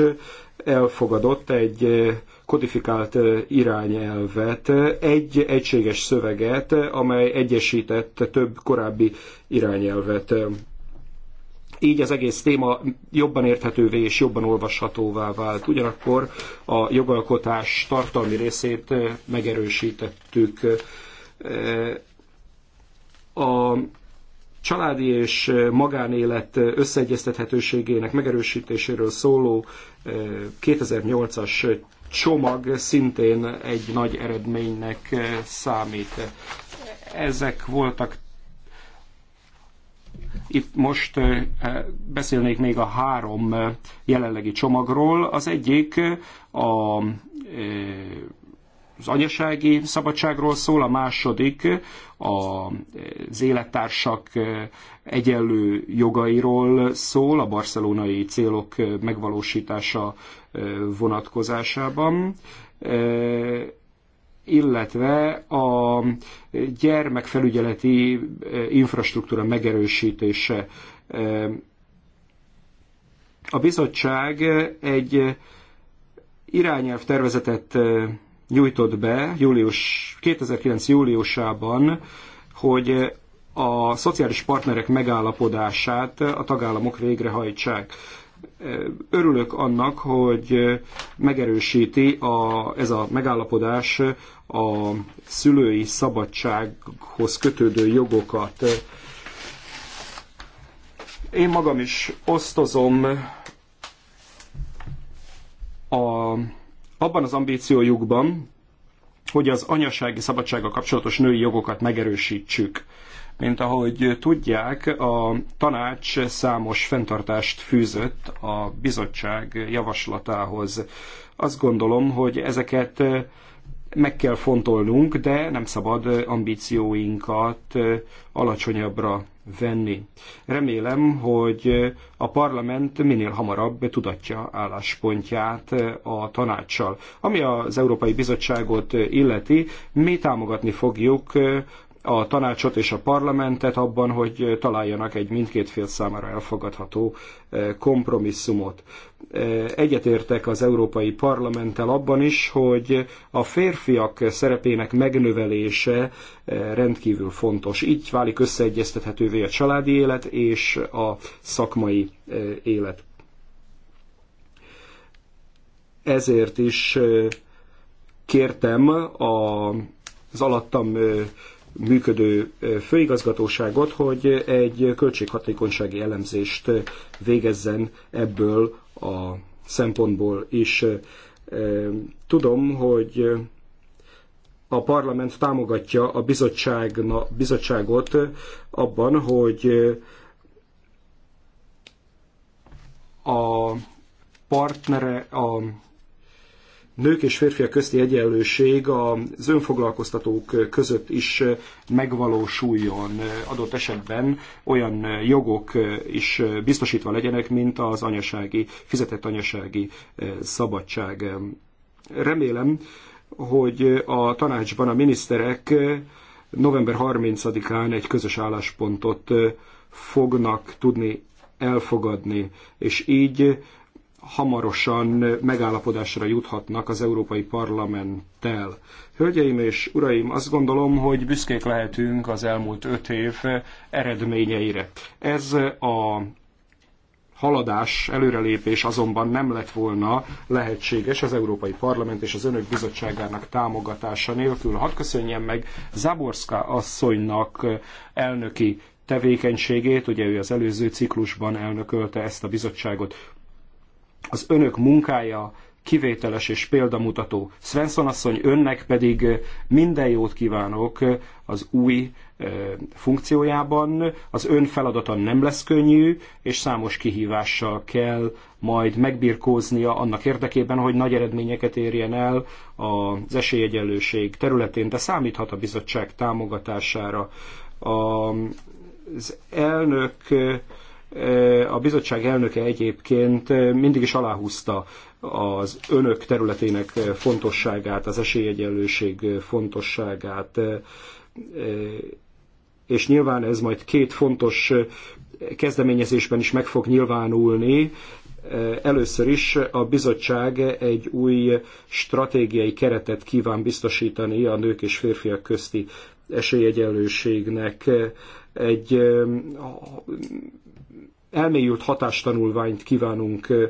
elfogadott egy kodifikált irányelvet, egy egységes szöveget, amely egyesített több korábbi irányelvet. Így az egész téma jobban érthetővé és jobban olvashatóvá vált. Ugyanakkor a jogalkotás tartalmi részét megerősítettük. A családi és magánélet összeegyeztethetőségének megerősítéséről szóló 2008-as csomag szintén egy nagy eredménynek eh, számít. Ezek voltak itt most eh, beszélnék még a három eh, jelenlegi csomagról. Az egyik a az anyasági szabadságról szól, a második az élettársak egyenlő jogairól szól, a barcelonai célok megvalósítása vonatkozásában illetve a gyermekfelügyeleti infrastruktúra megerősítése. A bizottság egy irányelv tervezetet nyújtott be július, 2009. júliusában, hogy a szociális partnerek megállapodását a tagállamok végrehajtsák. Örülök annak, hogy megerősíti a, ez a megállapodás a szülői szabadsághoz kötődő jogokat. Én magam is osztozom a abban az ambíciójukban, hogy az anyasági szabadsággal kapcsolatos női jogokat megerősítsük. Mint ahogy tudják, a tanács számos fenntartást fűzött a bizottság javaslatához. Azt gondolom, hogy ezeket meg kell fontolnunk, de nem szabad ambícióinkat alacsonyabbra venni. Remélem, hogy a parlament minél hamarabb tudatja álláspontját a tanácssal. Ami az Európai Bizottságot illeti, mi támogatni fogjuk a tanácsot és a parlamentet abban, hogy találjanak egy mindkét fél számára elfogadható eh, kompromisszumot. Eh, egyetértek az Európai Parlamenttel abban is, hogy a férfiak szerepének megnövelése eh, rendkívül fontos. Így válik összeegyeztethetővé a családi élet és a szakmai élet. Ezért is kértem a az alattam működő főigazgatóságot, hogy egy költséghatékonysági elemzést végezzen ebből a szempontból is. Tudom, hogy a parlament támogatja a bizottságot abban, hogy a partnere, a nők és férfiak közti egyenlőség az önfoglalkoztatók között is megvalósuljon, adott esetben olyan jogok is biztosítva legyenek, mint az anyasági, fizetett anyasági eh, szabadság. Remélem, hogy a tanácsban a miniszterek eh, november 30-án egy közös álláspontot eh, fognak tudni elfogadni, és így hamarosan megállapodásra juthatnak az Európai Parlamenttel. Hölgyeim és uraim, azt gondolom, hogy büszkék lehetünk az elmúlt öt év eredményeire. Ez a haladás, előrelépés azonban nem lett volna lehetséges az Európai Parlament és az Önök Bizottságának támogatása nélkül. Hadd köszönjem meg Zaborska asszonynak elnöki tevékenységét, ugye ő az előző ciklusban elnökölte ezt a bizottságot. Az önök munkája kivételes és példamutató. Svensson asszony, önnek pedig minden jót kívánok az új funkciójában. Az ön feladata nem lesz könnyű, és számos kihívással kell majd megbirkóznia annak érdekében, hogy nagy eredményeket érjen el az esélyegyenlőség területén, de számíthat a bizottság támogatására. Az elnök a bizottság elnöke egyébként mindig is aláhúzta az önök területének fontosságát, az esélyegyenlőség fontosságát, és nyilván ez majd két fontos kezdeményezésben is meg fog nyilvánulni. Először is a bizottság egy új stratégiai keretet kíván biztosítani a nők és férfiak közti esélyegyenlőségnek. Egy elmélyült hatástanulványt kívánunk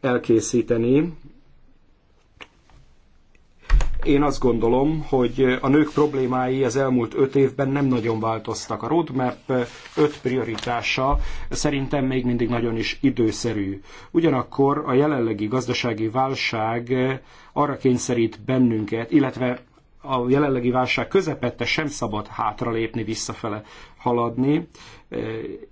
elkészíteni. Én azt gondolom, hogy a nők problémái az elmúlt öt évben nem nagyon változtak. A roadmap öt prioritása szerintem még mindig nagyon is időszerű. Ugyanakkor a jelenlegi gazdasági válság arra kényszerít bennünket, illetve a jelenlegi válság közepette sem szabad hátralépni, visszafele haladni. E,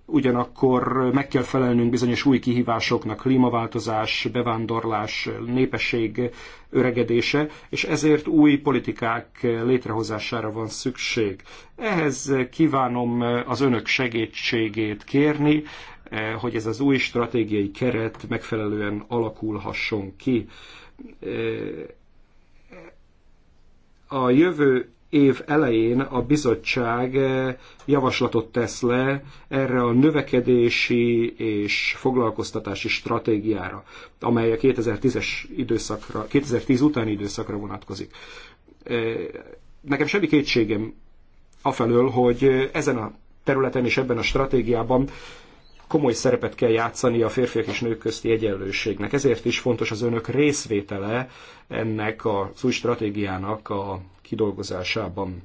ugyanakkor meg kell felelnünk bizonyos új kihívásoknak, klímaváltozás, bevándorlás, népesség öregedése, és ezért új politikák létrehozására van szükség. Ehhez kívánom az önök segítségét kérni, e, hogy ez az új stratégiai keret megfelelően alakulhasson ki e, a jövő év elején a bizottság eh, javaslatot tesz le erre a növekedési és foglalkoztatási stratégiára, amely a 2010-es időszakra, 2010 utáni időszakra vonatkozik. Eh, nekem semmi kétségem afelől, hogy eh, ezen a területen és ebben a stratégiában komoly szerepet kell játszani a férfiak és nők közti egyenlőségnek. Ezért is fontos az önök részvétele ennek az új stratégiának a kidolgozásában.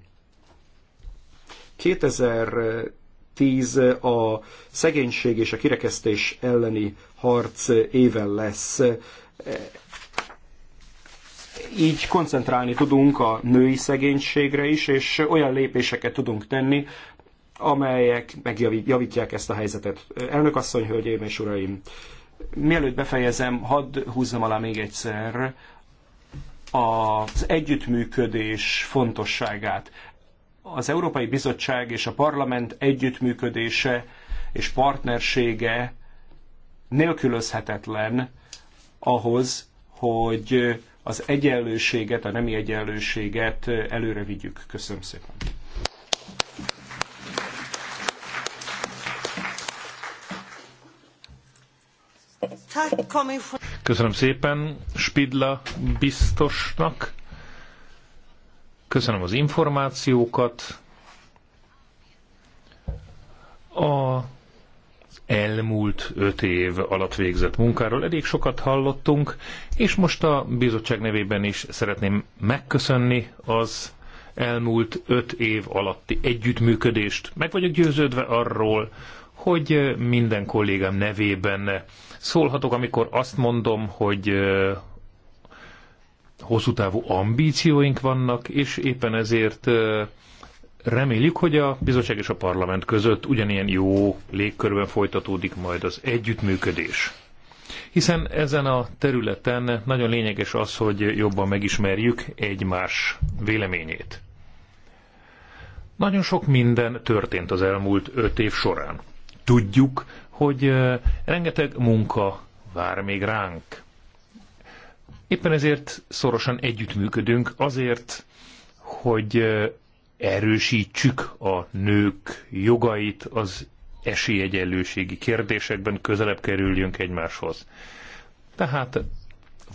2010 a szegénység és a kirekesztés elleni harc éven lesz. Így koncentrálni tudunk a női szegénységre is, és olyan lépéseket tudunk tenni, amelyek megjavítják ezt a helyzetet. Elnök asszony, hölgyeim és uraim, mielőtt befejezem, hadd húzzam alá még egyszer az együttműködés fontosságát. Az Európai Bizottság és a Parlament együttműködése és partnersége nélkülözhetetlen ahhoz, hogy az egyenlőséget, a nemi egyenlőséget előre vigyük. Köszönöm szépen.
Köszönöm szépen Spidla biztosnak. Köszönöm az információkat. A elmúlt öt év alatt végzett munkáról elég sokat hallottunk, és most a bizottság nevében is szeretném megköszönni az elmúlt öt év alatti együttműködést. Meg vagyok győződve arról, hogy minden kollégám nevében szólhatok, amikor azt mondom, hogy hosszú távú ambícióink vannak, és éppen ezért reméljük, hogy a bizottság és a parlament között ugyanilyen jó légkörben folytatódik majd az együttműködés. Hiszen ezen a területen nagyon lényeges az, hogy jobban megismerjük egymás véleményét. Nagyon sok minden történt az elmúlt öt év során. Tudjuk, hogy rengeteg munka vár még ránk. Éppen ezért szorosan együttműködünk azért, hogy erősítsük a nők jogait az esélyegyenlőségi kérdésekben, közelebb kerüljünk egymáshoz. Tehát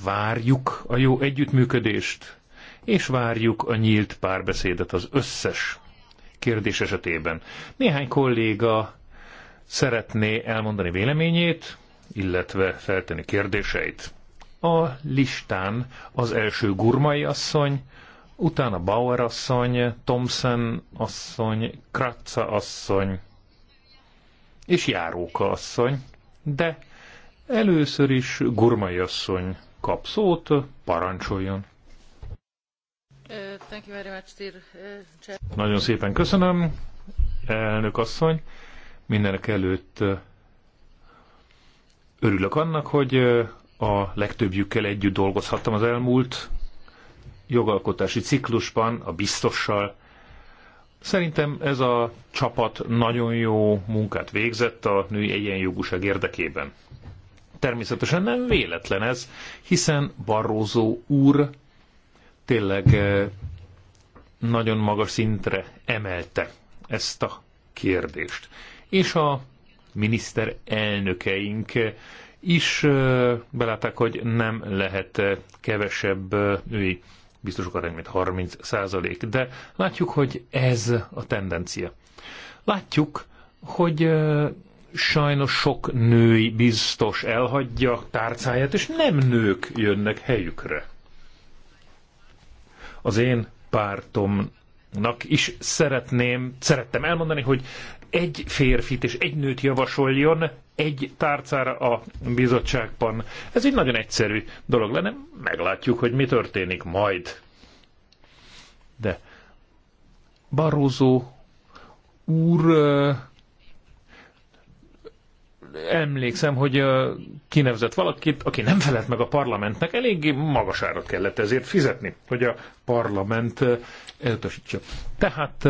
várjuk a jó együttműködést, és várjuk a nyílt párbeszédet az összes kérdés esetében. Néhány kolléga szeretné elmondani véleményét, illetve feltenni kérdéseit. A listán az első Gurmai asszony, utána Bauer asszony, Thompson asszony, Kratza asszony és Járóka asszony, de először is Gurmai asszony kap szót, parancsoljon. Uh,
uh, Nagyon
szépen köszönöm, elnök asszony. Mindenek előtt örülök annak, hogy a legtöbbjükkel együtt dolgozhattam az elmúlt jogalkotási ciklusban, a biztossal. Szerintem ez a csapat nagyon jó munkát végzett a női egyenjogúság érdekében. Természetesen nem véletlen ez, hiszen Barroso úr tényleg nagyon magas szintre emelte ezt a kérdést és a miniszter elnökeink is belátták, hogy nem lehet kevesebb női biztosok arány, mint 30 százalék. De látjuk, hogy ez a tendencia. Látjuk, hogy sajnos sok női biztos elhagyja tárcáját, és nem nők jönnek helyükre. Az én pártomnak is szeretném, szerettem elmondani, hogy egy férfit és egy nőt javasoljon egy tárcára a bizottságban. Ez egy nagyon egyszerű dolog lenne, meglátjuk, hogy mi történik majd. De Barroso úr emlékszem, hogy kinevezett valakit, aki nem felelt meg a parlamentnek, eléggé magas árat kellett ezért fizetni, hogy a parlament elutasítsa. Tehát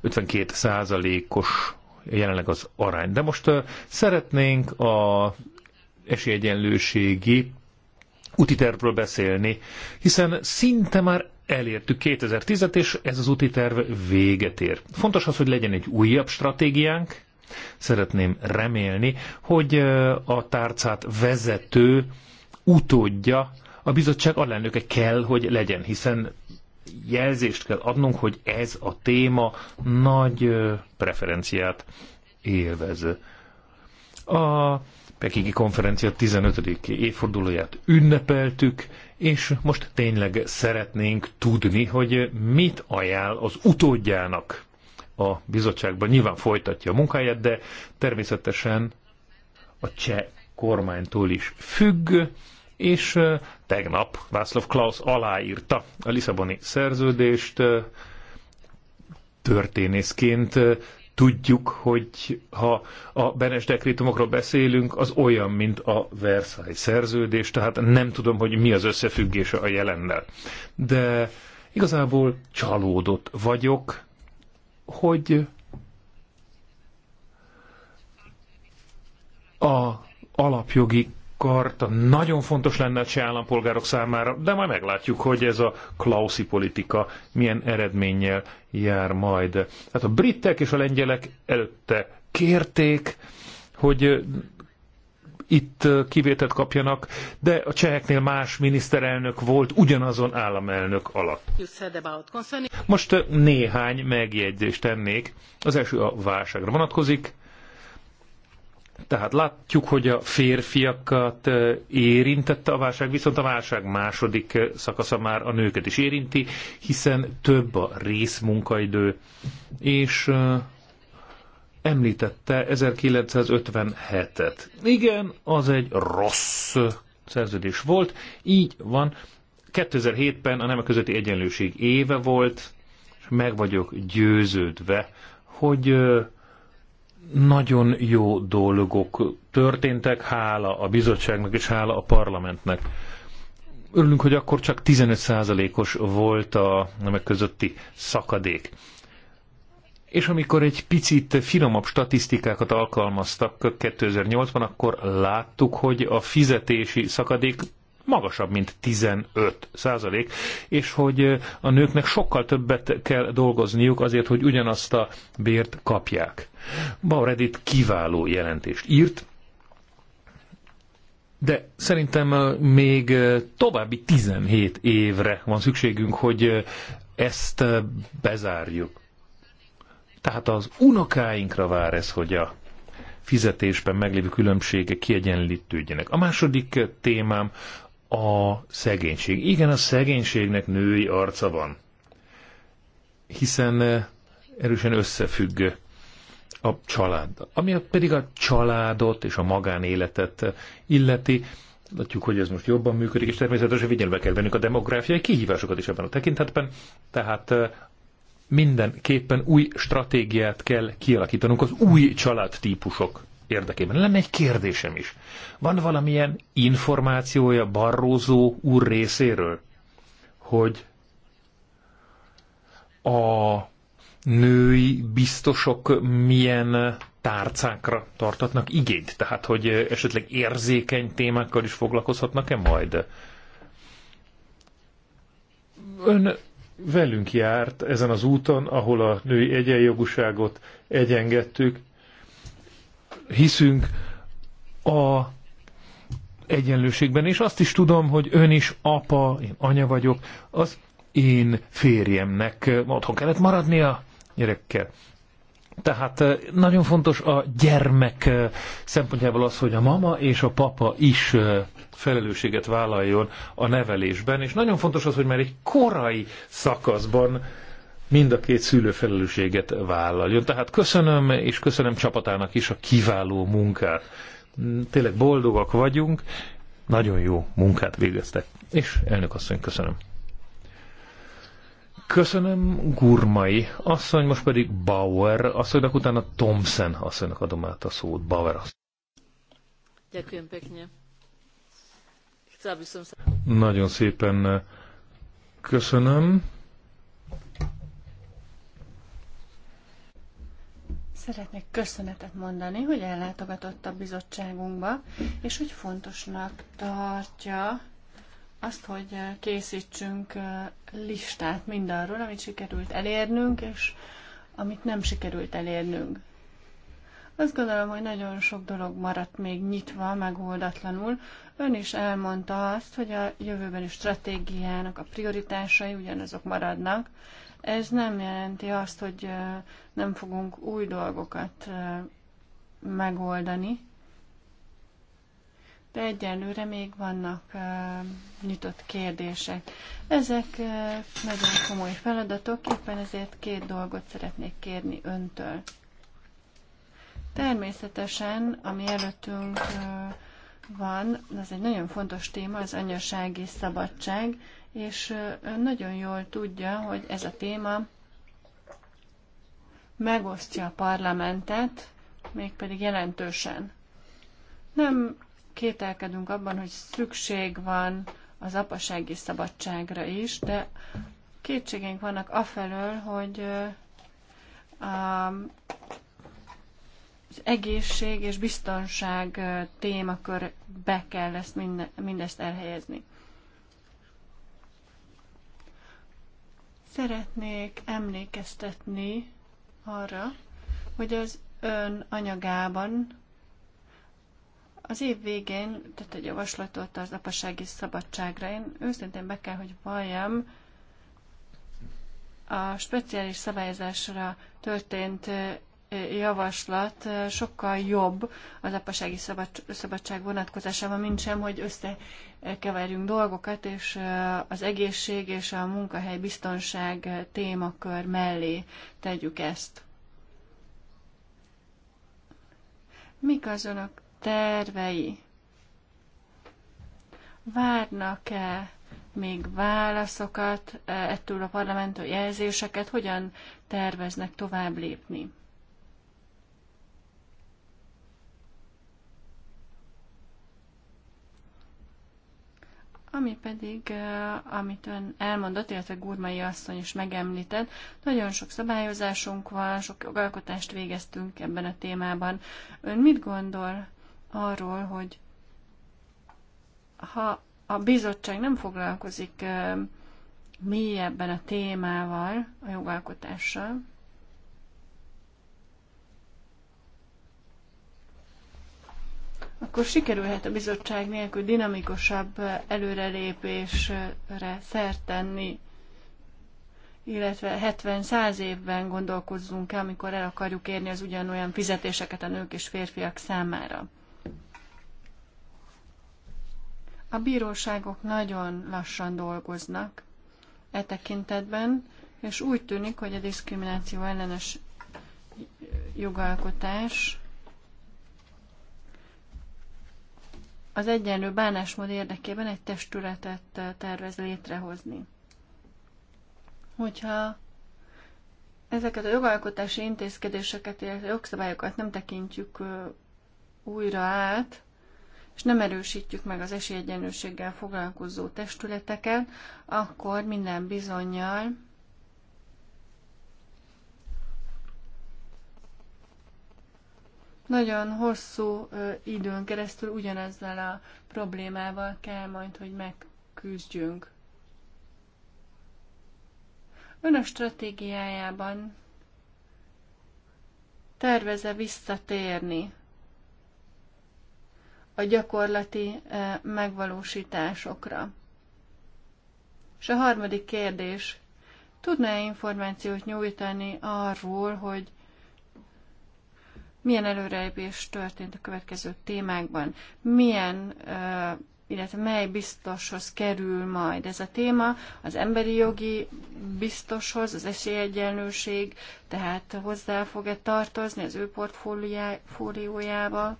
52 százalékos jelenleg az arány. De most szeretnénk a esélyegyenlőségi útitervről beszélni, hiszen szinte már elértük 2010-et, és ez az útiterv véget ér. Fontos az, hogy legyen egy újabb stratégiánk, szeretném remélni, hogy a tárcát vezető utódja a bizottság alelnöke kell, hogy legyen, hiszen jelzést kell adnunk, hogy ez a téma nagy preferenciát élvez. A Pekingi konferencia 15. évfordulóját ünnepeltük, és most tényleg szeretnénk tudni, hogy mit ajánl az utódjának a bizottságban. Nyilván folytatja a munkáját, de természetesen a cseh kormánytól is függ, és tegnap Václav Klaus aláírta a Lisszaboni szerződést. Történészként tudjuk, hogy ha a Benes dekrétumokról beszélünk, az olyan, mint a Versailles szerződés, tehát nem tudom, hogy mi az összefüggése a jelennel. De igazából csalódott vagyok, hogy a alapjogi karta nagyon fontos lenne a cseh állampolgárok számára, de majd meglátjuk, hogy ez a klauszi politika milyen eredménnyel jár majd. Hát a britek és a lengyelek előtte kérték, hogy itt kivételt kapjanak, de a cseheknél más miniszterelnök volt ugyanazon államelnök alatt. Most néhány megjegyzést tennék. Az első a válságra vonatkozik. Tehát látjuk, hogy a férfiakat érintette a válság, viszont a válság második szakasza már a nőket is érinti, hiszen több a részmunkaidő. És említette 1957-et. Igen, az egy rossz szerződés volt, így van. 2007-ben a nemek közötti egyenlőség éve volt, és meg vagyok győződve, hogy nagyon jó dolgok történtek, hála a bizottságnak és hála a parlamentnek. Örülünk, hogy akkor csak 15%-os volt a nemek közötti szakadék. És amikor egy picit finomabb statisztikákat alkalmaztak 2008-ban, akkor láttuk, hogy a fizetési szakadék magasabb, mint 15 százalék, és hogy a nőknek sokkal többet kell dolgozniuk azért, hogy ugyanazt a bért kapják. Bauredit kiváló jelentést írt, de szerintem még további 17 évre van szükségünk, hogy ezt bezárjuk. Tehát az unokáinkra vár ez, hogy a fizetésben meglévő különbségek kiegyenlítődjenek. A második témám a szegénység. Igen, a szegénységnek női arca van, hiszen eh, erősen összefügg a család. Ami pedig a családot és a magánéletet eh, illeti, látjuk, hogy ez most jobban működik, és természetesen figyelme kell vennünk a demográfiai kihívásokat is ebben a tekintetben, tehát eh, mindenképpen új stratégiát kell kialakítanunk az új családtípusok érdekében. Lenne egy kérdésem is. Van valamilyen információja Barrózó úr részéről, hogy a női biztosok milyen tárcákra tartatnak igényt? Tehát, hogy esetleg érzékeny témákkal is foglalkozhatnak-e majd? Ön velünk járt ezen az úton, ahol a női egyenjogúságot egyengettük, hiszünk a egyenlőségben, és azt is tudom, hogy ön is apa, én anya vagyok, az én férjemnek otthon kellett maradnia gyerekkel. Tehát eh, nagyon fontos a gyermek eh, szempontjából az, hogy a mama és a papa is eh, felelősséget vállaljon a nevelésben, és nagyon fontos az, hogy már egy korai szakaszban mind a két szülő felelősséget vállaljon. Tehát köszönöm, és köszönöm csapatának is a kiváló munkát. Tényleg boldogak vagyunk, nagyon jó munkát végeztek. És elnök asszony, köszönöm. Köszönöm Gurmai asszony, most pedig Bauer asszonynak, utána Thompson asszonynak adom át a szót. Bauer asszony.
Ďakujem pekne.
Nagyon szépen köszönöm.
Szeretnék köszönetet mondani, hogy ellátogatott a bizottságunkba, és hogy fontosnak tartja azt, hogy készítsünk listát mindarról, amit sikerült elérnünk, és amit nem sikerült elérnünk. Azt gondolom, hogy nagyon sok dolog maradt még nyitva, megoldatlanul. Ön is elmondta azt, hogy a jövőbeni stratégiának a prioritásai ugyanazok maradnak, ez nem jelenti azt, hogy nem fogunk új dolgokat megoldani, de egyelőre még vannak nyitott kérdések. Ezek nagyon komoly feladatok, éppen ezért két dolgot szeretnék kérni öntől. Természetesen, ami előttünk van, az egy nagyon fontos téma, az anyasági szabadság, és ön nagyon jól tudja, hogy ez a téma megosztja a parlamentet, mégpedig jelentősen. Nem kételkedünk abban, hogy szükség van az apasági szabadságra is, de kétségénk vannak afelől, hogy az egészség és biztonság témakörbe be kell ezt mindezt elhelyezni. Szeretnék emlékeztetni arra, hogy az ön anyagában az év végén tett egy javaslatot az apasági szabadságra. Én őszintén be kell, hogy valljam, a speciális szabályozásra történt javaslat sokkal jobb az apasági szabadság vonatkozásában, mint sem, hogy összekeverjünk dolgokat, és az egészség és a munkahely biztonság témakör mellé tegyük ezt. Mik az önök tervei? Várnak-e még válaszokat, ettől a parlamentő jelzéseket, hogyan terveznek tovább lépni? Ami pedig, eh, amit ön elmondott, illetve Gurmai asszony is megemlített, nagyon sok szabályozásunk van, sok jogalkotást végeztünk ebben a témában. Ön mit gondol arról, hogy ha a bizottság nem foglalkozik eh, mélyebben a témával, a jogalkotással, akkor sikerülhet a bizottság nélkül dinamikusabb előrelépésre szert tenni, illetve 70-100 évben gondolkozzunk el, amikor el akarjuk érni az ugyanolyan fizetéseket a nők és férfiak számára. A bíróságok nagyon lassan dolgoznak e tekintetben, és úgy tűnik, hogy a diszkrimináció ellenes jogalkotás az egyenlő bánásmód érdekében egy testületet eh, tervez létrehozni. Hogyha ezeket a jogalkotási intézkedéseket, illetve jogszabályokat nem tekintjük eh, újra át, és nem erősítjük meg az esélyegyenlőséggel foglalkozó testületeket, akkor minden bizonyal Nagyon hosszú időn keresztül ugyanezzel a problémával kell majd, hogy megküzdjünk. Önök stratégiájában terveze visszatérni a gyakorlati megvalósításokra. És a harmadik kérdés, tudná -e információt nyújtani arról, hogy milyen előrelépés történt a következő témákban, milyen, illetve mely biztoshoz kerül majd ez a téma, az emberi jogi biztoshoz, az esélyegyenlőség, tehát hozzá fog-e tartozni az ő portfóliójába.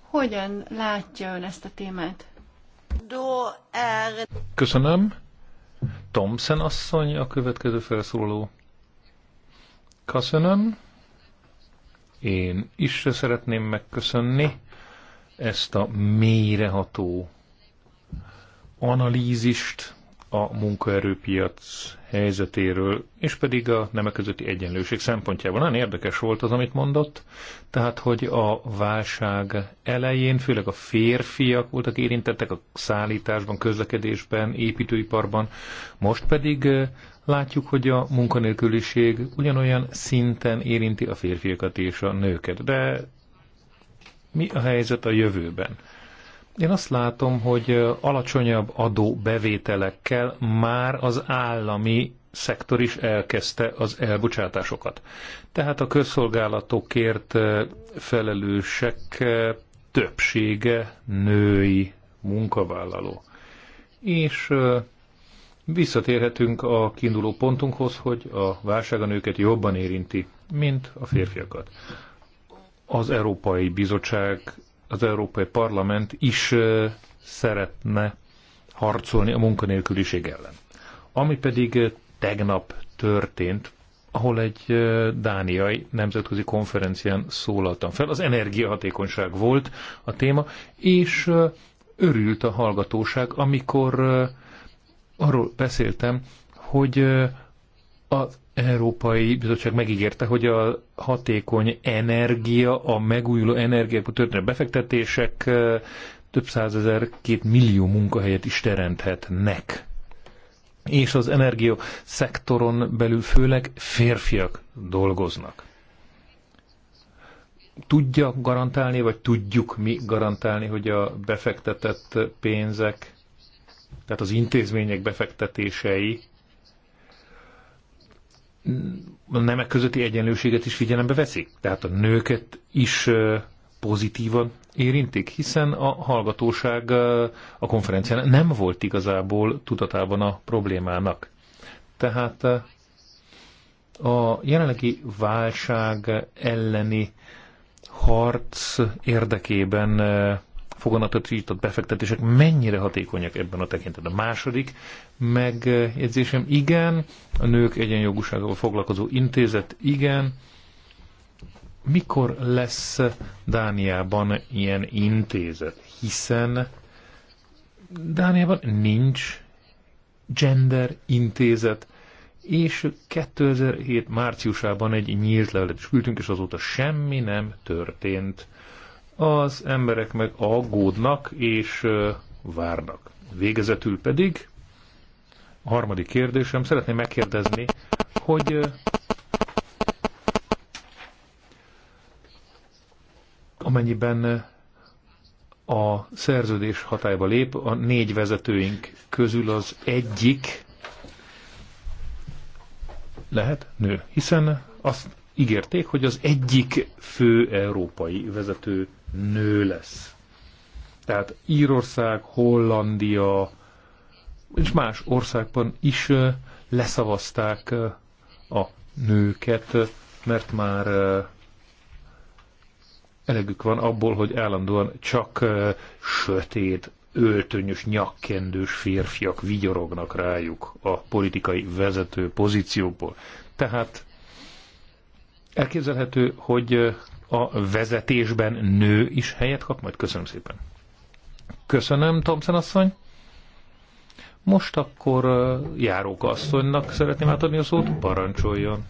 Hogyan látja ön ezt a témát?
Köszönöm. Thompson asszony a következő felszóló. Köszönöm. Én is szeretném megköszönni ezt a mélyreható analízist, a munkaerőpiac helyzetéről, és pedig a nemek közötti egyenlőség szempontjából. Nagyon érdekes volt az, amit mondott, tehát, hogy a válság elején főleg a férfiak voltak érintettek a szállításban, közlekedésben, építőiparban, most pedig eh, látjuk, hogy a munkanélküliség ugyanolyan szinten érinti a férfiakat és a nőket. De mi a helyzet a jövőben? Én azt látom, hogy alacsonyabb adóbevételekkel már az állami szektor is elkezdte az elbocsátásokat. Tehát a közszolgálatokért felelősek többsége női munkavállaló. És visszatérhetünk a kiinduló pontunkhoz, hogy a válság a nőket jobban érinti, mint a férfiakat. Az Európai Bizottság az Európai Parlament is szeretne harcolni a munkanélküliség ellen. Ami pedig tegnap történt, ahol egy dániai nemzetközi konferencián szólaltam fel. Az energiahatékonyság volt a téma, és örült a hallgatóság, amikor arról beszéltem, hogy az Európai Bizottság megígérte, hogy a hatékony energia, a megújuló energiákba történő befektetések több százezer, két millió munkahelyet is teremthetnek. És az energia szektoron belül főleg férfiak dolgoznak. Tudja garantálni, vagy tudjuk mi garantálni, hogy a befektetett pénzek, tehát az intézmények befektetései a nemek közötti egyenlőséget is figyelembe veszik? Tehát a nőket is pozitívan érintik, hiszen a hallgatóság a konferencián nem volt igazából tudatában a problémának. Tehát a jelenlegi válság elleni harc érdekében foganatatosított befektetések mennyire hatékonyak ebben a tekintetben. A második megjegyzésem, igen, a nők egyenjogúságával foglalkozó intézet, igen. Mikor lesz Dániában ilyen intézet? Hiszen Dániában nincs gender intézet, és 2007 márciusában egy nyílt levelet is küldtünk, és azóta semmi nem történt az emberek meg aggódnak és várnak. Végezetül pedig a harmadik kérdésem, szeretném megkérdezni, hogy amennyiben a szerződés hatályba lép, a négy vezetőink közül az egyik lehet nő, hiszen azt ígérték, hogy az egyik fő európai vezető nő lesz. Tehát Írország, Hollandia és más országban is leszavazták a nőket, mert már elegük van abból, hogy állandóan csak sötét, öltönyös, nyakkendős férfiak vigyorognak rájuk a politikai vezető pozícióból. Tehát elképzelhető, hogy a vezetésben nő is helyet kap? Majd köszönöm szépen. Köszönöm, Thompson asszony. Most akkor járók asszonynak szeretném átadni a szót, parancsoljon.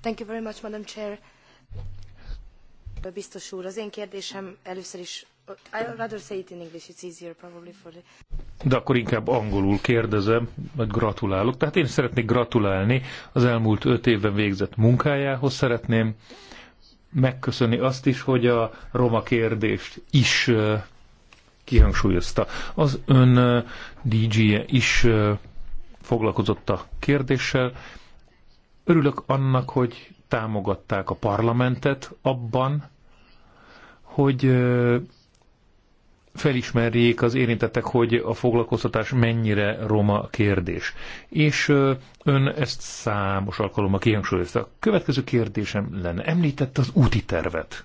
Thank you very much, Madam Chair. Biztos úr, az én kérdésem először is I'd rather say it in English, it's easier probably for the...
De akkor inkább angolul kérdezem, vagy gratulálok. Tehát én szeretnék gratulálni az elmúlt öt évben végzett munkájához. Szeretném megköszönni azt is, hogy a roma kérdést is kihangsúlyozta. Az ön DJ-je is foglalkozott a kérdéssel. Örülök annak, hogy támogatták a parlamentet abban, hogy felismerjék az érintettek, hogy a foglalkoztatás mennyire roma kérdés. És ön ezt számos alkalommal kihangsúlyozta. A következő kérdésem lenne, említett az úti tervet.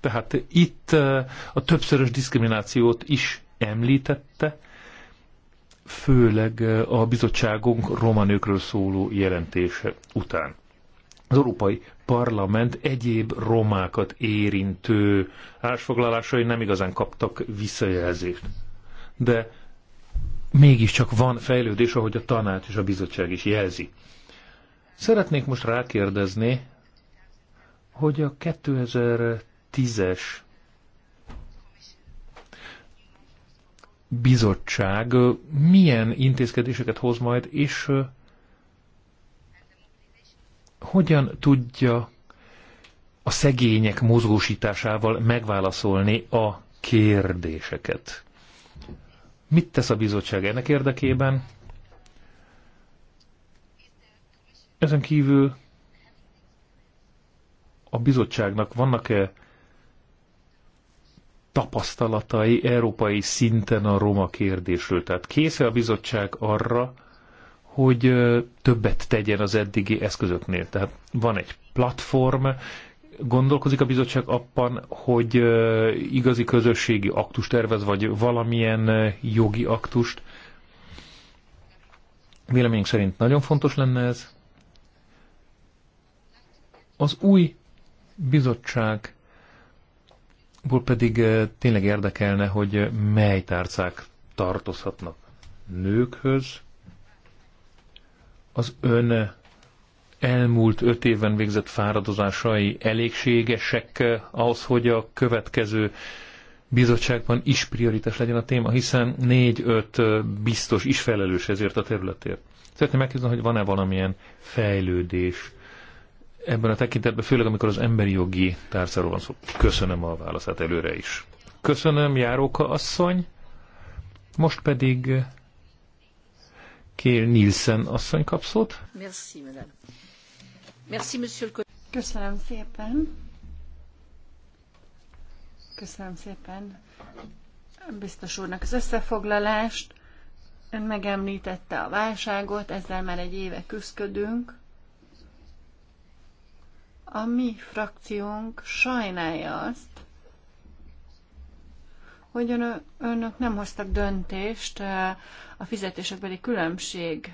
Tehát itt a többszörös diszkriminációt is említette, főleg a bizottságunk roma nőkről szóló jelentése után. Az Európai parlament egyéb romákat érintő állásfoglalásai nem igazán kaptak visszajelzést. De mégiscsak van fejlődés, ahogy a tanács és a bizottság is jelzi. Szeretnék most rákérdezni, hogy a 2010-es bizottság milyen intézkedéseket hoz majd, és hogyan tudja a szegények mozgósításával megválaszolni a kérdéseket. Mit tesz a bizottság ennek érdekében? Ezen kívül a bizottságnak vannak-e tapasztalatai európai szinten a roma kérdésről? Tehát készül a bizottság arra, hogy többet tegyen az eddigi eszközöknél. Tehát van egy platform, gondolkozik a bizottság abban, hogy igazi közösségi aktust tervez, vagy valamilyen jogi aktust. Véleményünk szerint nagyon fontos lenne ez. Az új bizottság Ból pedig tényleg érdekelne, hogy mely tárcák tartozhatnak nőkhöz, az ön elmúlt öt évben végzett fáradozásai elégségesek eh, ahhoz, hogy a következő bizottságban is prioritás legyen a téma, hiszen négy-öt eh, biztos is felelős ezért a területért. Szeretném megkérdezni, hogy van-e valamilyen fejlődés ebben a tekintetben, főleg amikor az emberi jogi tárcáról van szó. Köszönöm a válaszát előre is. Köszönöm, Járóka asszony. Most pedig eh, Kér Nielsen asszony kap szót.
Köszönöm szépen. Köszönöm szépen biztos úrnak az összefoglalást. Ön megemlítette a válságot, ezzel már egy éve küzdködünk. A mi frakciónk sajnálja azt, hogy ön, önök nem hoztak döntést a fizetésekbeli különbség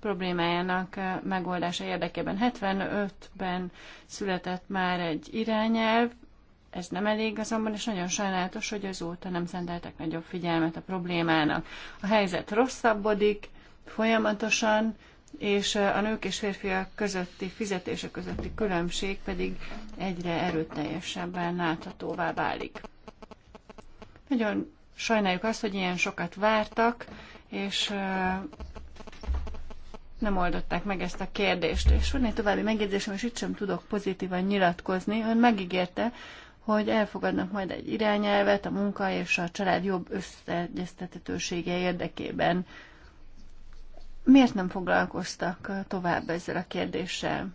problémájának megoldása érdekében. 75-ben született már egy irányelv, ez nem elég azonban, és nagyon sajnálatos, hogy azóta nem szenteltek nagyobb figyelmet a problémának. A helyzet rosszabbodik folyamatosan, és a nők és férfiak közötti fizetése közötti különbség pedig egyre erőteljesebben láthatóvá válik. Nagyon sajnáljuk azt, hogy ilyen sokat vártak, és nem oldották meg ezt a kérdést. És van egy további megjegyzésem, és itt sem tudok pozitívan nyilatkozni. Ön megígérte, hogy elfogadnak majd egy irányelvet a munka és a család jobb összeegyeztethetősége érdekében. Miért nem foglalkoztak tovább ezzel a kérdéssel?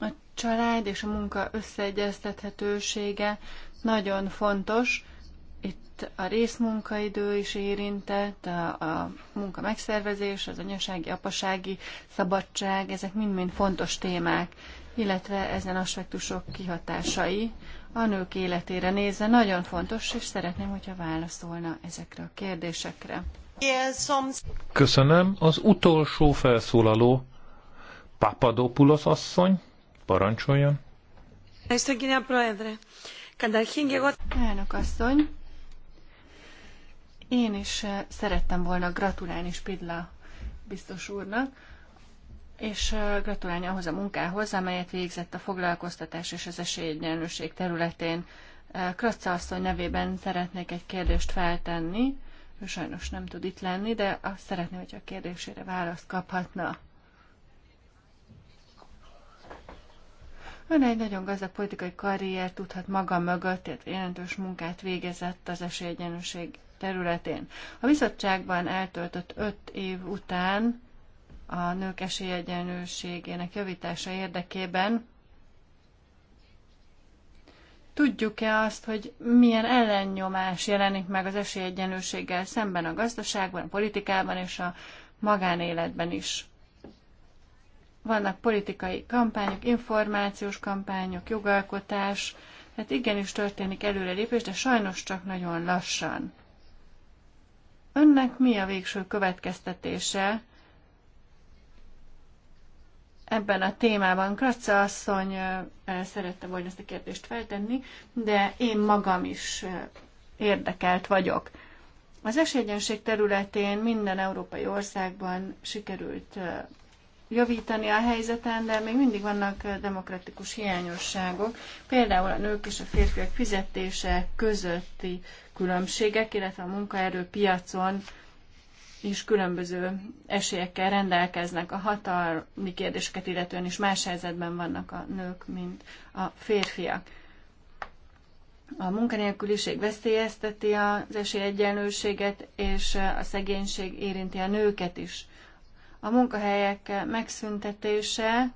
A család és a munka összeegyeztethetősége nagyon fontos, itt a részmunkaidő is érintett, a, a munka megszervezés, az anyasági, apasági szabadság, ezek mind-mind fontos témák, illetve ezen aspektusok kihatásai a nők életére nézve nagyon fontos, és szeretném, hogyha válaszolna ezekre a kérdésekre.
Köszönöm. Az utolsó felszólaló Papadopoulos asszony, parancsoljon.
Köszönöm, Elnök asszony, én is eh, szerettem volna gratulálni Spidla biztos úrnak, és eh, gratulálni ahhoz a munkához, amelyet végzett a foglalkoztatás és az esélyegyenlőség területén. Eh, Kratza asszony nevében szeretnék egy kérdést feltenni, ő sajnos nem tud itt lenni, de azt szeretném, hogy a kérdésére választ kaphatna. Ön egy nagyon gazdag politikai karrier tudhat maga mögött, illetve jelentős munkát végezett az esélyegyenlőség területén. A bizottságban eltöltött öt év után a nők esélyegyenlőségének javítása érdekében tudjuk-e azt, hogy milyen ellennyomás jelenik meg az esélyegyenlőséggel szemben a gazdaságban, a politikában és a magánéletben is? Vannak politikai kampányok, információs kampányok, jogalkotás, tehát igenis történik előrelépés, de sajnos csak nagyon lassan. Önnek mi a végső következtetése ebben a témában? Kratza asszony szerette volna ezt a kérdést feltenni, de én magam is érdekelt vagyok. Az esélyegyenség területén minden európai országban sikerült javítani a helyzeten, de még mindig vannak demokratikus hiányosságok, például a nők és a férfiak fizetése közötti különbségek, illetve a munkaerőpiacon is különböző esélyekkel rendelkeznek. A hatalmi kérdéseket illetően is más helyzetben vannak a nők, mint a férfiak. A munkanélküliség veszélyezteti az esélyegyenlőséget, és a szegénység érinti a nőket is a munkahelyek megszüntetése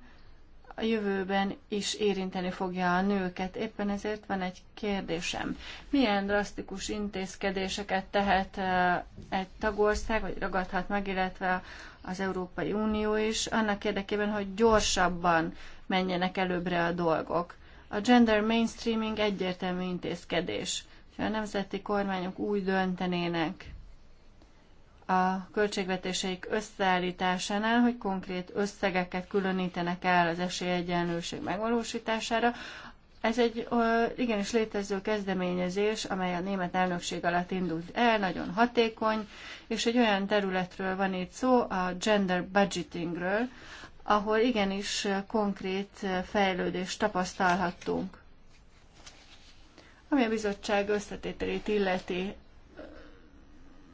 a jövőben is érinteni fogja a nőket. Éppen ezért van egy kérdésem. Milyen drasztikus intézkedéseket tehet eh, egy tagország, vagy ragadhat meg, illetve az Európai Unió is, annak érdekében, hogy gyorsabban menjenek előbbre a dolgok. A gender mainstreaming egyértelmű intézkedés. Ha a nemzeti kormányok úgy döntenének, a költségvetéseik összeállításánál, hogy konkrét összegeket különítenek el az esélyegyenlőség megvalósítására. Ez egy ö, igenis létező kezdeményezés, amely a német elnökség alatt indult el, nagyon hatékony, és egy olyan területről van itt szó, a gender budgetingről, ahol igenis konkrét fejlődést tapasztalhattunk. Ami a bizottság összetételét illeti,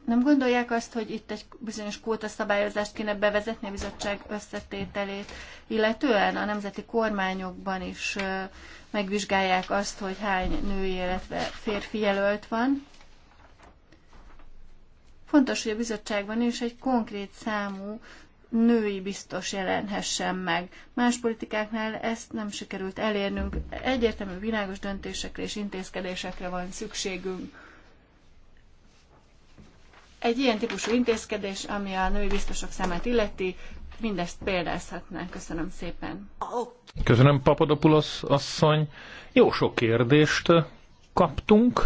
nem gondolják azt, hogy itt egy bizonyos kóta szabályozást kéne bevezetni a bizottság összetételét, illetően a nemzeti kormányokban is megvizsgálják azt, hogy hány női illetve férfi jelölt van. Fontos, hogy a bizottságban is egy konkrét számú női biztos jelenhessen meg. Más politikáknál ezt nem sikerült elérnünk. Egyértelmű világos döntésekre és intézkedésekre van szükségünk egy ilyen típusú intézkedés, ami a női biztosok szemet illeti, mindezt példázhatnánk. Köszönöm szépen.
Köszönöm, Papadopoulos asszony. Jó sok kérdést kaptunk.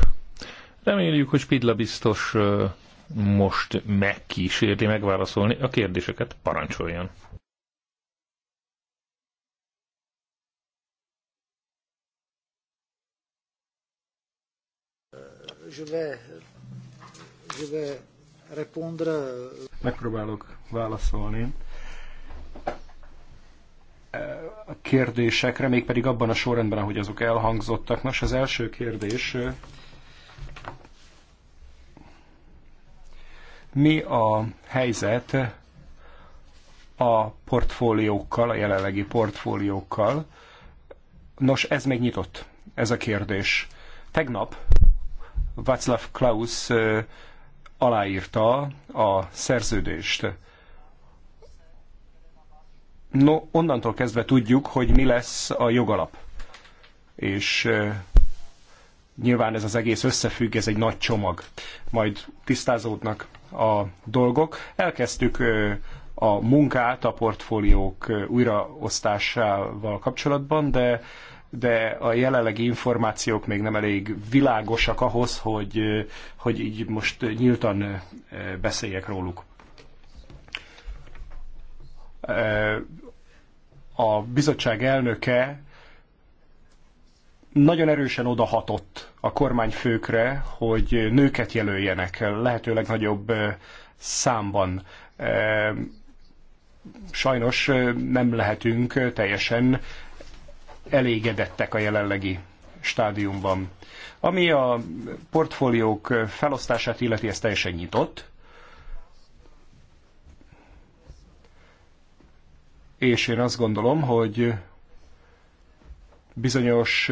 Reméljük, hogy Spidla biztos most megkísérli megválaszolni a kérdéseket. Parancsoljon! Euh, je vais, je vais répondre.
Megpróbálok válaszolni eh, a kérdésekre, mégpedig abban a sorrendben, ahogy azok elhangzottak. Nos, az első kérdés, eh, mi a helyzet a portfóliókkal, a jelenlegi portfóliókkal? Nos, ez még nyitott, ez a kérdés. Tegnap Václav Klaus eh, aláírta a szerződést. No, onnantól kezdve tudjuk, hogy mi lesz a jogalap. És nyilván ez az egész összefügg, ez egy nagy csomag. Majd tisztázódnak a dolgok. Elkezdtük a munkát a portfóliók újraosztásával kapcsolatban, de de a jelenlegi információk még nem elég világosak ahhoz, hogy, hogy így most nyíltan beszéljek róluk. A bizottság elnöke nagyon erősen odahatott a kormányfőkre, hogy nőket jelöljenek, lehetőleg nagyobb számban sajnos nem lehetünk teljesen elégedettek a jelenlegi stádiumban. Ami a portfóliók felosztását illeti, ez teljesen nyitott. És én azt gondolom, hogy bizonyos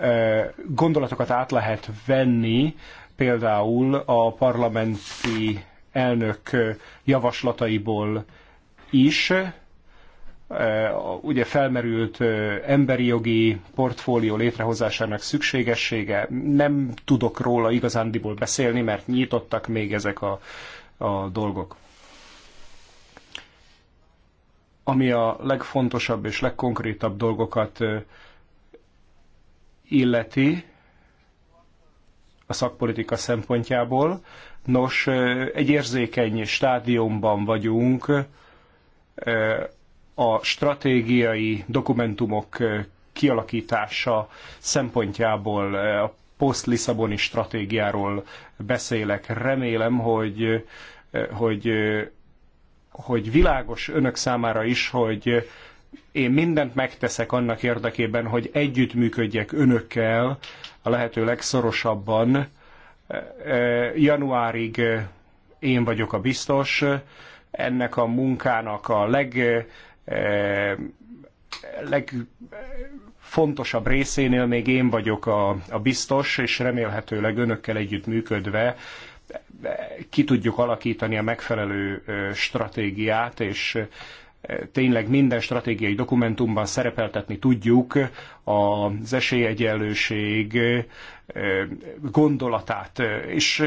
eh, gondolatokat át lehet venni, például a parlamenti elnök javaslataiból is. Ugye felmerült emberi jogi portfólió létrehozásának szükségessége. Nem tudok róla igazándiból beszélni, mert nyitottak még ezek a, a dolgok. Ami a legfontosabb és legkonkrétabb dolgokat illeti a szakpolitika szempontjából, Nos, egy érzékeny stádiumban vagyunk, a stratégiai dokumentumok kialakítása szempontjából a poszt-Lisszaboni stratégiáról beszélek. Remélem, hogy, hogy, hogy világos önök számára is, hogy én mindent megteszek annak érdekében, hogy együttműködjek önökkel a lehető legszorosabban, Januárig én vagyok a biztos, ennek a munkának a leg, legfontosabb részénél még én vagyok a, a biztos, és remélhetőleg önökkel együtt működve ki tudjuk alakítani a megfelelő stratégiát, és tényleg minden stratégiai dokumentumban szerepeltetni tudjuk az esélyegyenlőség, gondolatát, és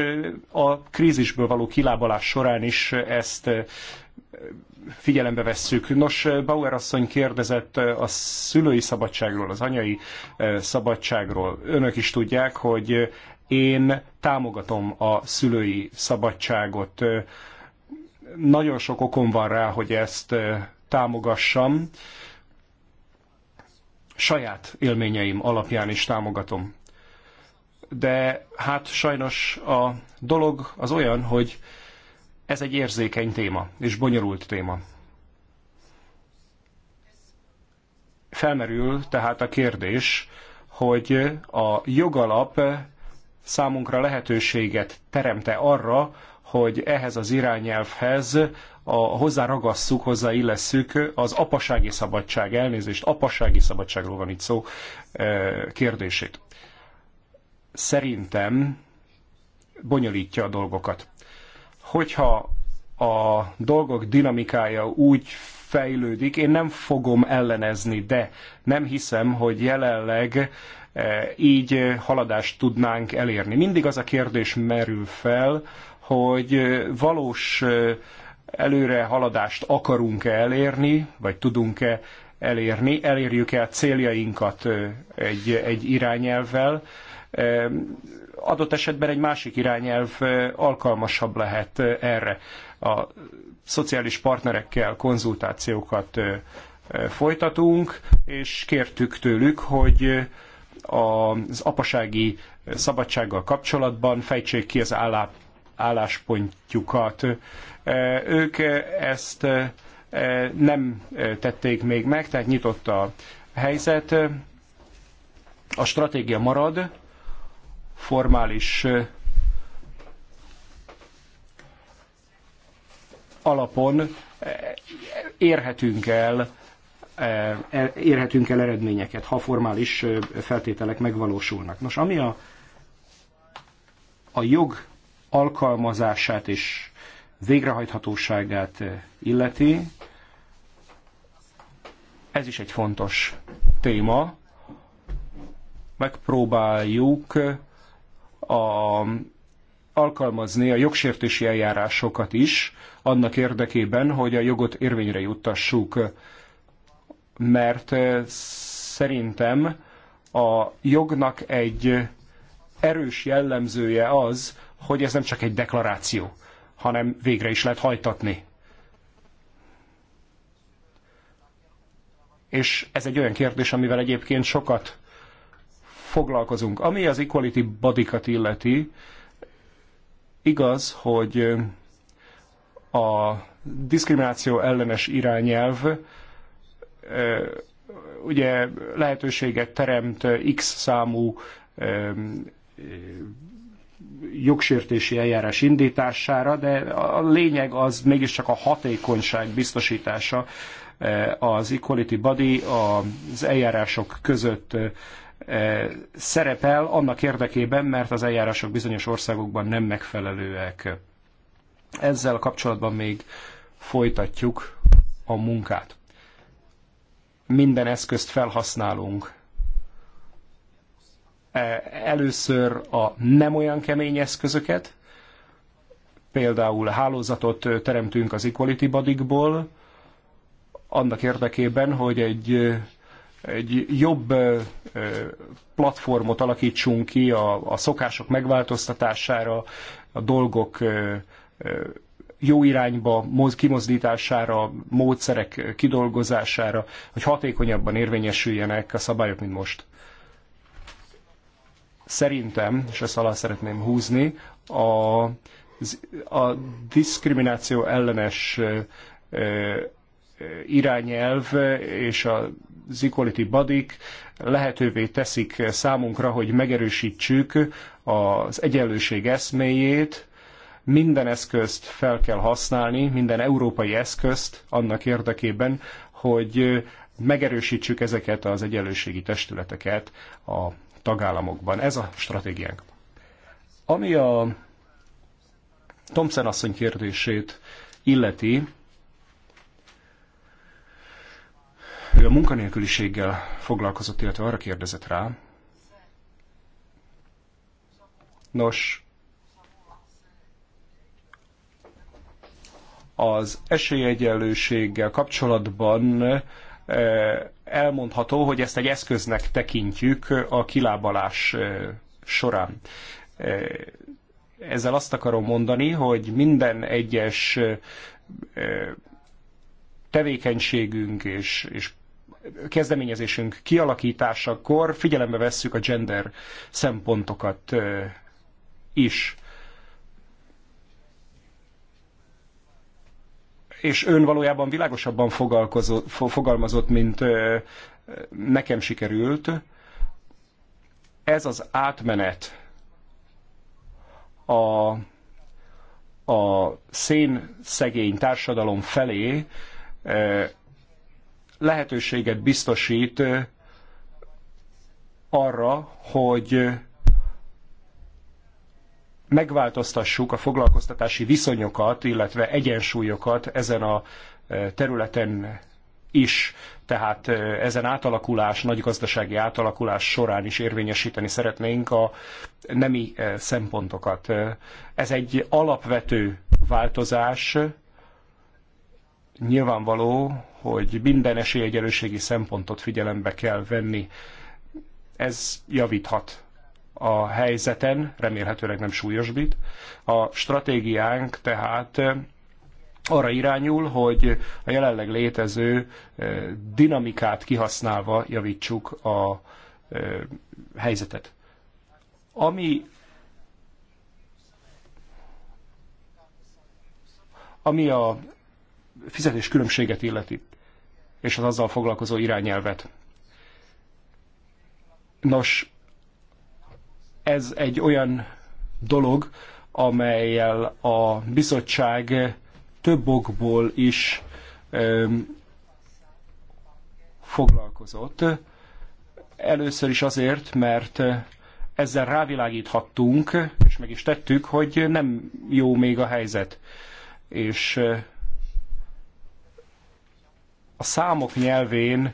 a krízisből való kilábalás során is ezt figyelembe vesszük. Nos, Bauer asszony kérdezett a szülői szabadságról, az anyai szabadságról. Önök is tudják, hogy én támogatom a szülői szabadságot. Nagyon sok okom van rá, hogy ezt támogassam. Saját élményeim alapján is támogatom de hát sajnos a dolog az olyan, hogy ez egy érzékeny téma, és bonyolult téma. Felmerül tehát a kérdés, hogy a jogalap számunkra lehetőséget teremte arra, hogy ehhez az irányelvhez a, hozzáragasszuk, hozzáillesszük az apasági szabadság, elnézést, apasági szabadságról van itt szó eh, kérdését szerintem bonyolítja a dolgokat. Hogyha a dolgok dinamikája úgy fejlődik, én nem fogom ellenezni, de nem hiszem, hogy jelenleg eh, így haladást tudnánk elérni. Mindig az a kérdés merül fel, hogy eh, valós eh, előre haladást akarunk-e elérni, vagy tudunk-e elérni, elérjük-e a céljainkat egy, egy irányelvvel, adott esetben egy másik irányelv alkalmasabb lehet erre. A szociális partnerekkel konzultációkat folytatunk, és kértük tőlük, hogy az apasági szabadsággal kapcsolatban fejtsék ki az állá, álláspontjukat. Ők ezt nem tették még meg, tehát nyitott a helyzet. A stratégia marad, formális alapon érhetünk el e, érhetünk el eredményeket, ha formális feltételek megvalósulnak. Nos, ami a, a jog alkalmazását és végrehajthatóságát illeti, ez is egy fontos téma. Megpróbáljuk a, alkalmazni a jogsértési eljárásokat is, annak érdekében, hogy a jogot érvényre juttassuk. Mert eh, szerintem a jognak egy erős jellemzője az, hogy ez nem csak egy deklaráció, hanem végre is lehet hajtatni. És ez egy olyan kérdés, amivel egyébként sokat foglalkozunk. Ami az equality badikat illeti, igaz, hogy a diszkrimináció ellenes irányelv ugye lehetőséget teremt X számú jogsértési eljárás indítására, de a lényeg az mégiscsak a hatékonyság biztosítása az Equality Body az eljárások között szerepel annak érdekében, mert az eljárások bizonyos országokban nem megfelelőek. Ezzel kapcsolatban még folytatjuk a munkát. Minden eszközt felhasználunk. Először a nem olyan kemény eszközöket, például hálózatot teremtünk az Equality Badikból, annak érdekében, hogy egy egy jobb platformot alakítsunk ki a, a szokások megváltoztatására, a dolgok jó irányba kimozdítására, módszerek kidolgozására, hogy hatékonyabban érvényesüljenek a szabályok, mint most. Szerintem, és ezt alá szeretném húzni, a, a diszkrimináció ellenes irányelv és a az equality badik lehetővé teszik számunkra, hogy megerősítsük az egyenlőség eszméjét, minden eszközt fel kell használni, minden európai eszközt annak érdekében, hogy megerősítsük ezeket az egyenlőségi testületeket a tagállamokban. Ez a stratégiánk. Ami a Thompson asszony kérdését illeti, Ő a munkanélküliséggel foglalkozott, illetve arra kérdezett rá. Nos, az esélyegyenlőséggel kapcsolatban eh, elmondható, hogy ezt egy eszköznek tekintjük a kilábalás eh, során. Eh, ezzel azt akarom mondani, hogy minden egyes tevékenységünk és, és kezdeményezésünk kialakításakor figyelembe vesszük a gender szempontokat is. És ön valójában világosabban fogalmazott, mint nekem sikerült. Ez az átmenet a, a szegény társadalom felé lehetőséget biztosít arra, hogy megváltoztassuk a foglalkoztatási viszonyokat, illetve egyensúlyokat ezen a területen is, tehát ezen átalakulás, nagy gazdasági átalakulás során is érvényesíteni szeretnénk a nemi szempontokat. Ez egy alapvető változás, nyilvánvaló, hogy minden esélyegyenlőségi szempontot figyelembe kell venni. Ez javíthat a helyzeten, remélhetőleg nem súlyosbít. A stratégiánk tehát eh, arra irányul, hogy a jelenleg létező eh, dinamikát kihasználva javítsuk a eh, helyzetet. Ami ami a fizetés különbséget illeti és az azzal foglalkozó irányelvet. Nos, ez egy olyan dolog, amelyel a bizottság több okból is öm, foglalkozott. Először is azért, mert ezzel rávilágíthattunk, és meg is tettük, hogy nem jó még a helyzet. És a számok nyelvén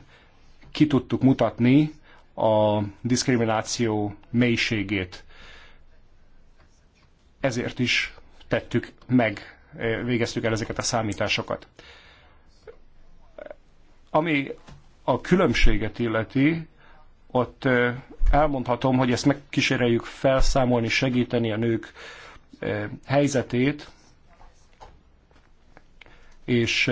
ki tudtuk mutatni a diszkrimináció mélységét. Ezért is tettük meg, eh, végeztük el ezeket a számításokat. Ami a különbséget illeti, ott eh, elmondhatom, hogy ezt megkíséreljük felszámolni, segíteni a nők eh, helyzetét, és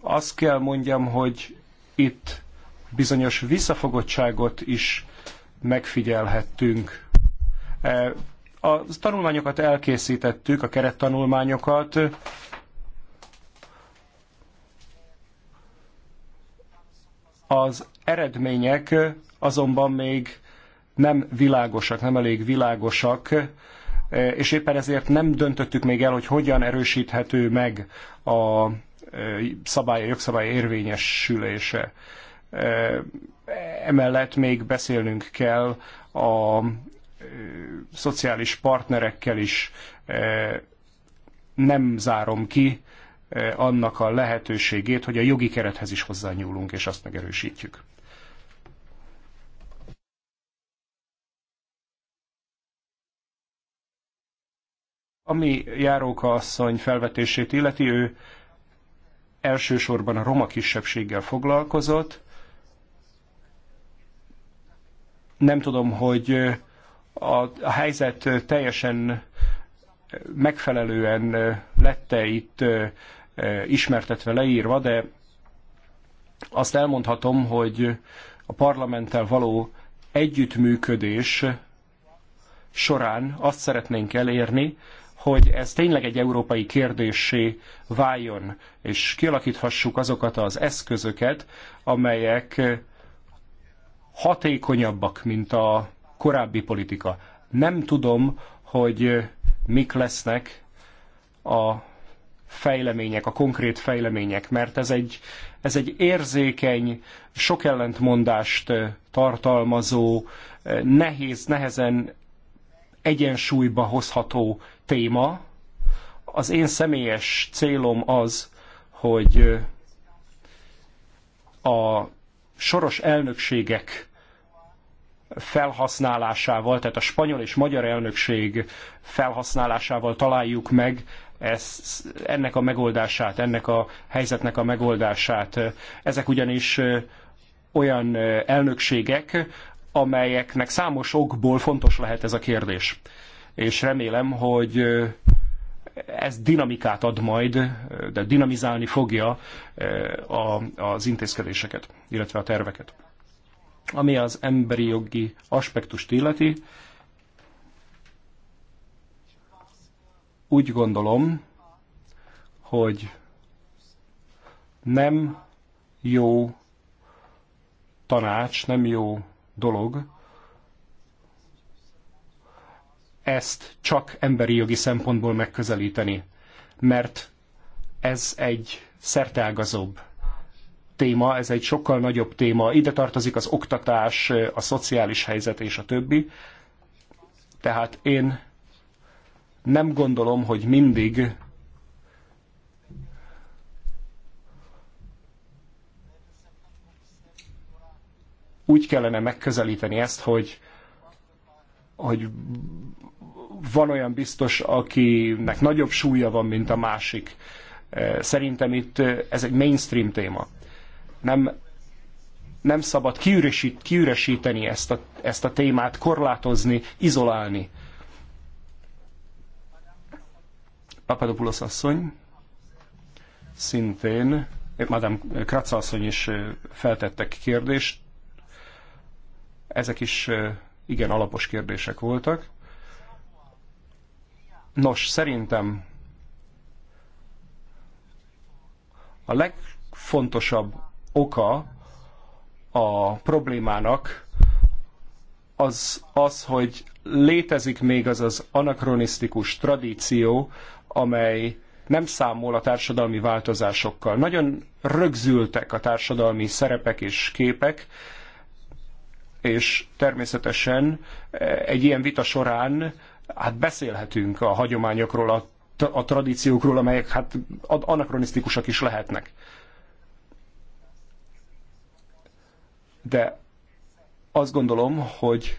azt kell mondjam, hogy itt bizonyos visszafogottságot is megfigyelhettünk. E, a tanulmányokat elkészítettük, a kerettanulmányokat. Az eredmények azonban még nem világosak, nem elég világosak, e, és éppen ezért nem döntöttük még el, hogy hogyan erősíthető meg a szabálya, jogszabály érvényesülése. Emellett még beszélnünk kell a szociális partnerekkel is. Nem zárom ki annak a lehetőségét, hogy a jogi kerethez is hozzányúlunk, és azt megerősítjük. Ami Járóka asszony felvetését illeti, ő elsősorban a roma kisebbséggel foglalkozott. Nem tudom, hogy a, a helyzet teljesen megfelelően lette itt ismertetve, leírva, de azt elmondhatom, hogy a parlamenttel való együttműködés során azt szeretnénk elérni, hogy ez tényleg egy európai kérdésé váljon, és kialakíthassuk azokat az eszközöket, amelyek hatékonyabbak, mint a korábbi politika. Nem tudom, hogy mik lesznek a fejlemények, a konkrét fejlemények, mert ez egy, ez egy érzékeny, sok ellentmondást tartalmazó, nehéz, nehezen egyensúlyba hozható téma. Az én személyes célom az, hogy a soros elnökségek felhasználásával, tehát a spanyol és magyar elnökség felhasználásával találjuk meg ez, ennek a megoldását, ennek a helyzetnek a megoldását. Ezek ugyanis olyan elnökségek, amelyeknek számos okból fontos lehet ez a kérdés és remélem, hogy ez dinamikát ad majd, de dinamizálni fogja az intézkedéseket, illetve a terveket. Ami az emberi jogi aspektust illeti, úgy gondolom, hogy nem jó tanács, nem jó dolog ezt csak emberi jogi szempontból megközelíteni, mert ez egy szerteágazóbb téma, ez egy sokkal nagyobb téma. Ide tartozik az oktatás, a szociális helyzet és a többi. Tehát én nem gondolom, hogy mindig úgy kellene megközelíteni ezt, hogy hogy van olyan biztos, akinek nagyobb súlya van, mint a másik. E, szerintem itt e, ez egy mainstream téma. Nem, nem szabad kiüresít, kiüresíteni ezt a, ezt a témát, korlátozni, izolálni. Papadopoulos asszony szintén, eh, Madame Kratz asszony is eh, feltettek kérdést. Ezek is eh, igen alapos kérdések voltak. Nos, szerintem a legfontosabb oka a problémának az az, hogy létezik még az az anakronisztikus tradíció, amely nem számol a társadalmi változásokkal. Nagyon rögzültek a társadalmi szerepek és képek, és természetesen eh, egy ilyen vita során hát beszélhetünk a hagyományokról, a, a tradíciókról, amelyek hát anakronisztikusak is lehetnek. De azt gondolom, hogy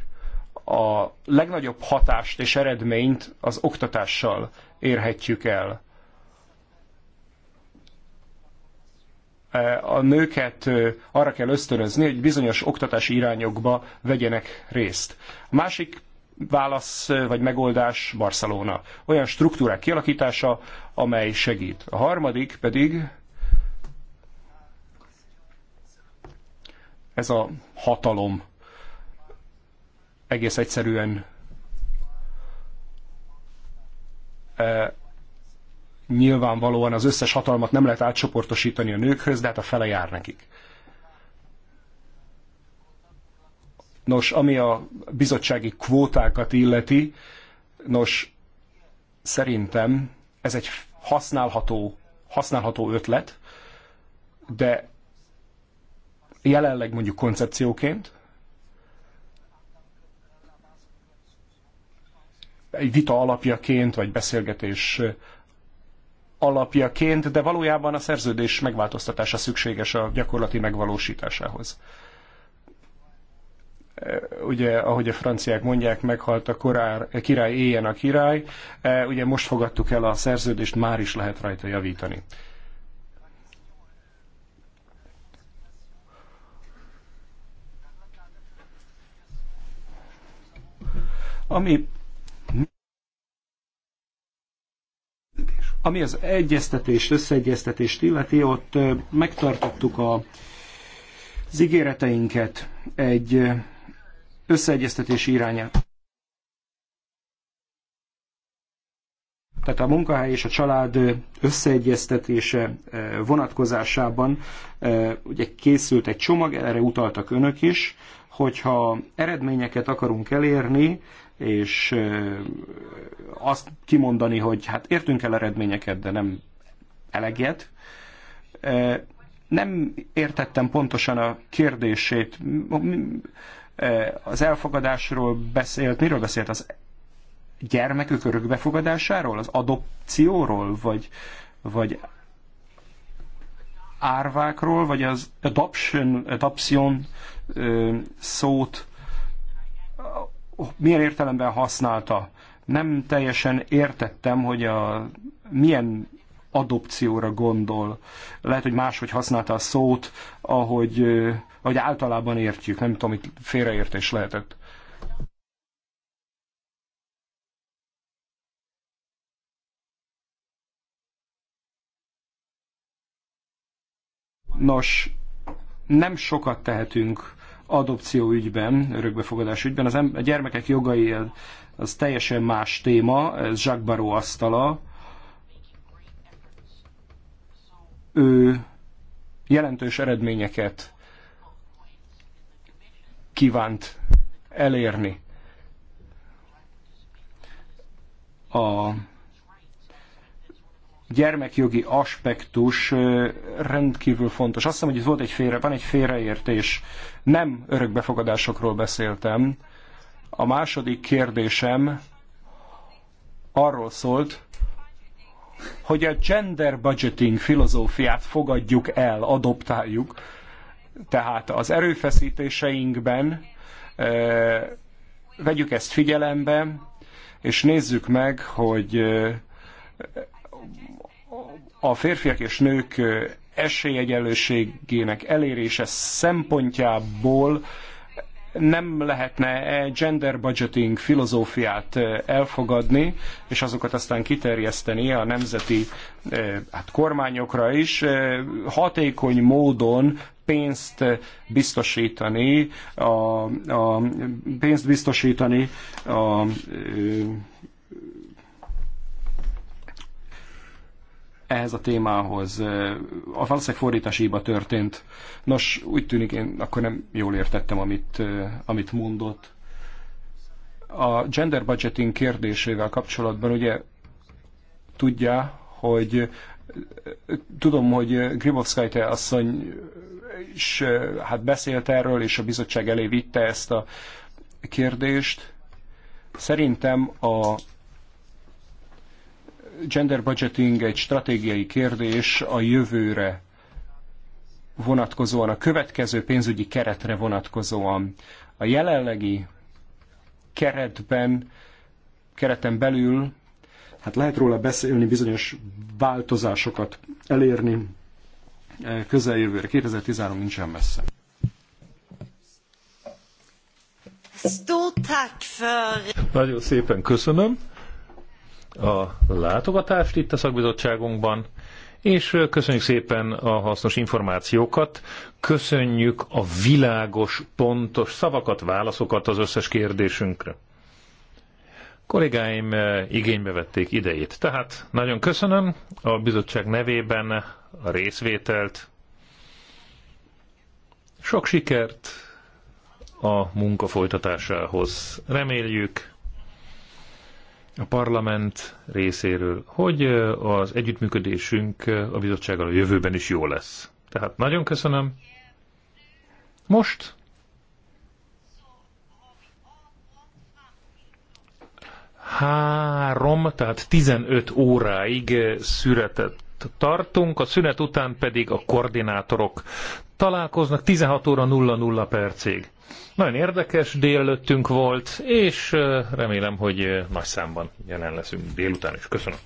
a legnagyobb hatást és eredményt az oktatással érhetjük el. Eh, a nőket eh, arra kell ösztönözni, hogy bizonyos oktatási irányokba vegyenek részt. A másik válasz eh, vagy megoldás Barcelona. Olyan struktúrák kialakítása, amely segít. A harmadik pedig ez a hatalom egész egyszerűen Nyilvánvalóan az összes hatalmat nem lehet átcsoportosítani a nőkhöz, de hát a fele jár nekik. Nos, ami a bizottsági kvótákat illeti, nos, szerintem ez egy használható, használható ötlet, de jelenleg mondjuk koncepcióként, egy vita alapjaként, vagy beszélgetés alapjaként, de valójában a szerződés megváltoztatása szükséges a gyakorlati megvalósításához. E, ugye, ahogy a franciák mondják, meghalt a korár, a király, éljen a király. E, ugye most fogadtuk el a szerződést, már is lehet rajta javítani. Ami Ami az egyeztetést, összeegyeztetést illeti, ott megtartottuk a, az ígéreteinket egy összeegyeztetés irányát. tehát a munkahely és a család összeegyeztetése vonatkozásában ugye készült egy csomag, erre utaltak önök is, hogyha eredményeket akarunk elérni, és azt kimondani, hogy hát értünk el eredményeket, de nem eleget. Nem értettem pontosan a kérdését. Az elfogadásról beszélt, miről beszélt? Az gyermekük örökbefogadásáról? Az adopcióról? Vagy, vagy árvákról? Vagy az adoption, adoption szót milyen értelemben használta. Nem teljesen értettem, hogy a, milyen adopcióra gondol. Lehet, hogy máshogy használta a szót, ahogy, ahogy általában értjük. Nem tudom, itt félreértés lehetett. Nos, nem sokat tehetünk adopció ügyben, örökbefogadás ügyben. Az em- a gyermekek jogai az teljesen más téma, ez Jacques Baró asztala. Ő jelentős eredményeket kívánt elérni a gyermekjogi aspektus rendkívül fontos. Azt hiszem, hogy itt volt egy félre, van egy félreértés. Nem örökbefogadásokról beszéltem. A második kérdésem arról szólt, hogy a gender budgeting filozófiát fogadjuk el, adoptáljuk. Tehát az erőfeszítéseinkben vegyük ezt figyelembe, és nézzük meg, hogy a férfiak és nők esélyegyenlőségének elérése szempontjából nem lehetne e gender budgeting filozófiát elfogadni, és azokat aztán kiterjeszteni a nemzeti hát, kormányokra is, hatékony módon pénzt biztosítani, a, a pénzt biztosítani a ehhez a témához. A valószínűleg fordításiba történt. Nos, úgy tűnik, én akkor nem jól értettem, amit, amit mondott. A gender budgeting kérdésével kapcsolatban ugye tudja, hogy tudom, hogy Gribovszkajte asszony is hát beszélt erről, és a bizottság elé vitte ezt a kérdést. Szerintem a gender budgeting egy stratégiai kérdés a jövőre vonatkozóan, a következő pénzügyi keretre vonatkozóan. A jelenlegi keretben, kereten belül, hát lehet róla beszélni, bizonyos változásokat elérni e, közeljövőre. 2013 nincsen messze. Nagyon szépen köszönöm a
látogatást itt a szakbizottságunkban, és köszönjük szépen a hasznos információkat, köszönjük a világos, pontos szavakat, válaszokat az összes kérdésünkre. Kollégáim eh, igénybe vették idejét. Tehát nagyon köszönöm a bizottság nevében a részvételt. Sok sikert a munka folytatásához. Reméljük, a parlament részéről, hogy az együttműködésünk a bizottsággal a jövőben is jó lesz. Tehát nagyon köszönöm. Most három, tehát 15 óráig szüretet tartunk, a szünet után pedig a koordinátorok találkoznak 16 óra 00 percig. Nagyon érdekes délelőttünk volt, és remélem, hogy nagy számban jelen leszünk délután is.
Köszönöm.